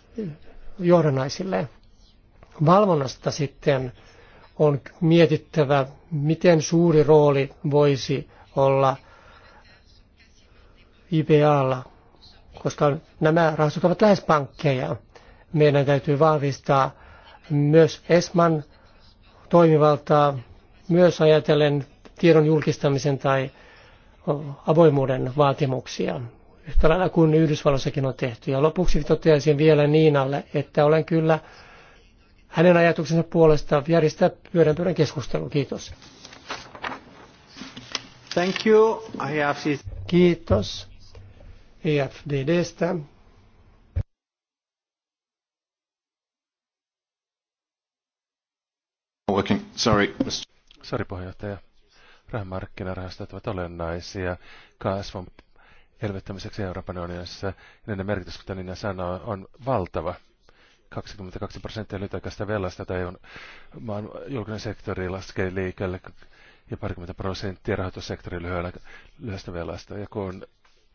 B: johdannaisille. Valvonnasta sitten on mietittävä, miten suuri rooli voisi olla IBAlla, koska nämä rahastot ovat lähes pankkeja. Meidän täytyy vahvistaa myös ESMAN toimivaltaa myös ajatellen tiedon julkistamisen tai avoimuuden vaatimuksia, yhtä lailla kuin Yhdysvalloissakin on tehty. Ja lopuksi toteaisin vielä Niinalle, että olen kyllä hänen ajatuksensa puolesta järjestää pyörän pyörän keskustelu. Kiitos.
A: Thank you. I
B: have... Kiitos EFDDstä.
I: Working.
D: Sorry saripohjohtaja puheenjohtaja. Rahamarkkinarahastot ovat olennaisia kasvun elvyttämiseksi Euroopan unionissa. Ja niiden merkitys, kuten Nina sanoo, on valtava. 22 prosenttia lyhytaikaista velasta tai on, maan julkinen sektori laskee liikelle ja parikymmentä prosenttia rahoitussektori lyhyestä velasta. Ja kun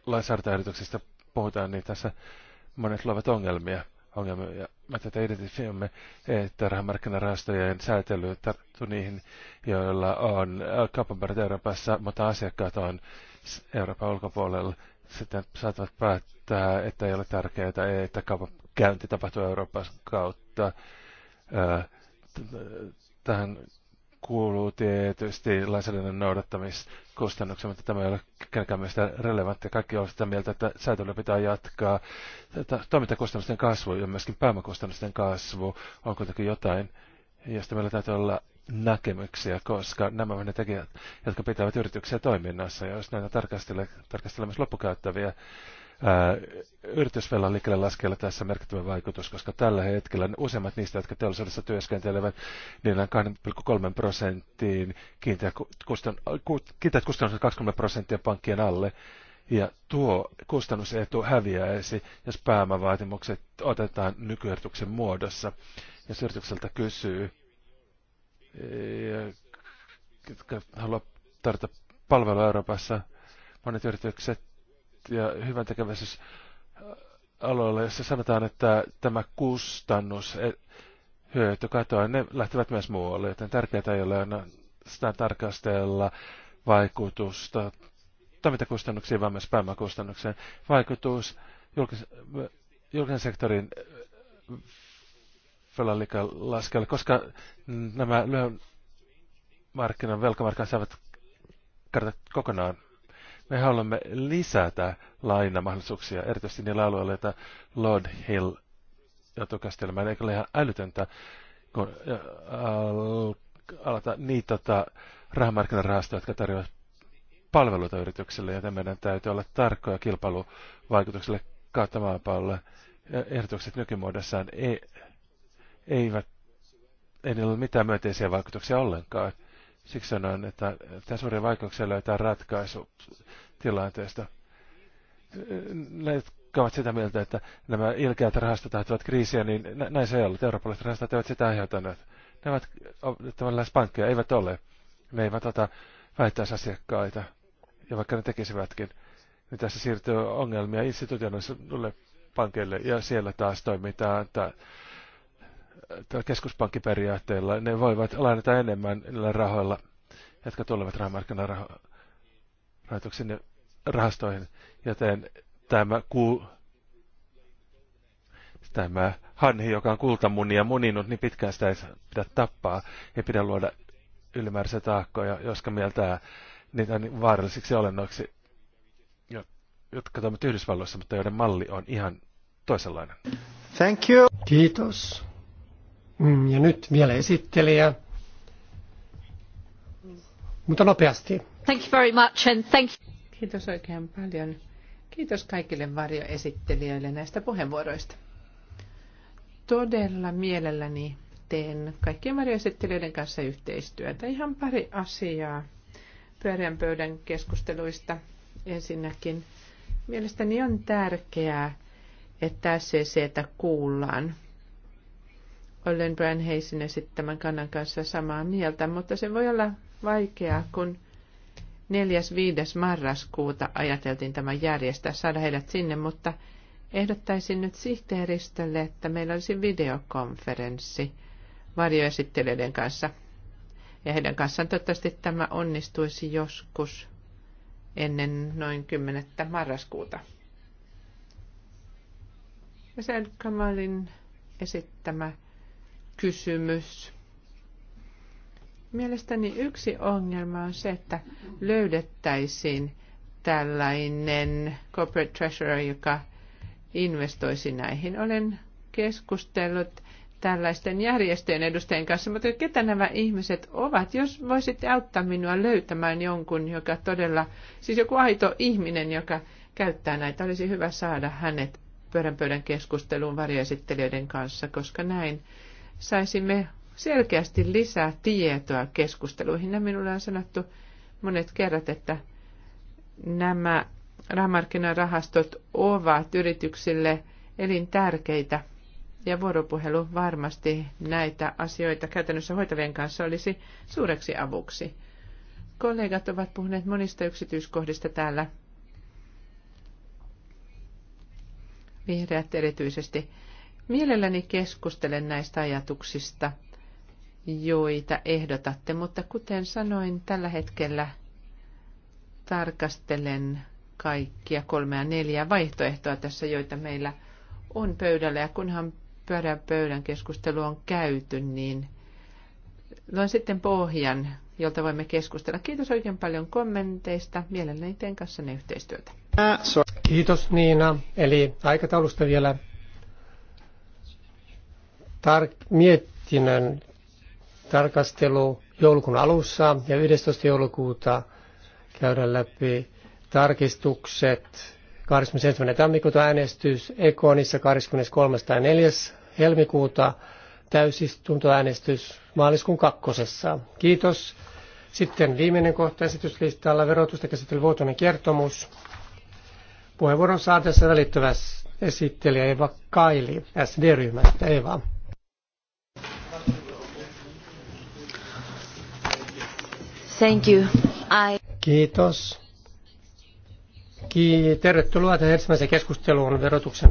D: lainsäädäntöehdotuksista puhutaan, niin tässä monet luovat ongelmia. ongelmia me tätä identifioimme, että rahamarkkinarahastojen säätely tarttu niihin, joilla on äh, kaupanpäärät Euroopassa, mutta asiakkaat on Euroopan ulkopuolella. Sitten saattavat päättää, että ei ole tärkeää, että käynti tapahtuu Euroopan kautta. Äh, tähän kuuluu tietysti lainsäädännön noudattamiskustannuksia, mutta tämä ei ole kenenkään mielestä relevanttia. Kaikki ovat sitä mieltä, että säätelyä pitää jatkaa. Toimintakustannusten kasvu ja myöskin pääomakustannusten kasvu on kuitenkin jotain, josta meillä täytyy olla näkemyksiä, koska nämä ovat ne tekijät, jotka pitävät yrityksiä toiminnassa. Ja jos näitä tarkastellaan, tarkastellaan myös loppukäyttäviä, yritysvelan liikkeelle laskella tässä merkittävä vaikutus, koska tällä hetkellä useimmat niistä, jotka teollisuudessa työskentelevät, niillä on 2,3 prosenttiin kiinteät kustannukset 20 prosenttia pankkien alle. Ja tuo kustannusetu häviäisi, jos pääomavaatimukset otetaan nykyehdotuksen muodossa. ja yritykseltä kysyy, jotka haluaa tarjota palvelua Euroopassa, monet yritykset ja hyvän tekeväisyys äh, aloilla, jossa sanotaan, että tämä kustannus, e, hyöty katoa, ne lähtevät myös muualle, joten tärkeää ei ole aina sitä tarkastella vaikutusta toimintakustannuksiin, vaan myös pääomakustannukseen. Vaikutus julkis, julkisen sektorin äh, laskelle, koska nämä lyhyen markkinan velkamarkkinat saavat kadota kokonaan me haluamme lisätä lainamahdollisuuksia, erityisesti niillä alueilla, joita Lord Hill joutuu käsittelemään. Eikö ole ihan älytöntä, kun äh, alata niitä tota, rahamarkkinarahastoja, jotka tarjoavat palveluita yritykselle, ja meidän täytyy olla tarkkoja kilpailuvaikutuksille kautta maapallolle. Ehdotukset nykymuodossaan ei, eivät, ei ole mitään myönteisiä vaikutuksia ollenkaan. Siksi sanoin, että tässä suuri vaikeuksia löytää ratkaisu tilanteesta. Ne, jotka ovat sitä mieltä, että nämä ilkeät rahastot aiheuttavat kriisiä, niin näin se ei ollut. Eurooppalaiset rahastot eivät sitä aiheuttaneet. Ne ovat tavallaan pankkeja, eivät ole. Ne eivät ota asiakkaita Ja vaikka ne tekisivätkin, niin tässä siirtyy ongelmia institutionaalisille pankeille ja siellä taas toimitaan tai keskuspankkiperiaatteella, ne voivat lainata enemmän niillä rahoilla, jotka tulevat rahamarkkinarahoituksiin ja rahastoihin, joten tämä, ku, tämä hanhi, joka on kultamunia muninut, niin pitkään sitä ei pidä tappaa, ja pidä luoda ylimääräisiä taakkoja, joska mieltää niitä niin vaarallisiksi olennoiksi, jotka toimivat Yhdysvalloissa, mutta joiden malli on ihan toisenlainen.
B: Thank you. Kiitos. Mm, ja nyt vielä esittelijä. Mutta nopeasti.
E: Thank you very much and thank you. Kiitos
C: oikein paljon. Kiitos kaikille varjoesittelijöille näistä puheenvuoroista. Todella mielelläni teen kaikkien varjoesittelijöiden kanssa yhteistyötä. Ihan pari asiaa pyöreän pöydän keskusteluista ensinnäkin. Mielestäni on tärkeää, että SCCtä e kuullaan olen Brian Haysin esittämän kannan kanssa samaa mieltä, mutta se voi olla vaikeaa, kun 4.5. marraskuuta ajateltiin tämä järjestää, saada heidät sinne, mutta ehdottaisin nyt sihteeristölle, että meillä olisi videokonferenssi varjoesittelijöiden kanssa. Ja heidän kanssaan toivottavasti tämä onnistuisi joskus ennen noin 10. marraskuuta. Sen Kamalin esittämä kysymys. Mielestäni yksi ongelma on se, että löydettäisiin tällainen corporate treasurer, joka investoisi näihin. Olen keskustellut tällaisten järjestöjen edustajien kanssa, mutta ketä nämä ihmiset ovat? Jos voisitte auttaa minua löytämään jonkun, joka todella, siis joku aito ihminen, joka käyttää näitä, olisi hyvä saada hänet pöydän pöydän keskusteluun varjoesittelijöiden kanssa, koska näin saisimme selkeästi lisää tietoa keskusteluihin. Ja minulle on sanottu monet kerrat, että nämä rahamarkkinarahastot ovat yrityksille elintärkeitä ja vuoropuhelu varmasti näitä asioita käytännössä hoitavien kanssa olisi suureksi avuksi. Kollegat ovat puhuneet monista yksityiskohdista täällä, vihreät erityisesti. Mielelläni keskustelen näistä ajatuksista, joita ehdotatte, mutta kuten sanoin, tällä hetkellä tarkastelen kaikkia kolmea neljää vaihtoehtoa tässä, joita meillä on pöydällä. Ja kunhan pyörän pöydän keskustelu on käyty, niin luon sitten pohjan, jolta voimme keskustella. Kiitos oikein paljon kommenteista. Mielelläni teen kanssanne yhteistyötä.
B: Kiitos Niina. Eli aikataulusta vielä tar- miettinnän tarkastelu joulukuun alussa ja 11. joulukuuta käydään läpi tarkistukset. 21. tammikuuta äänestys Ekonissa 23. ja 4. helmikuuta täysistuntoäänestys maaliskuun kakkosessa. Kiitos. Sitten viimeinen kohta esityslistalla verotusta käsittely vuotuinen kertomus. Puheenvuoron saa tässä välittävä esittelijä Eva Kaili SD-ryhmästä. Eva.
I: Thank you. I...
B: Kiitos. tervetuloa tähän ensimmäiseen keskusteluun verotuksen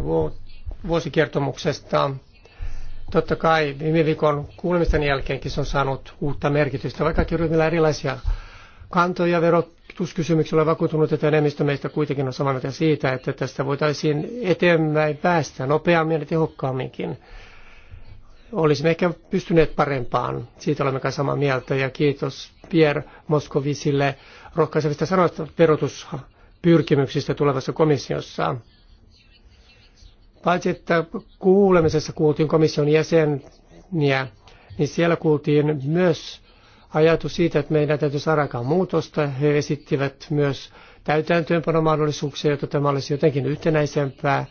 B: vuosikertomuksesta. Totta kai viime viikon kuulemisten jälkeenkin se on saanut uutta merkitystä, vaikka ryhmillä erilaisia kantoja verotuskysymyksillä on vakuutunut, että enemmistö meistä kuitenkin on samaa siitä, että tästä voitaisiin eteenpäin päästä nopeammin ja tehokkaamminkin. Olisimme ehkä pystyneet parempaan, siitä olemme kai samaa mieltä ja kiitos Pierre Moskovisille rohkaisevista sanoista verotuspyrkimyksistä tulevassa komissiossa. Paitsi että kuulemisessa kuultiin komission jäseniä, niin siellä kuultiin myös ajatus siitä, että meidän täytyy saada aikaan muutosta. He esittivät myös täytäntöönpanomahdollisuuksia, jotta tämä olisi jotenkin yhtenäisempää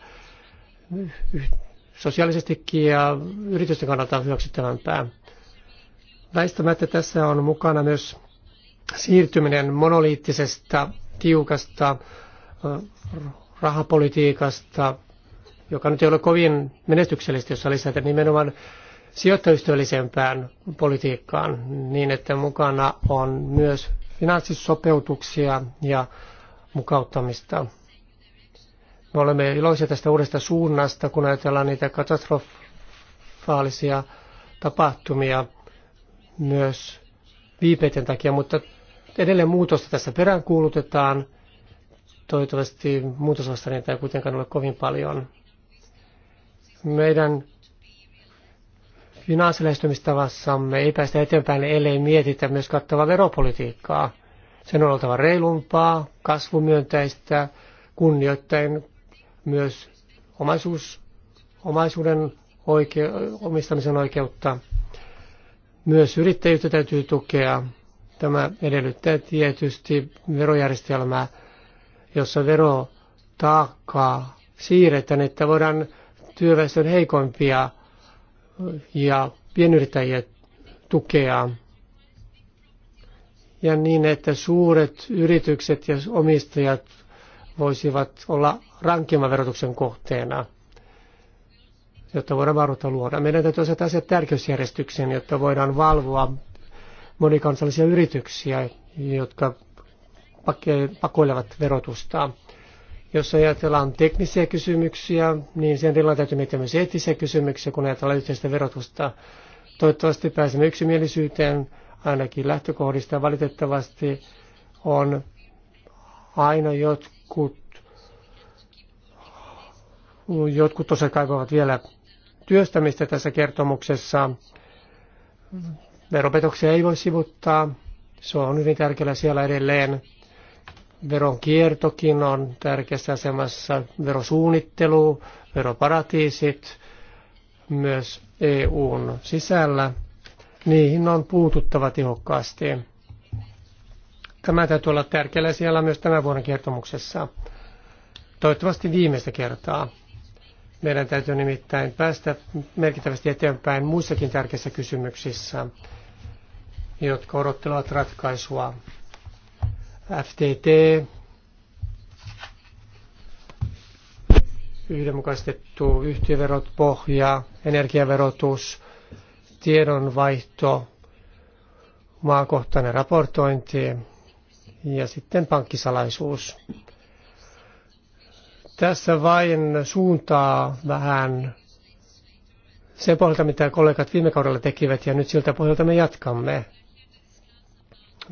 B: sosiaalisestikin ja yritysten kannalta hyväksyttävämpää. Väistämättä tässä on mukana myös siirtyminen monoliittisesta, tiukasta äh, rahapolitiikasta, joka nyt ei ole kovin menestyksellistä, jossa lisätä nimenomaan sijoittajystävällisempään politiikkaan, niin että mukana on myös finanssisopeutuksia ja mukauttamista. Me olemme iloisia tästä uudesta suunnasta, kun ajatellaan niitä katastrofaalisia tapahtumia, myös viipeiden takia, mutta edelleen muutosta tässä peräänkuulutetaan. Toivottavasti muutosvastaneita ei kuitenkaan ole kovin paljon. Meidän finanssilähestymistavassamme ei päästä eteenpäin, ellei mietitä myös kattavaa veropolitiikkaa. Sen on oltava reilumpaa, kasvumyönteistä, kunnioittain myös omaisuus, omaisuuden oike, omistamisen oikeutta. Myös yrittäjyyttä täytyy tukea. Tämä edellyttää tietysti verojärjestelmää, jossa vero taakkaa siirretään, että voidaan työväestön heikompia ja pienyrittäjiä tukea. Ja niin, että suuret yritykset ja omistajat voisivat olla rankemman verotuksen kohteena jotta voidaan varuutta luoda. Meidän täytyy osata asiat tärkeysjärjestykseen, jotta voidaan valvoa monikansallisia yrityksiä, jotka pakoilevat verotusta. Jos ajatellaan teknisiä kysymyksiä, niin sen rinnalla täytyy miettiä myös eettisiä kysymyksiä, kun ajatellaan yhteistä verotusta. Toivottavasti pääsemme yksimielisyyteen ainakin lähtökohdista. Valitettavasti on aina jotkut, jotkut osa kaipaavat vielä työstämistä tässä kertomuksessa. Veropetoksia ei voi sivuttaa. Se on hyvin tärkeää siellä edelleen. kiertokin on tärkeässä asemassa. Verosuunnittelu, veroparatiisit myös EUn sisällä. Niihin on puututtava tehokkaasti. Tämä täytyy olla tärkeällä siellä myös tämän vuoden kertomuksessa. Toivottavasti viimeistä kertaa. Meidän täytyy nimittäin päästä merkittävästi eteenpäin muissakin tärkeissä kysymyksissä, jotka odottelevat ratkaisua. FTT, yhdenmukaistettu yhtiöverot, pohja, energiaverotus, tiedonvaihto, maakohtainen raportointi ja sitten pankkisalaisuus. Tässä vain suuntaa vähän sen pohjalta, mitä kollegat viime kaudella tekivät, ja nyt siltä pohjalta me jatkamme.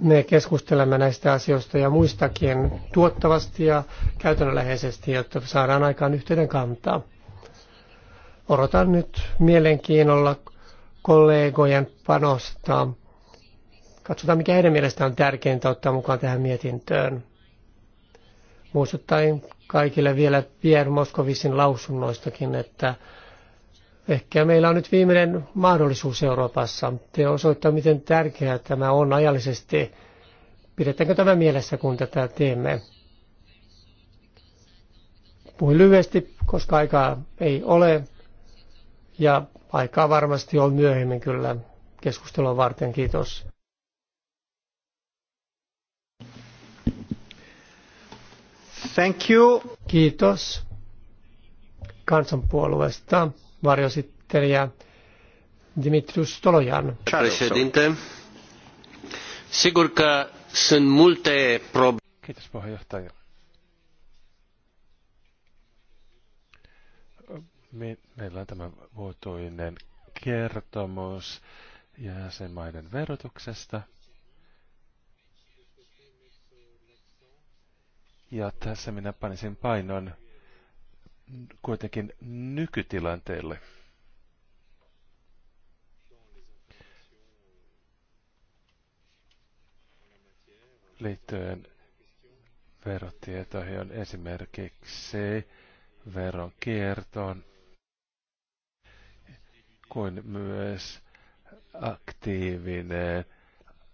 B: Me keskustelemme näistä asioista ja muistakin tuottavasti ja käytännönläheisesti, jotta saadaan aikaan yhteyden kantaa. Odotan nyt mielenkiinnolla kollegojen panosta. Katsotaan, mikä heidän mielestään on tärkeintä ottaa mukaan tähän mietintöön. Muistuttaen kaikille vielä Pierre Moskovisin lausunnoistakin, että ehkä meillä on nyt viimeinen mahdollisuus Euroopassa. Te osoittaa, miten tärkeää tämä on ajallisesti. Pidetäänkö tämä mielessä, kun tätä teemme? Puhuin lyhyesti, koska aikaa ei ole. Ja aikaa varmasti on myöhemmin kyllä keskustelua varten. Kiitos. Thank you. Kiitos kansanpuolueesta varjosittelijä Dimitrius Stolojan. Președinte,
D: sigur că multe probleme. Kiitos puheenjohtaja. meillä on tämä vuotuinen kertomus jäsenmaiden verotuksesta – Ja tässä minä panisin painon kuitenkin nykytilanteelle. Liittyen verotietoihin on esimerkiksi kiertoon, kuin myös aktiivinen,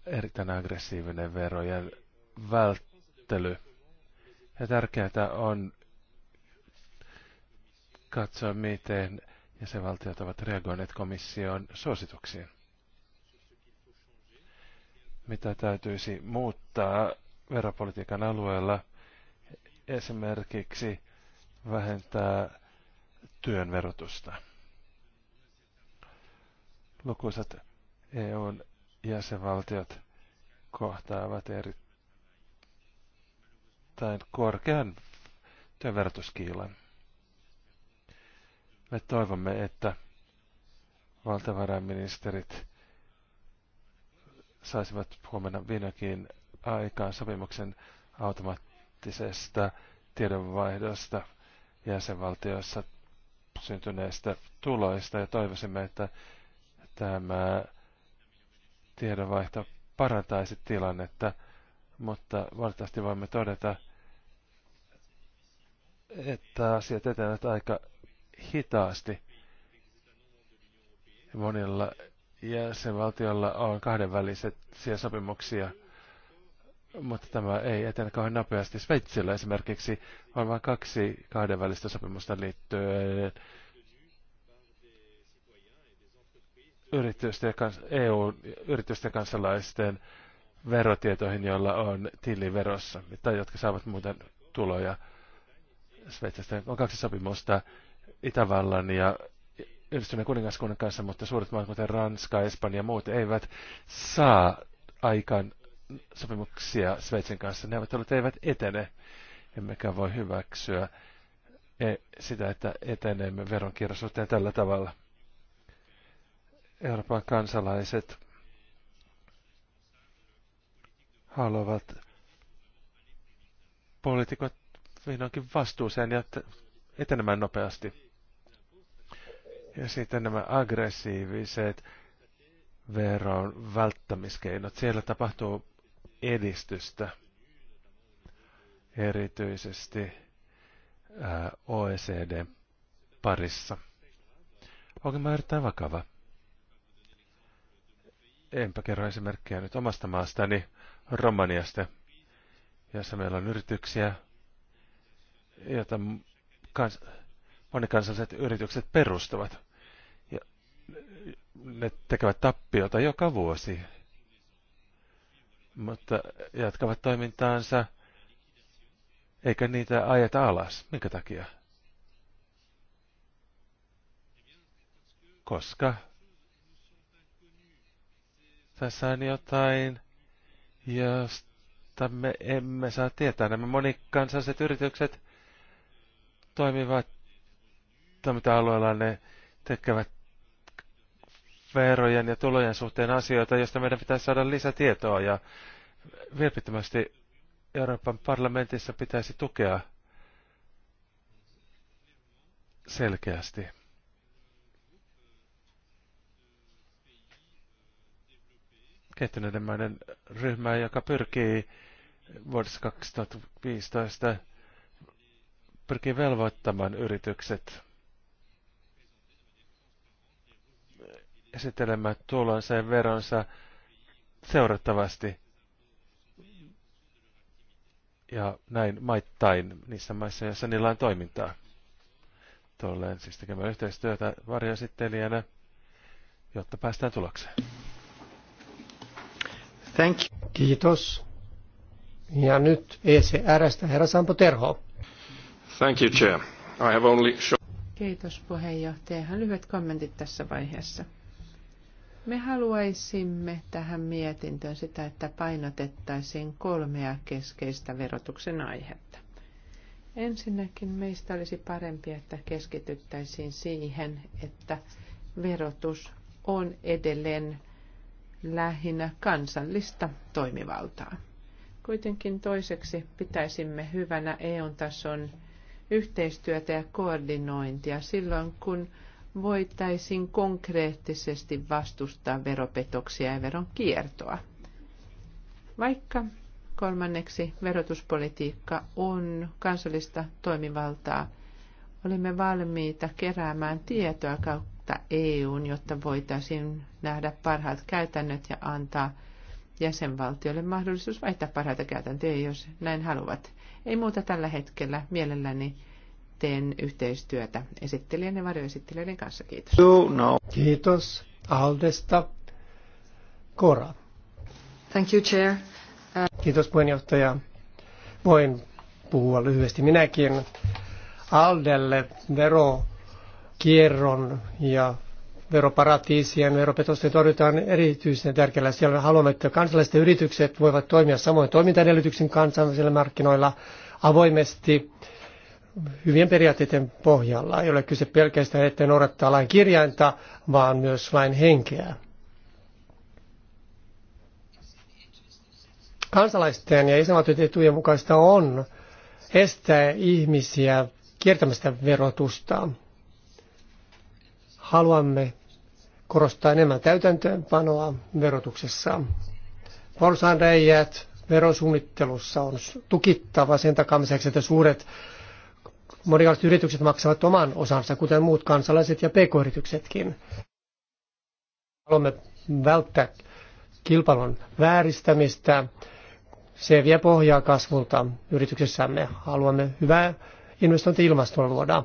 D: erittäin aggressiivinen verojen välttely – ja tärkeää on katsoa, miten jäsenvaltiot ovat reagoineet komission suosituksiin. Mitä täytyisi muuttaa veropolitiikan alueella, esimerkiksi vähentää työn verotusta. Lukuisat EUn jäsenvaltiot kohtaavat erittäin erittäin korkean työverotuskiilan. Me toivomme, että valtavarainministerit saisivat huomenna viinakin aikaan sopimuksen automaattisesta tiedonvaihdosta jäsenvaltiossa syntyneistä tuloista ja toivoisimme, että tämä tiedonvaihto parantaisi tilannetta, mutta valitettavasti voimme todeta, että asiat etenevät aika hitaasti. Monilla jäsenvaltioilla on kahdenvälisiä sopimuksia, mutta tämä ei etene kauhean nopeasti. Sveitsillä esimerkiksi on vain kaksi kahdenvälistä sopimusta liittyen yritysten ja kans- EU-yritysten kansalaisten verotietoihin, joilla on tili verossa, tai jotka saavat muuten tuloja Sveitsistä on kaksi sopimusta Itävallan ja yhdistyneen kuningaskunnan kanssa, mutta suuret maat, kuten Ranska, Espanja ja muut, eivät saa aikaan sopimuksia Sveitsin kanssa. Neuvottelut eivät etene, emmekä voi hyväksyä e, sitä, että etenemme veronkierron tällä tavalla. Euroopan kansalaiset haluavat poliitikot vihdoinkin vastuuseen ja etenemään nopeasti. Ja sitten nämä aggressiiviset veron välttämiskeinot. Siellä tapahtuu edistystä erityisesti OECD parissa. Ongelma on erittäin vakava. Enpä kerro esimerkkejä nyt omasta maastani, Romaniasta, jossa meillä on yrityksiä, jota kans, monikansalliset yritykset perustavat. Ja ne tekevät tappiota joka vuosi, mutta jatkavat toimintaansa, eikä niitä ajeta alas. Minkä takia? Koska tässä on jotain, josta me emme saa tietää. Nämä monikansalliset yritykset toimivat toiminta-alueella, ne tekevät verojen ja tulojen suhteen asioita, joista meidän pitäisi saada lisätietoa ja vilpittömästi Euroopan parlamentissa pitäisi tukea selkeästi. Kehittyneiden maiden ryhmää, joka pyrkii vuodessa 2015 pyrkii velvoittamaan yritykset esittelemään tulonsa ja veronsa seurattavasti ja näin maittain niissä maissa, joissa niillä on toimintaa. Tuolleen siis tekemään yhteistyötä varjoesittelijänä, jotta päästään tulokseen.
C: Thank
B: you. Kiitos. Ja nyt ECRstä herra Sampo Terho.
I: Thank you, Chair. I have only...
C: Kiitos puheenjohtaja. Ihan lyhyet kommentit tässä vaiheessa. Me haluaisimme tähän mietintöön sitä, että painotettaisiin kolmea keskeistä verotuksen aihetta. Ensinnäkin meistä olisi parempi, että keskityttäisiin siihen, että verotus on edelleen lähinnä kansallista toimivaltaa. Kuitenkin toiseksi pitäisimme hyvänä EU-tason yhteistyötä ja koordinointia silloin, kun voitaisiin konkreettisesti vastustaa veropetoksia ja veronkiertoa. Vaikka kolmanneksi verotuspolitiikka on kansallista toimivaltaa, olemme valmiita keräämään tietoa kautta EUn, jotta voitaisiin nähdä parhaat käytännöt ja antaa jäsenvaltioille mahdollisuus vaihtaa parhaita käytäntöjä, jos näin haluavat. Ei muuta tällä hetkellä. Mielelläni teen yhteistyötä esittelijän ja varjoesittelijöiden kanssa. Kiitos.
B: No. Kiitos. Aldesta. Kora. Thank you, Chair. Uh... Kiitos puheenjohtaja. Voin puhua lyhyesti minäkin. Aldelle verokierron ja veroparatiisien, veropetosten torjutaan erityisen tärkeällä siellä. Haluamme, että kansalaiset yritykset voivat toimia samoin toimintaedellytyksin kansainvälisillä markkinoilla avoimesti hyvien periaatteiden pohjalla. Ei ole kyse pelkästään, että noudattaa lain kirjainta, vaan myös lain henkeä. Kansalaisten ja isänvaltioiden etujen mukaista on estää ihmisiä kiertämästä verotusta. Haluamme korostaa enemmän täytäntöönpanoa verotuksessa. Porsaanreijät verosuunnittelussa on tukittava sen takamiseksi, että suuret monikalaiset yritykset maksavat oman osansa, kuten muut kansalaiset ja pk-yrityksetkin. Haluamme välttää kilpailun vääristämistä. Se vie pohjaa kasvulta yrityksessämme. Haluamme hyvää investointi-ilmastoa luoda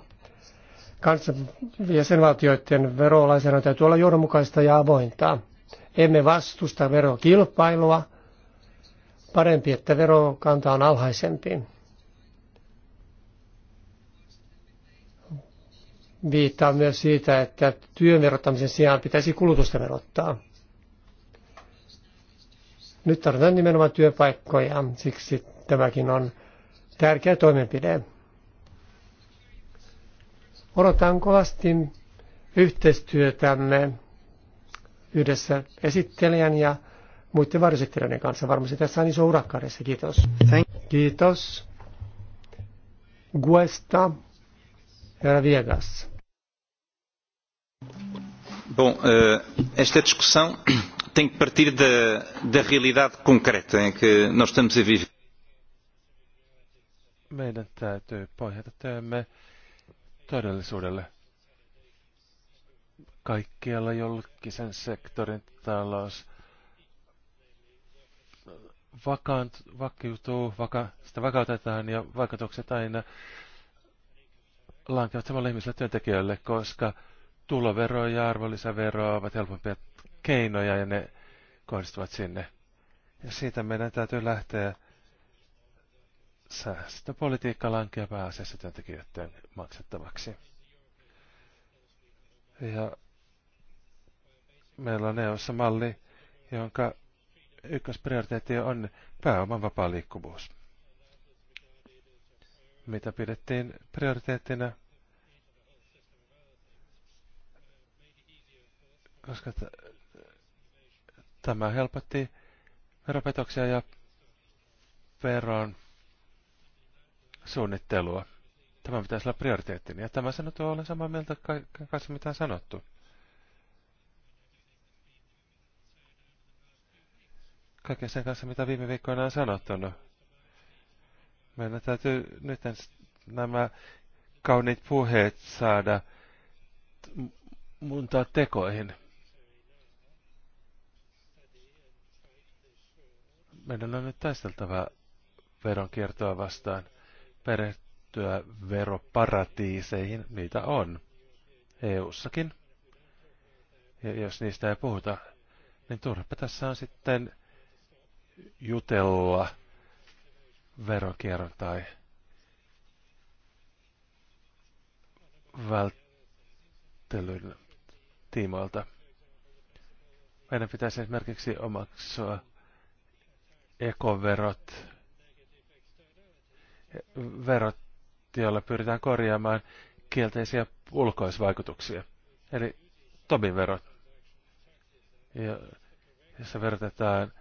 B: kansan jäsenvaltioiden verolainsäädännön täytyy olla johdonmukaista ja avointa. Emme vastusta verokilpailua. Parempi, että verokanta on alhaisempi. Viittaa myös siitä, että työn verottamisen sijaan pitäisi kulutusta verottaa. Nyt tarvitaan nimenomaan työpaikkoja, siksi tämäkin on tärkeä toimenpide. Odotan kovasti yhteistyötämme yhdessä esittelijän ja muiden varjoesittelijöiden kanssa. Varmasti tässä on iso urakka edessä. Kiitos. Kiitos. Guesta ja Viegas.
A: Bon, uh, eh, esta discussão tem que partir da, da realidade concreta em que nós estamos a viver.
D: Meidän täytyy pohjata tämä todellisuudelle. Kaikkialla julkisen sektorin talous vakaant, vakiutuu, vaka, sitä vakautetaan ja vaikutukset aina lankevat samalla ihmiselle työntekijöille, koska tulovero ja arvonlisävero ovat helpompia keinoja ja ne kohdistuvat sinne. Ja siitä meidän täytyy lähteä säästöpolitiikka lankeaa pääasiassa työntekijöiden maksettavaksi. Ja meillä on EU:ssa malli, jonka ykkösprioriteetti on pääoman vapaa liikkuvuus. Mitä pidettiin prioriteettina? Koska tämä helpotti veropetoksia ja veron suunnittelua. Tämä pitäisi olla prioriteettini. Ja tämä sanottu olen samaa mieltä kanssa, mitä on sanottu. Kaiken sen kanssa, mitä viime viikkoina on sanottunut. Meidän täytyy nyt nämä kauniit puheet saada muuntaa tekoihin. Meidän on nyt taisteltava veronkiertoa vastaan perehtyä veroparatiiseihin. Niitä on EU-sakin. Ja jos niistä ei puhuta, niin turhapä tässä on sitten jutella verokierron tai välttelyn tiimoilta. Meidän pitäisi esimerkiksi omaksua ekoverot verot, joilla pyritään korjaamaan kielteisiä ulkoisvaikutuksia. Eli Tobin verot, jossa verotetaan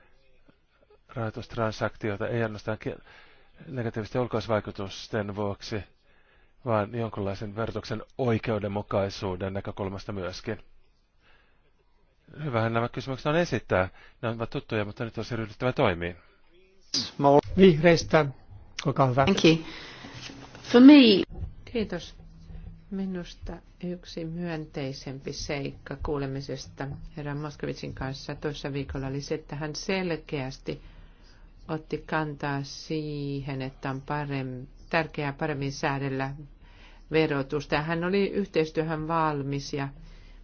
D: rahoitustransaktioita ei ainoastaan negatiivisten ulkoisvaikutusten vuoksi, vaan jonkinlaisen verotuksen oikeudenmukaisuuden näkökulmasta myöskin. Hyvähän nämä kysymykset on esittää. Ne ovat tuttuja, mutta nyt on ryhdyttävä toimiin.
B: Vihreistä Olkaa hyvä. Thank you.
C: For me... Kiitos. Minusta yksi myönteisempi seikka kuulemisesta herran Moskovitsin kanssa toisessa viikolla oli se, että hän selkeästi otti kantaa siihen, että on paremmin, tärkeää paremmin säädellä verotusta. Hän oli yhteistyöhön valmis ja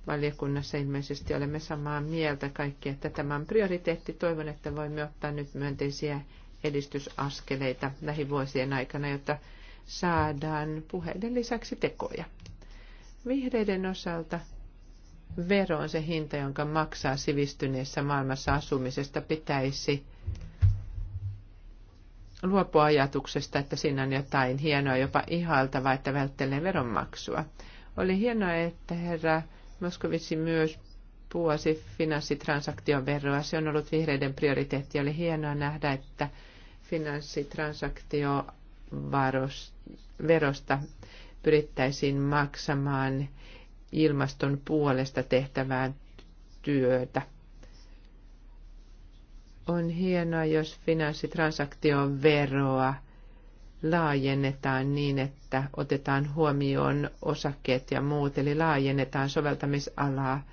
C: valiokunnassa ilmeisesti olemme samaa mieltä kaikki, että tämä on prioriteetti. Toivon, että voimme ottaa nyt myönteisiä edistysaskeleita lähivuosien aikana, jotta saadaan puheiden lisäksi tekoja. Vihreiden osalta vero on se hinta, jonka maksaa sivistyneessä maailmassa asumisesta. Pitäisi luopua ajatuksesta, että siinä on jotain hienoa, jopa ihailtavaa, että välttelee veronmaksua. Oli hienoa, että herra Moskovitsi myös puosi finanssitransaktioveroa. Se on ollut vihreiden prioriteetti. Oli hienoa nähdä, että finanssitransaktioverosta pyrittäisiin maksamaan ilmaston puolesta tehtävää työtä. On hienoa, jos finanssitransaktioveroa laajennetaan niin, että otetaan huomioon osakkeet ja muut, eli laajennetaan soveltamisalaa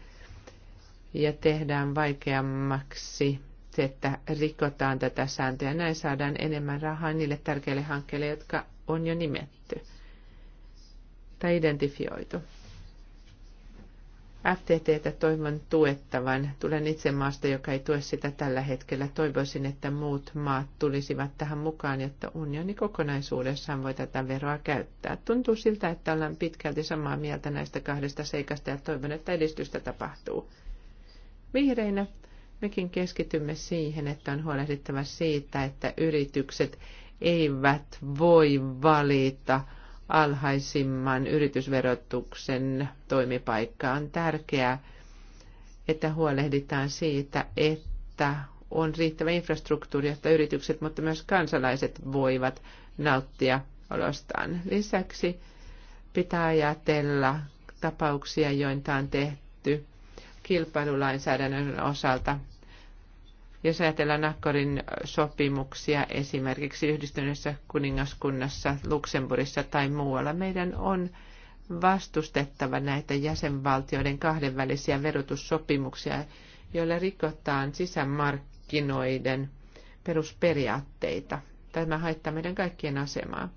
C: ja tehdään vaikeammaksi se, että rikotaan tätä sääntöä. Näin saadaan enemmän rahaa niille tärkeille hankkeille, jotka on jo nimetty tai identifioitu. FTTtä toivon tuettavan. Tulen itse maasta, joka ei tue sitä tällä hetkellä. Toivoisin, että muut maat tulisivat tähän mukaan, jotta unioni kokonaisuudessaan voi tätä veroa käyttää. Tuntuu siltä, että ollaan pitkälti samaa mieltä näistä kahdesta seikasta ja toivon, että edistystä tapahtuu. Vihreinä mekin keskitymme siihen, että on huolehdittava siitä, että yritykset eivät voi valita alhaisimman yritysverotuksen toimipaikkaa. On tärkeää, että huolehditaan siitä, että on riittävä infrastruktuuri, jotta yritykset, mutta myös kansalaiset voivat nauttia olostaan. Lisäksi pitää ajatella tapauksia, joita on tehty kilpailulainsäädännön osalta. Jos ajatellaan Nakkorin sopimuksia esimerkiksi yhdistyneessä kuningaskunnassa, Luxemburgissa tai muualla, meidän on vastustettava näitä jäsenvaltioiden kahdenvälisiä verotussopimuksia, joilla rikotaan sisämarkkinoiden perusperiaatteita. Tämä haittaa meidän kaikkien asemaa.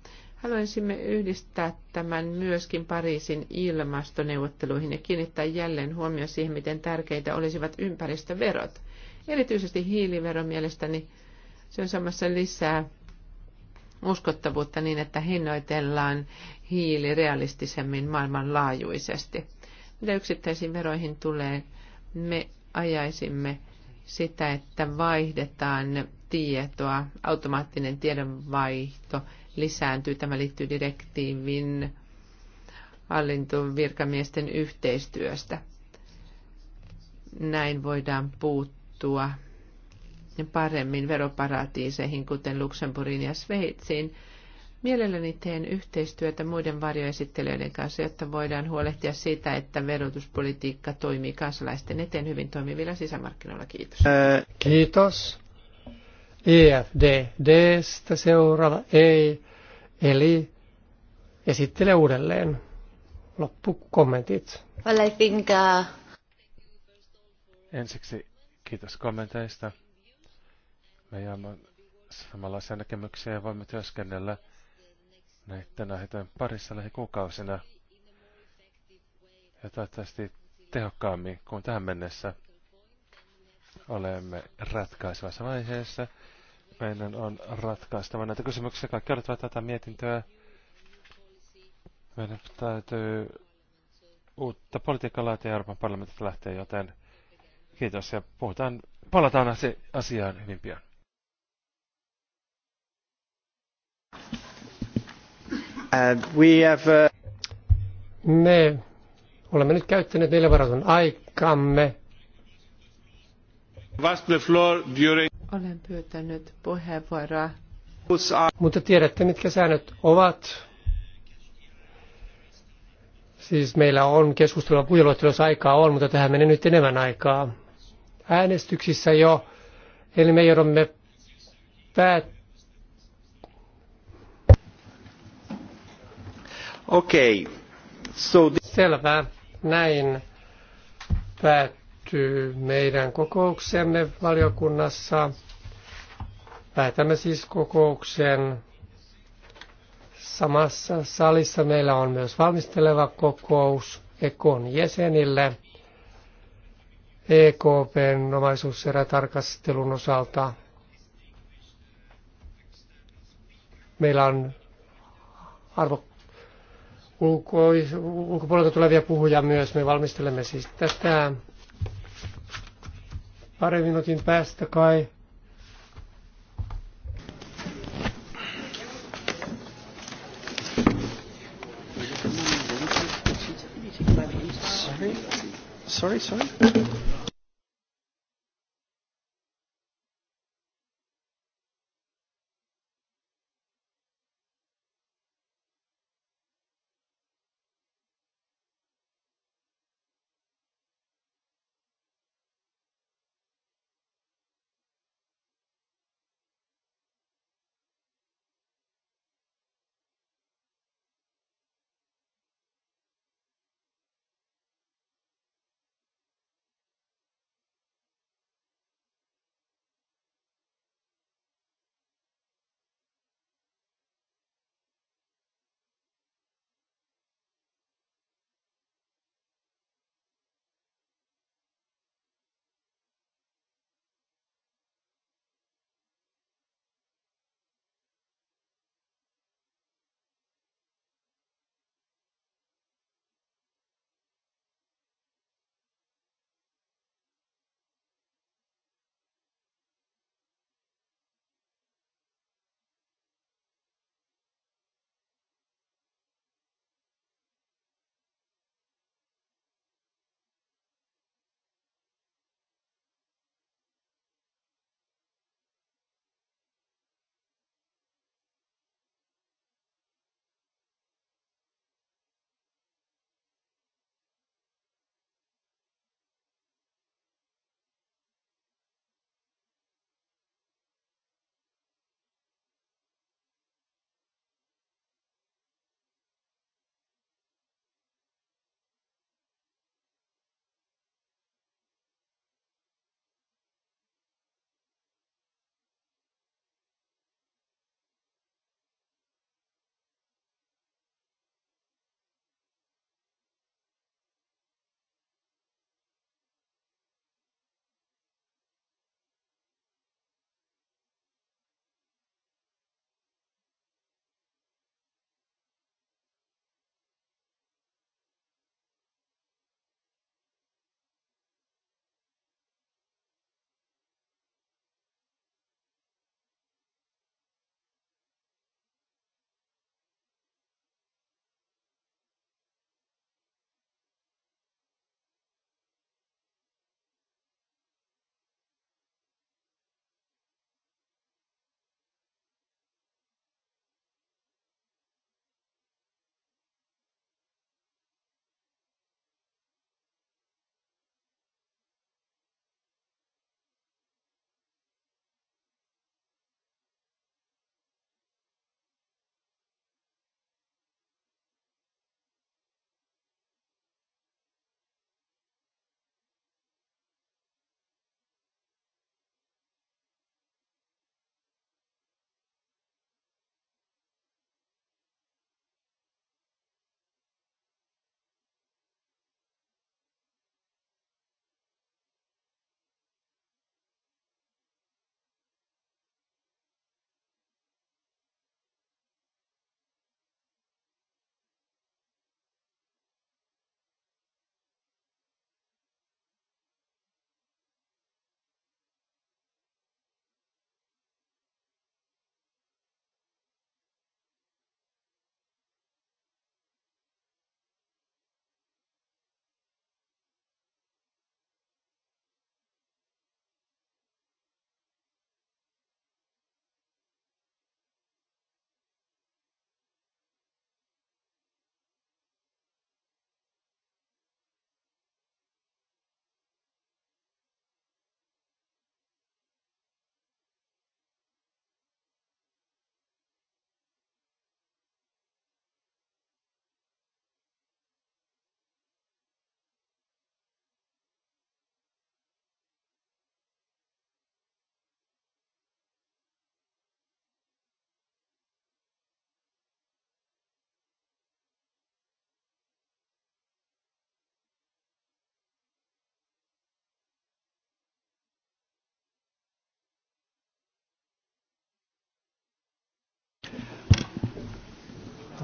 C: Haluaisimme yhdistää tämän myöskin Pariisin ilmastoneuvotteluihin ja kiinnittää jälleen huomio siihen, miten tärkeitä olisivat ympäristöverot. Erityisesti hiilivero mielestäni se on samassa lisää uskottavuutta niin, että hinnoitellaan hiili realistisemmin maailmanlaajuisesti. Mitä yksittäisiin veroihin tulee, me ajaisimme sitä, että vaihdetaan tietoa, automaattinen tiedonvaihto – lisääntyy. Tämä liittyy direktiivin hallintovirkamiesten yhteistyöstä. Näin voidaan puuttua paremmin veroparatiiseihin, kuten Luxemburgiin ja Sveitsiin. Mielelläni teen yhteistyötä muiden varjoesittelijöiden kanssa, jotta voidaan huolehtia siitä, että verotuspolitiikka toimii kansalaisten eteen hyvin toimivilla sisämarkkinoilla. Kiitos.
B: Kiitos. EFDDstä seuraava E, eli esittele uudelleen loppukommentit.
C: Well, I think, uh...
D: Ensiksi kiitos kommenteista. Me jäämme samanlaisia näkemyksiä ja voimme työskennellä näiden aiheiden parissa lähikuukausina ja toivottavasti tehokkaammin kuin tähän mennessä. Olemme ratkaisevassa vaiheessa meidän on ratkaistava näitä kysymyksiä. Kaikki odottavat tätä mietintöä. Meidän täytyy uutta politiikkaa laatia Euroopan parlamentista lähtee, joten kiitos ja puhutaan, palataan asiaan hyvin pian. Uh,
A: we have, uh...
B: Me olemme nyt käyttäneet neljä varatun aikamme.
A: Vast floor during...
B: Olen pyytänyt
C: puheenvuoroa.
B: Mutta tiedätte, mitkä säännöt ovat. Siis meillä on keskustelua puhujaluettelos aikaa on, mutta tähän menee nyt enemmän aikaa. Äänestyksissä jo, eli me joudumme
A: päät... Okei. Okay. So
B: Selvä. Näin päät päättyy meidän kokouksemme valiokunnassa. Päätämme siis kokouksen. Samassa salissa meillä on myös valmisteleva kokous Ekon jäsenille EKPn omaisuuserätarkastelun osalta. Meillä on arvo ulkopuolelta tulevia puhuja myös. Me valmistelemme siis tätä Pari minuutin päästä kai.
G: Sorry, sorry.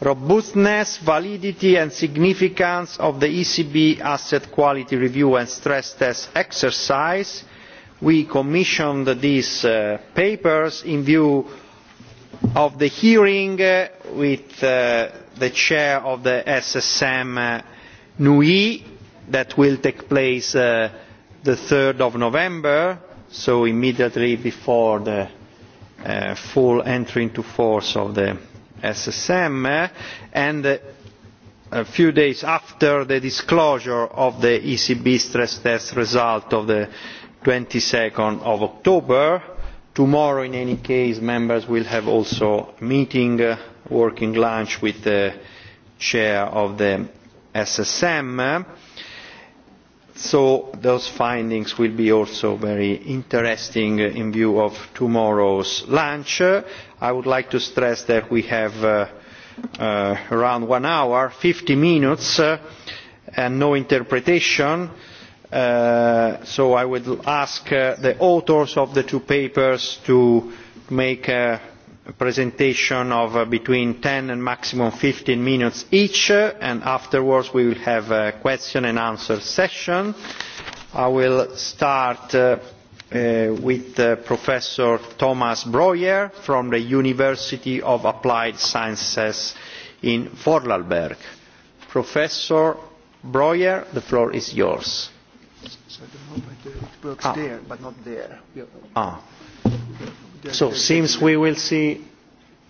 A: robustness validity and significance of the ecb asset quality review and stress test exercise we commissioned these uh, papers in view of the hearing uh, with uh, the chair of the ssm nui that will take place on three november so immediately before the full entry into force of the SSM and a few days after the disclosure of the ECB stress test result of the 22nd of October. Tomorrow, in any case, members will have also a meeting, a uh, working lunch with the chair of the SSM. So those findings will be also very interesting in view of tomorrow's lunch i would like to stress that we have uh, uh, around one hour fifty minutes uh, and no interpretation so i would ask the authors of the two papers to make a presentation of between ten and maximum fifteen minutes each and afterwards we will have a question and answer session. i will start Uh, with uh, Professor Thomas Breuer from the University of Applied Sciences in Vorarlberg. Professor Breuer, the floor is yours. So it ah. ah. So seems we will see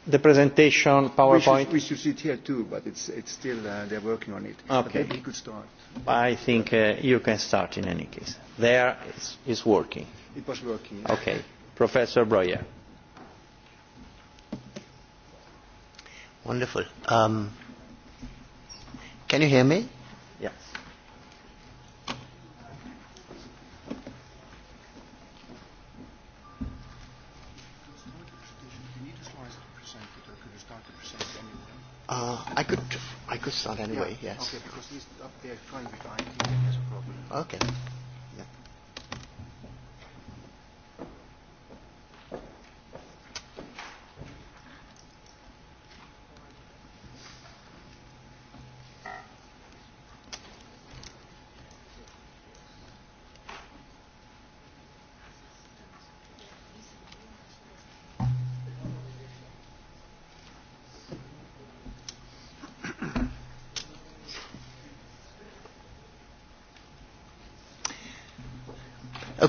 A: the presentation PowerPoint. We should, we should see it here too, but it's, it's still uh, they're working on it. Okay. But maybe you could start. I think uh, you can start in any case. There is working. It was working. Okay.
J: Professor Breuer. Wonderful. Um, can you hear me? Yes. Uh, I could, I could start anyway. Yeah. Yes. Okay,
D: because he's up there trying to find. He has a problem.
J: Okay.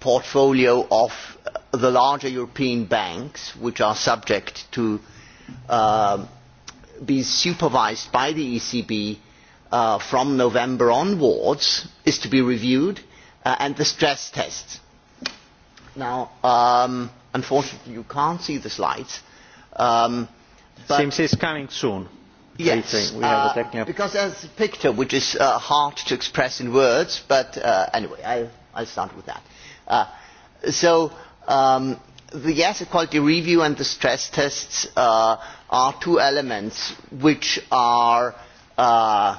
J: portfolio of uh, the larger European banks, which are subject to uh, be supervised by the ECB uh, from November onwards, is to be reviewed, uh, and the stress tests. Now, um, unfortunately, you can't see the slides. Um, but Seems it's coming soon. Yes, we have a uh, technical... because there's a picture which is uh, hard to express in words, but anyway, I'll, I'll start with that. Uh, so um, the asset quality review and the stress tests uh, are two elements which are uh,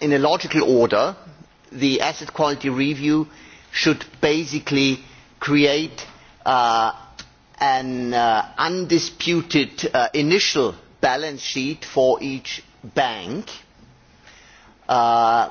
J: in a logical order. The asset quality review should basically create uh, an uh, undisputed uh, initial balance sheet for each bank. Uh,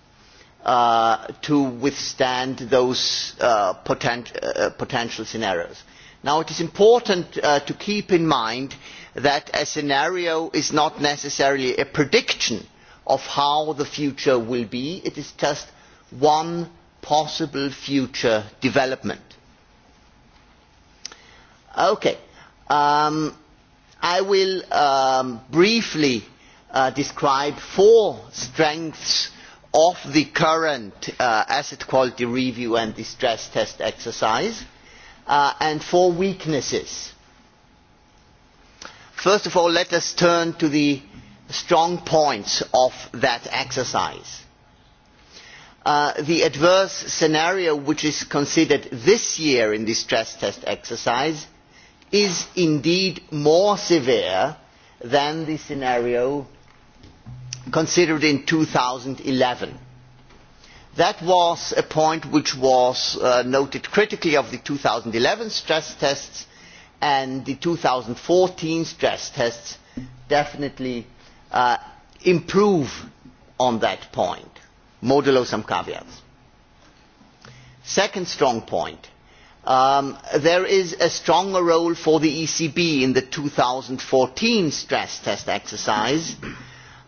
J: Uh, to withstand those uh, potent, uh, potential scenarios. Now, it is important uh, to keep in mind that a scenario is not necessarily a prediction of how the future will be. It is just one possible future development. Okay. Um, I will um, briefly uh, describe four strengths of the current uh, asset quality review and the stress test exercise uh, and four weaknesses. First of all, let us turn to the strong points of that exercise. Uh, the adverse scenario which is considered this year in the stress test exercise is indeed more severe than the scenario considered in 2011. That was a point which was uh, noted critically of the 2011 stress tests and the 2014 stress tests definitely uh, improve on that point, modulo some caveats. Second strong point, um, there is a stronger role for the ECB in the 2014 stress test exercise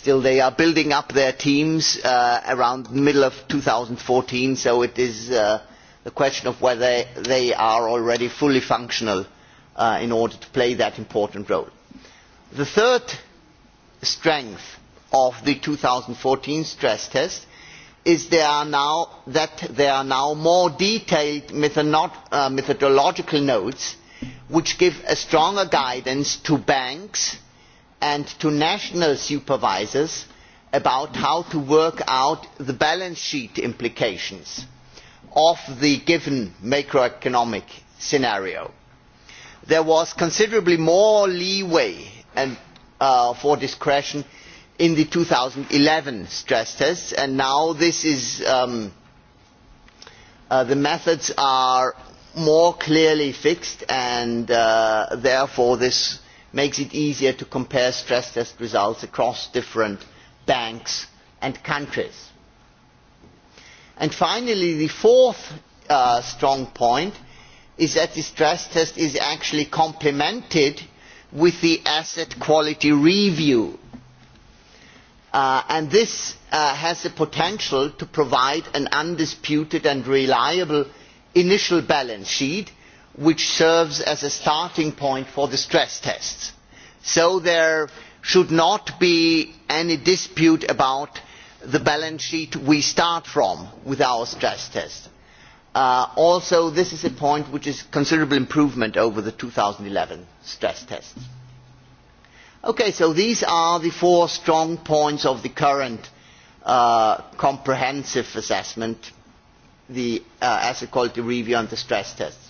J: still they are building up their teams uh, around the middle of 2014, so it is uh, the question of whether they are already fully functional uh, in order to play that important role. The third strength of the 2014 stress test is there are now, that there are now more detailed methodolog uh, methodological notes which give a stronger guidance to banks and to national supervisors about how to work out the balance sheet implications of the given macroeconomic scenario. there was considerably more leeway and, uh, for discretion in the two thousand and eleven stress tests and now is, um, uh, the methods are more clearly fixed and uh, therefore this makes it easier to compare stress test results across different banks and countries. And finally the fourth uh, strong point is that the stress test is actually complemented with the asset quality review uh, and this uh, has the potential to provide an undisputed and reliable initial balance sheet which serves as a starting point for the stress tests. so there should not be any dispute about the balance sheet we start from with our stress test. Uh, also this is a point which is a considerable improvement over the two thousand and eleven stress test. Okay, so these are the four strong points of the current uh, comprehensive assessment the uh, asset quality review and the stress tests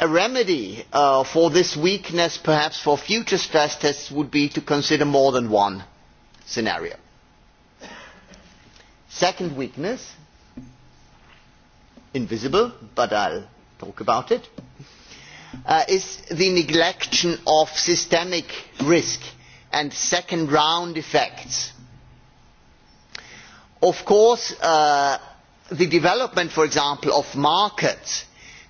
J: a remedy uh, for this weakness perhaps for future stress tests would be to consider more than one scenario. second weakness invisible but i will talk about it uh, is the neglection of systemic risk and second round effects. of course uh, the development for example of markets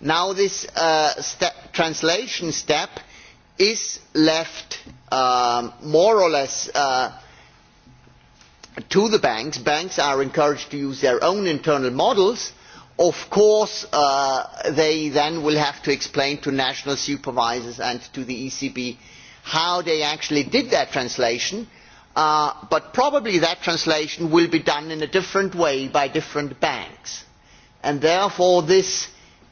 J: now this uh, step, translation step is left um, more or less uh, to the banks. Banks are encouraged to use their own internal models. Of course, uh, they then will have to explain to national supervisors and to the ECB how they actually did that translation. Uh, but probably that translation will be done in a different way by different banks. And therefore, this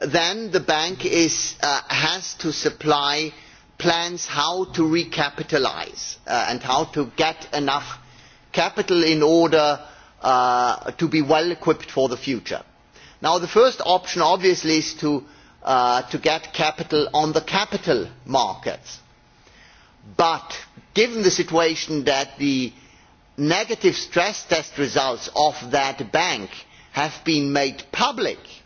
J: then the bank is, uh, has to supply plans how to recapitalise uh, and how to get enough capital in order uh, to be well equipped for the future. Now, the first option obviously is to, uh, to get capital on the capital markets. But given the situation that the negative stress test results of that bank have been made public,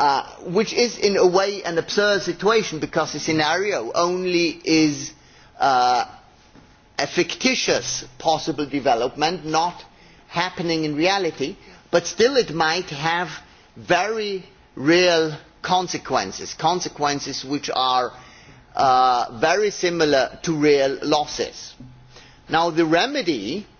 J: Uh, which is in a way an absurd situation because the scenario only is only uh, a fictitious possible development not happening in reality but still it might have very real consequences consequences which are uh, very similar to real losses. now the remedy uh,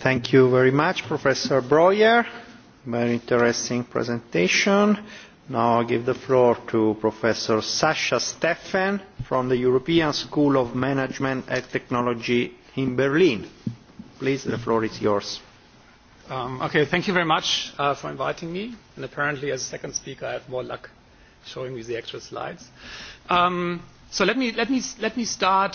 A: Thank you very much, Professor Breuer. Very interesting presentation. Now I give the floor to Professor Sasha Steffen from the European School of Management and Technology in Berlin. Please, the floor is yours.
K: Um, okay, thank you very much uh, for inviting me. And apparently, as a second speaker, I have more luck showing me the actual slides. Um, so let me, let me, let me start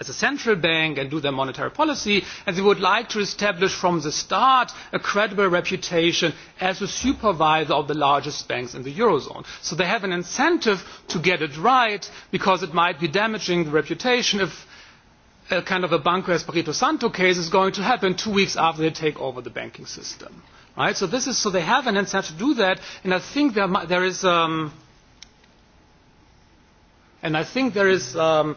K: as a central bank and do their monetary policy, and they would like to establish from the start a credible reputation as a supervisor of the largest banks in the Eurozone. So they have an incentive to get it right because it might be damaging the reputation if a kind of a Banco Espirito Santo case is going to happen two weeks after they take over the banking system. Right? So, this is, so they have an incentive to do that, and I think there, there is. Um, and I think there is um,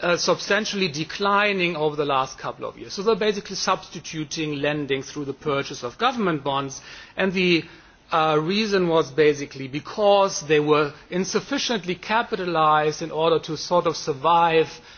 K: uh, substantially declining over the last couple of years. So they're basically substituting lending through the purchase of government bonds. And the uh, reason was basically because they were insufficiently capitalized in order to sort of survive uh,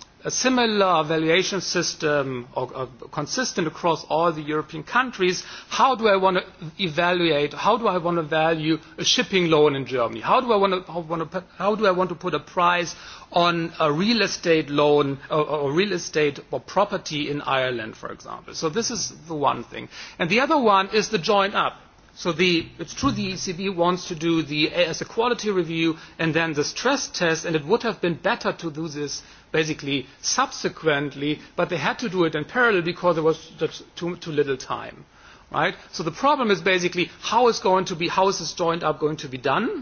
K: a similar valuation system or, or consistent across all the European countries, how do I want to evaluate, how do I want to value a shipping loan in Germany? How do I want to, how want to, how do I want to put a price on a real estate loan or, or real estate or property in Ireland, for example? So this is the one thing. And the other one is the join up So the, it's true the ECB wants to do the as a quality review and then the stress test, and it would have been better to do this basically subsequently, but they had to do it in parallel because there was just too, too little time. Right? So the problem is basically how is, going to be, how is this joined up going to be done? Uh,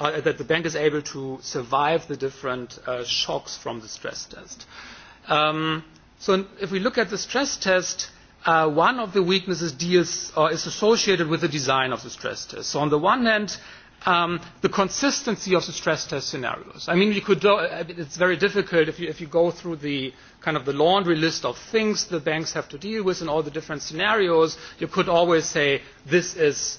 K: Uh, that the bank is able to survive the different uh, shocks from the stress test. Um, so if we look at the stress test, uh, one of the weaknesses deals or is associated with the design of the stress test. So on the one hand, um, the consistency of the stress test scenarios. I mean, you could do, it's very difficult if you, if you go through the kind of the laundry list of things the banks have to deal with in all the different scenarios. You could always say this is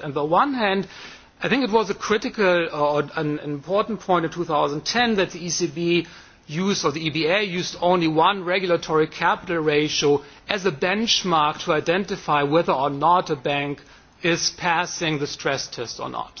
K: interest. on the one hand i think it was a critical uh, or an important point in two thousand and ten that the ecb used or the eba used only one regulatory capital ratio as a benchmark to identify whether or not a bank is passing the stress test or not.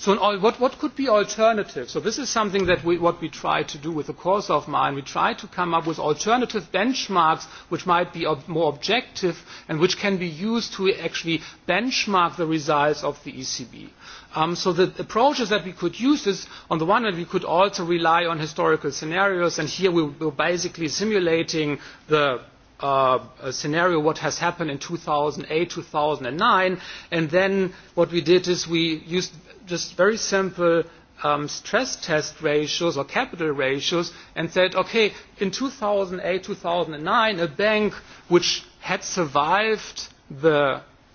K: So in what, what could be alternatives? So this is something that we, what we try to do with the course of mine. We try to come up with alternative benchmarks which might be ob more objective and which can be used to actually benchmark the results of the ECB. Um, so the approaches that we could use is, on the one hand, we could also rely on historical scenarios, and here we were basically simulating the uh, scenario what has happened in 2008, 2009, and then what we did is we used just very simple um, stress test ratios or capital ratios and said, okay, in 2008, 2009, a bank which had survived the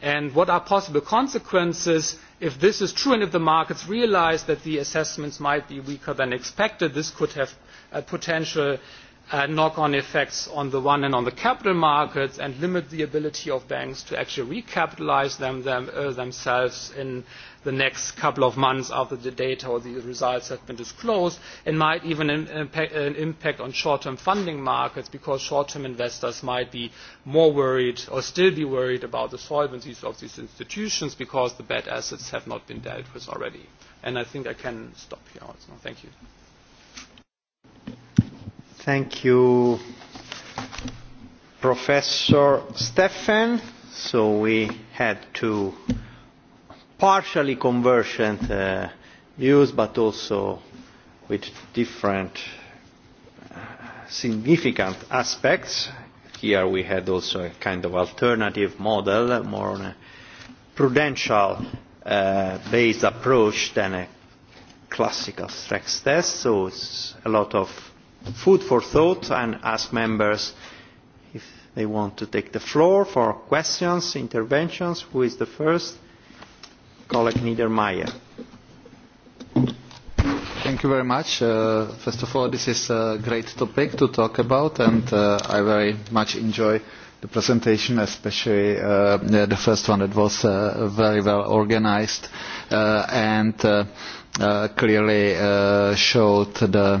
K: and what are possible consequences if this is true and if the markets realise that the assessments might be weaker than expected. This could have a potential Uh, knock-on effects on the one hand on the capital markets and limit the ability of banks to actually recapitalize them, them uh, themselves in the next couple of months after the data or the results have been disclosed and might even impact, an uh, impact on short-term funding markets because short-term investors might be more worried or still be worried about the solvencies of these institutions because the bad assets have not been dealt with already. And I think I can stop here also. Thank you.
A: Thank you, Professor Stefan. So we had two partially convergent uh, views, but also with different uh, significant aspects. Here we had also a kind of alternative model, more on a prudential uh, based approach than a classical stress test. So it's a lot of food for thought and ask members if they want to take the floor for questions, interventions. Who is the first? Colleague Niedermayer.
H: Thank you very much. Uh, first of all, this is a great topic to talk about, and uh, I very much enjoy the presentation, especially uh, the first one that was uh, very well organized uh, and uh, uh, clearly uh, showed the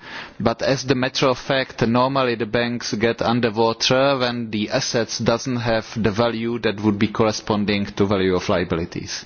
H: but as a matter of fact normally the banks get under water when the assets do not have the value that would correspond to the value of liabilities.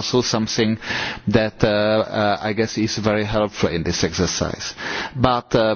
H: also something that uh, uh, I guess is very helpful in this exercise. But uh,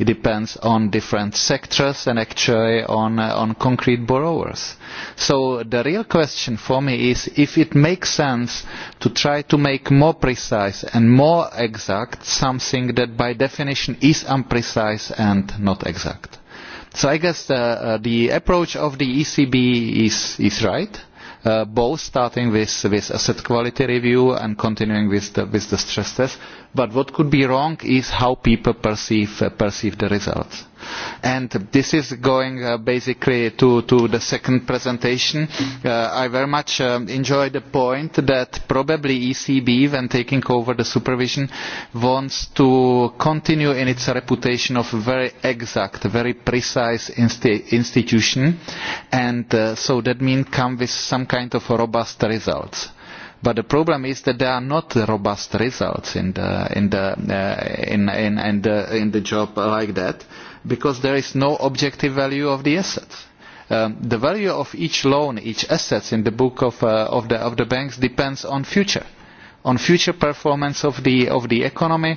H: It depends on different sectors and actually on, uh, on concrete borrowers. So the real question for me is if it makes sense to try to make more precise and more exact something that by definition is imprecise and not exact. So I guess the, uh, the approach of the ECB is, is right. Uh, both starting with, with asset quality review and continuing with the, with the stress test but what could be wrong is how people perceive, uh, perceive the results. And this is going uh, basically to, to the second presentation. Uh, I very much um, enjoy the point that probably ECB, when taking over the supervision, wants to continue in its reputation of a very exact, very precise insti institution. And uh, so that means come with some kind of robust results But the problem is that there are not robust results in the, in the, uh, in, in, in the, in the job like that because there is no objective value of the assets. Um, the value of each loan, each assets in the book of, uh, of, the, of the banks depends on future, on future performance of the, of the economy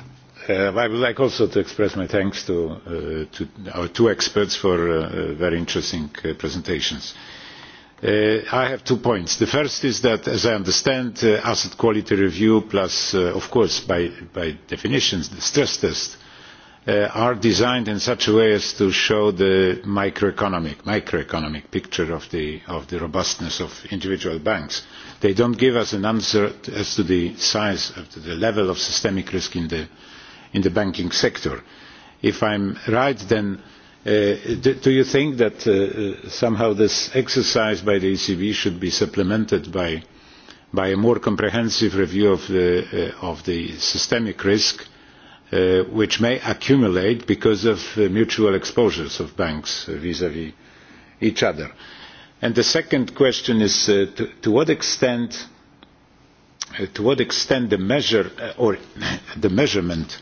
F: Uh, I would like also to express my thanks to, uh, our two experts for uh, very interesting presentations. I have two points. The first is that, as I understand, asset quality review plus, of course, by, definition, the stress test are designed in such a way as to show the microeconomic, picture of the, robustness of individual banks. They don't give us an answer as to the size, to the level of systemic risk in the, in the banking sector. If I'm right, then uh, do, do you think that uh, somehow this exercise by the ECB should be supplemented by, by a more comprehensive review of the, uh, of the systemic risk Uh, which may accumulate because of uh, mutual exposures of banks vis a vis each other. And the second question is uh, to, to, what extent to what extent the measure or the measurement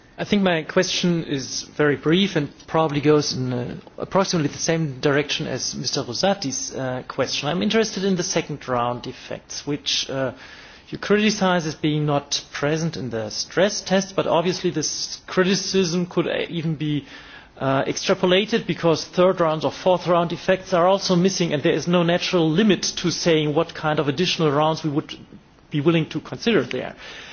L: I think my question is very brief and probably goes in uh, approximately the same direction as Mr. Rosati's uh, question. I'm interested in the second round effects, which uh, you criticize as being not present in the stress test, but obviously this criticism could uh, even be uh, extrapolated because third round or fourth round effects are also missing and there is no natural limit to saying what kind of additional rounds we would be willing to consider there. Uh,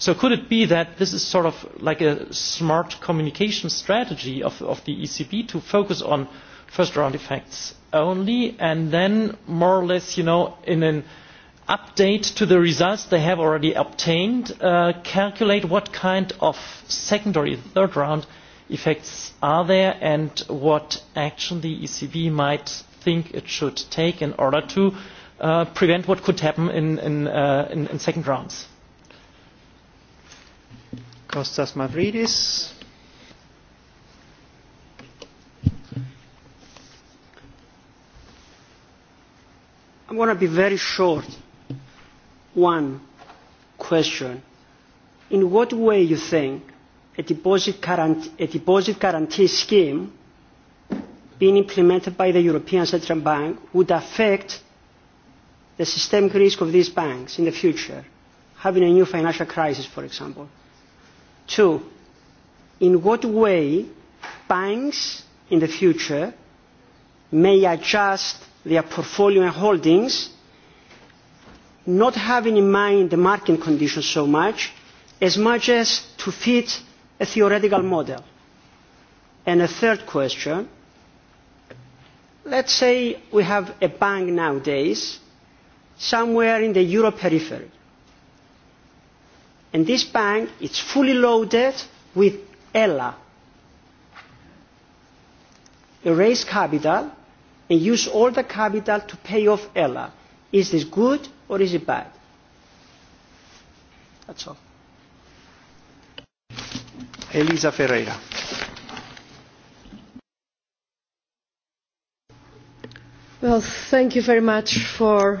L: So could it be that this is sort of like a smart communication strategy of, of the ECB to focus on first round effects only and then more or less, you know, in an update to the results they have already obtained, uh, calculate what kind of second or third round effects are there and what action the ECB might think it should take in order to uh, prevent what could happen in, in, uh, in, in second rounds. Kostas Mavridis.
G: I'm going to be very short. One question. In what way you think a deposit, guarantee, a deposit guarantee scheme being implemented by the European Central Bank would affect the systemic risk of these banks in the future, having a new financial crisis, for example? Two, in what way banks in the future may adjust their portfolio and holdings, not having in mind the market conditions so much, as much as to fit a theoretical model. And a third question, let's say we have a bank nowadays somewhere in the euro periphery And this bank is fully loaded with Ella. You raise capital and use all the capital to pay off Ella. Is this good or is it bad? That's all.
A: Elisa Ferreira.
E: Well, thank you very much for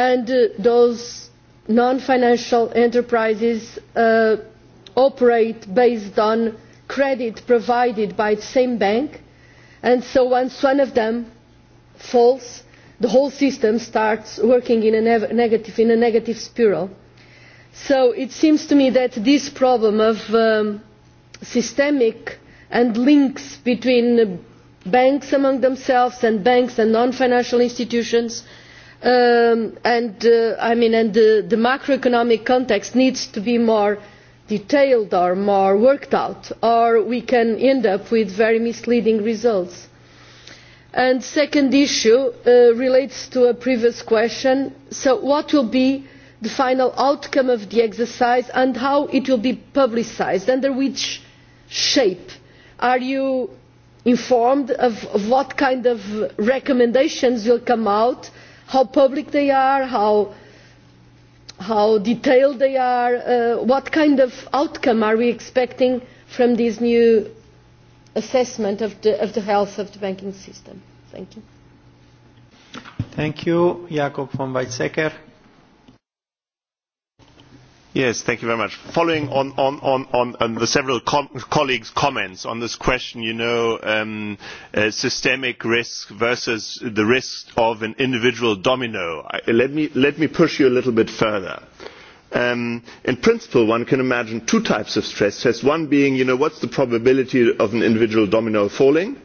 E: and uh, those non-financial enterprises uh, operate based on credit provided by the same bank and so once one of them falls the whole system starts working in a negative, in a negative spiral. So it seems to me that this problem of um, systemic and links between banks among themselves and banks and non-financial institutions Um, and, uh, the, macroeconomic context needs to be more detailed or more worked out or we can end up with very misleading results. the second issue uh, relates to a previous question so what will be the final outcome of the exercise and how will it be publicised under which shape? are you informed of, of what kind of recommendations will come out and how public they are, how, how detailed they are, uh, what kind of outcome are we expecting from this new assessment of the, of the health of the banking system. Thank you.
A: Thank you, Jakob von
I: Weizsäcker thank you very much. Following on, the several colleagues' comments on this question, you know, um, uh, systemic risk versus the risk of an individual domino. let, me, push you a little bit further. Um, in principle, one can imagine two types of stress tests. One being, you know, what's the probability of an individual domino falling?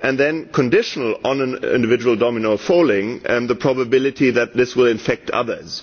I: And then conditional on an individual domino falling, and um, the probability that this will infect others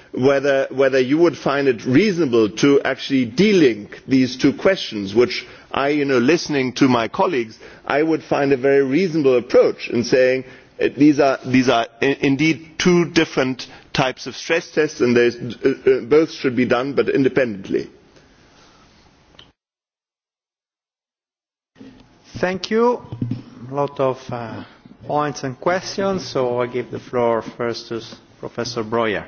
I: whether, whether you would find it reasonable to actually de-link these two questions, which I, you know, listening to my colleagues, I would find a very reasonable approach in saying eh, these are, these are indeed two different types of stress tests and eh, eh, both should be done but independently.
A: Thank you. A lot of uh, points and questions, so I give the floor first to Professor Breuer.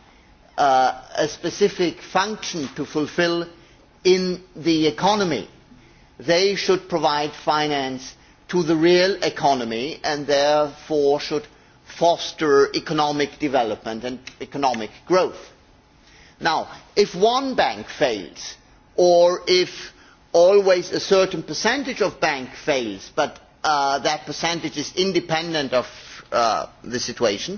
J: Uh, a specific function to fulfil in the economy. They should provide finance to the real economy and therefore should foster economic development and economic growth. Now, if one bank fails, or if always a certain percentage of banks fails, but uh, that percentage is independent of uh, the situation,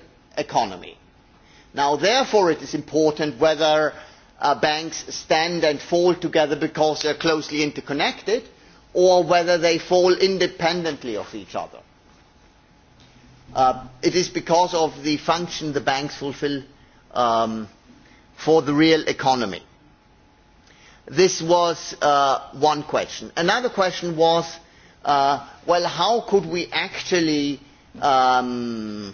J: economy. Now, therefore it is important whether uh, banks stand and fall together because they are closely interconnected or whether they fall independently of each other. Uh, it is because of the function the banks fulfill um, for the real economy. This was uh, one question. Another question was, uh, well, how could we actually um,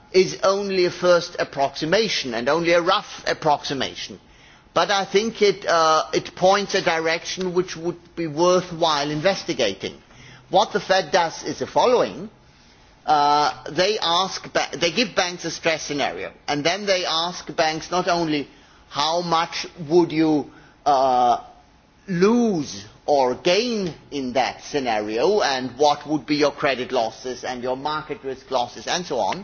J: is only a first approximation and only a rough approximation but i think it, uh, it points a direction which would be worthwhile investigating. what the fed does is the following uh, they, ask, they give banks a stress scenario and then they ask banks not only how much would you uh, lose or gain in that scenario and what would be your credit losses and your market risk losses and so on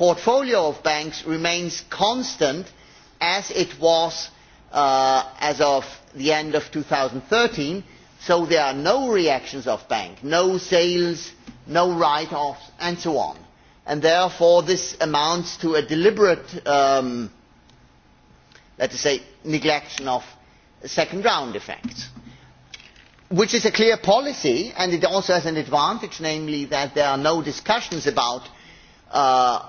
J: portfolio of banks remains constant as it was uh, as of the end of 2013, so there are no reactions of bank, no sales, no write-offs, and so on. And therefore, this amounts to a deliberate, um, let us say, neglection of second round effects, which is a clear policy, and it also has an advantage, namely that there are no discussions about uh,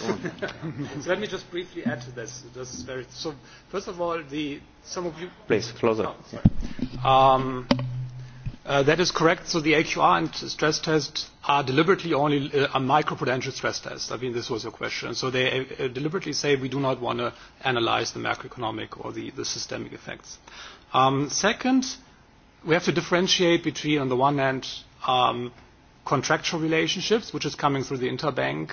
K: so let me just briefly add to this. This is very so. First of all, the some of you please closer. Oh, um, uh, that is correct. So the AQR and stress test are deliberately only uh, a microprudential stress test. I mean, this was your question. So they uh, deliberately say we do not want to analyze the macroeconomic or the, the systemic effects. Um, second, we have to differentiate between, on the one hand, um, contractual relationships, which is coming through the interbank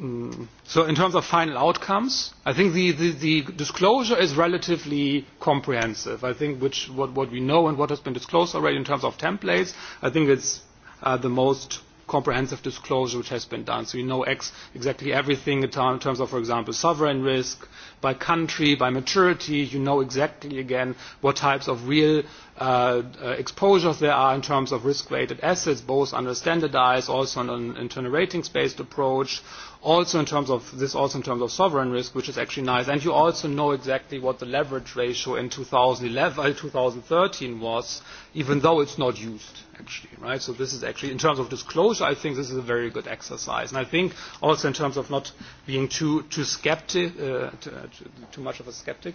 K: Mm. so in terms of final outcomes, I think the, the, the disclosure is relatively comprehensive. I think which, what, what we know and what has been disclosed already in terms of templates, I think it's uh, the most comprehensive disclosure which has been done. So you know ex exactly everything in terms of, for example, sovereign risk, by country, by maturity. You know exactly, again, what types of real Uh, uh, exposures there are in terms of risk-weighted assets, both under standardized, also on an internal ratings-based approach, also in terms of this also in terms of sovereign risk, which is actually nice. And you also know exactly what the leverage ratio in 2011, 2013 was, even though it's not used actually, right? So this is actually, in terms of disclosure, I think this is a very good exercise. And I think also in terms of not being too, too skeptic, uh, uh, too, too much of a skeptic,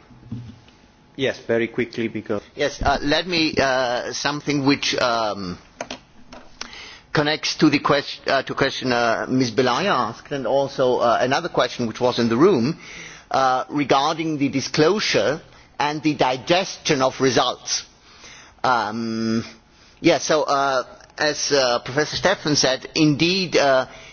J: Yes, very quickly because. Yes, uh, let me uh, something which um, connects to the question, uh, to question uh, Ms. Belay asked, and also uh, another question which was in the room uh, regarding the disclosure and the digestion of results. Um, yes, yeah, so uh, as uh, Professor Stefan said, indeed. Uh,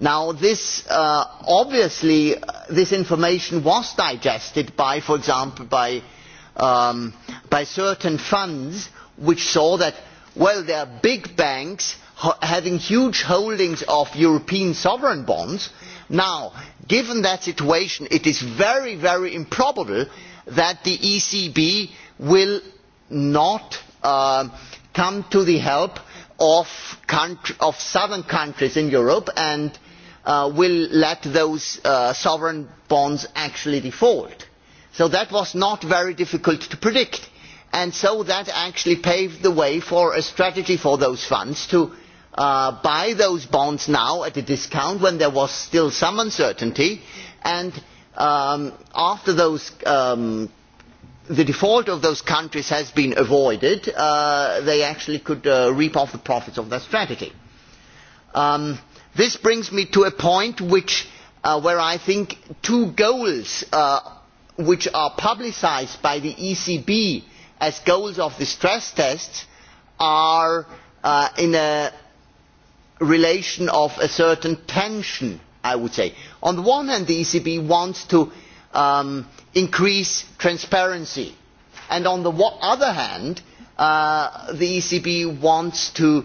J: now this uh, obviously this information was digested by for example by, um, by certain funds which saw that well there are big banks having huge holdings of european sovereign bonds now given that situation it is very very improbable that the ecb will not uh, come to the help of, of southern countries in europe and Uh, will let those uh, sovereign bonds actually default. So that was not very difficult to predict. And so that actually paved the way for a strategy for those funds to uh, buy those bonds now at a discount when there was still some uncertainty. And um, after those, um, the default of those countries has been avoided, uh, they actually could uh, reap off the profits of that strategy. Um, this brings me to a point uh, where i think two goals uh, which are publicised by the ecb as goals of the stress tests are uh, in a relation of a certain tension i would say. on the one hand the ecb wants to um, increase transparency and on the other hand the ecb wants to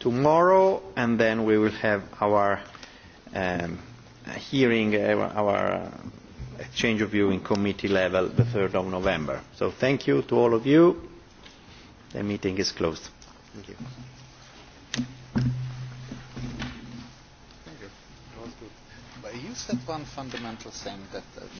A: tomorrow, and then we will have our um, hearing, uh, our uh, exchange of view in committee level the 3rd of November. So thank you to all of you. The meeting is closed. Thank you. Thank you.
H: That was good. But you said one
F: fundamental thing that uh,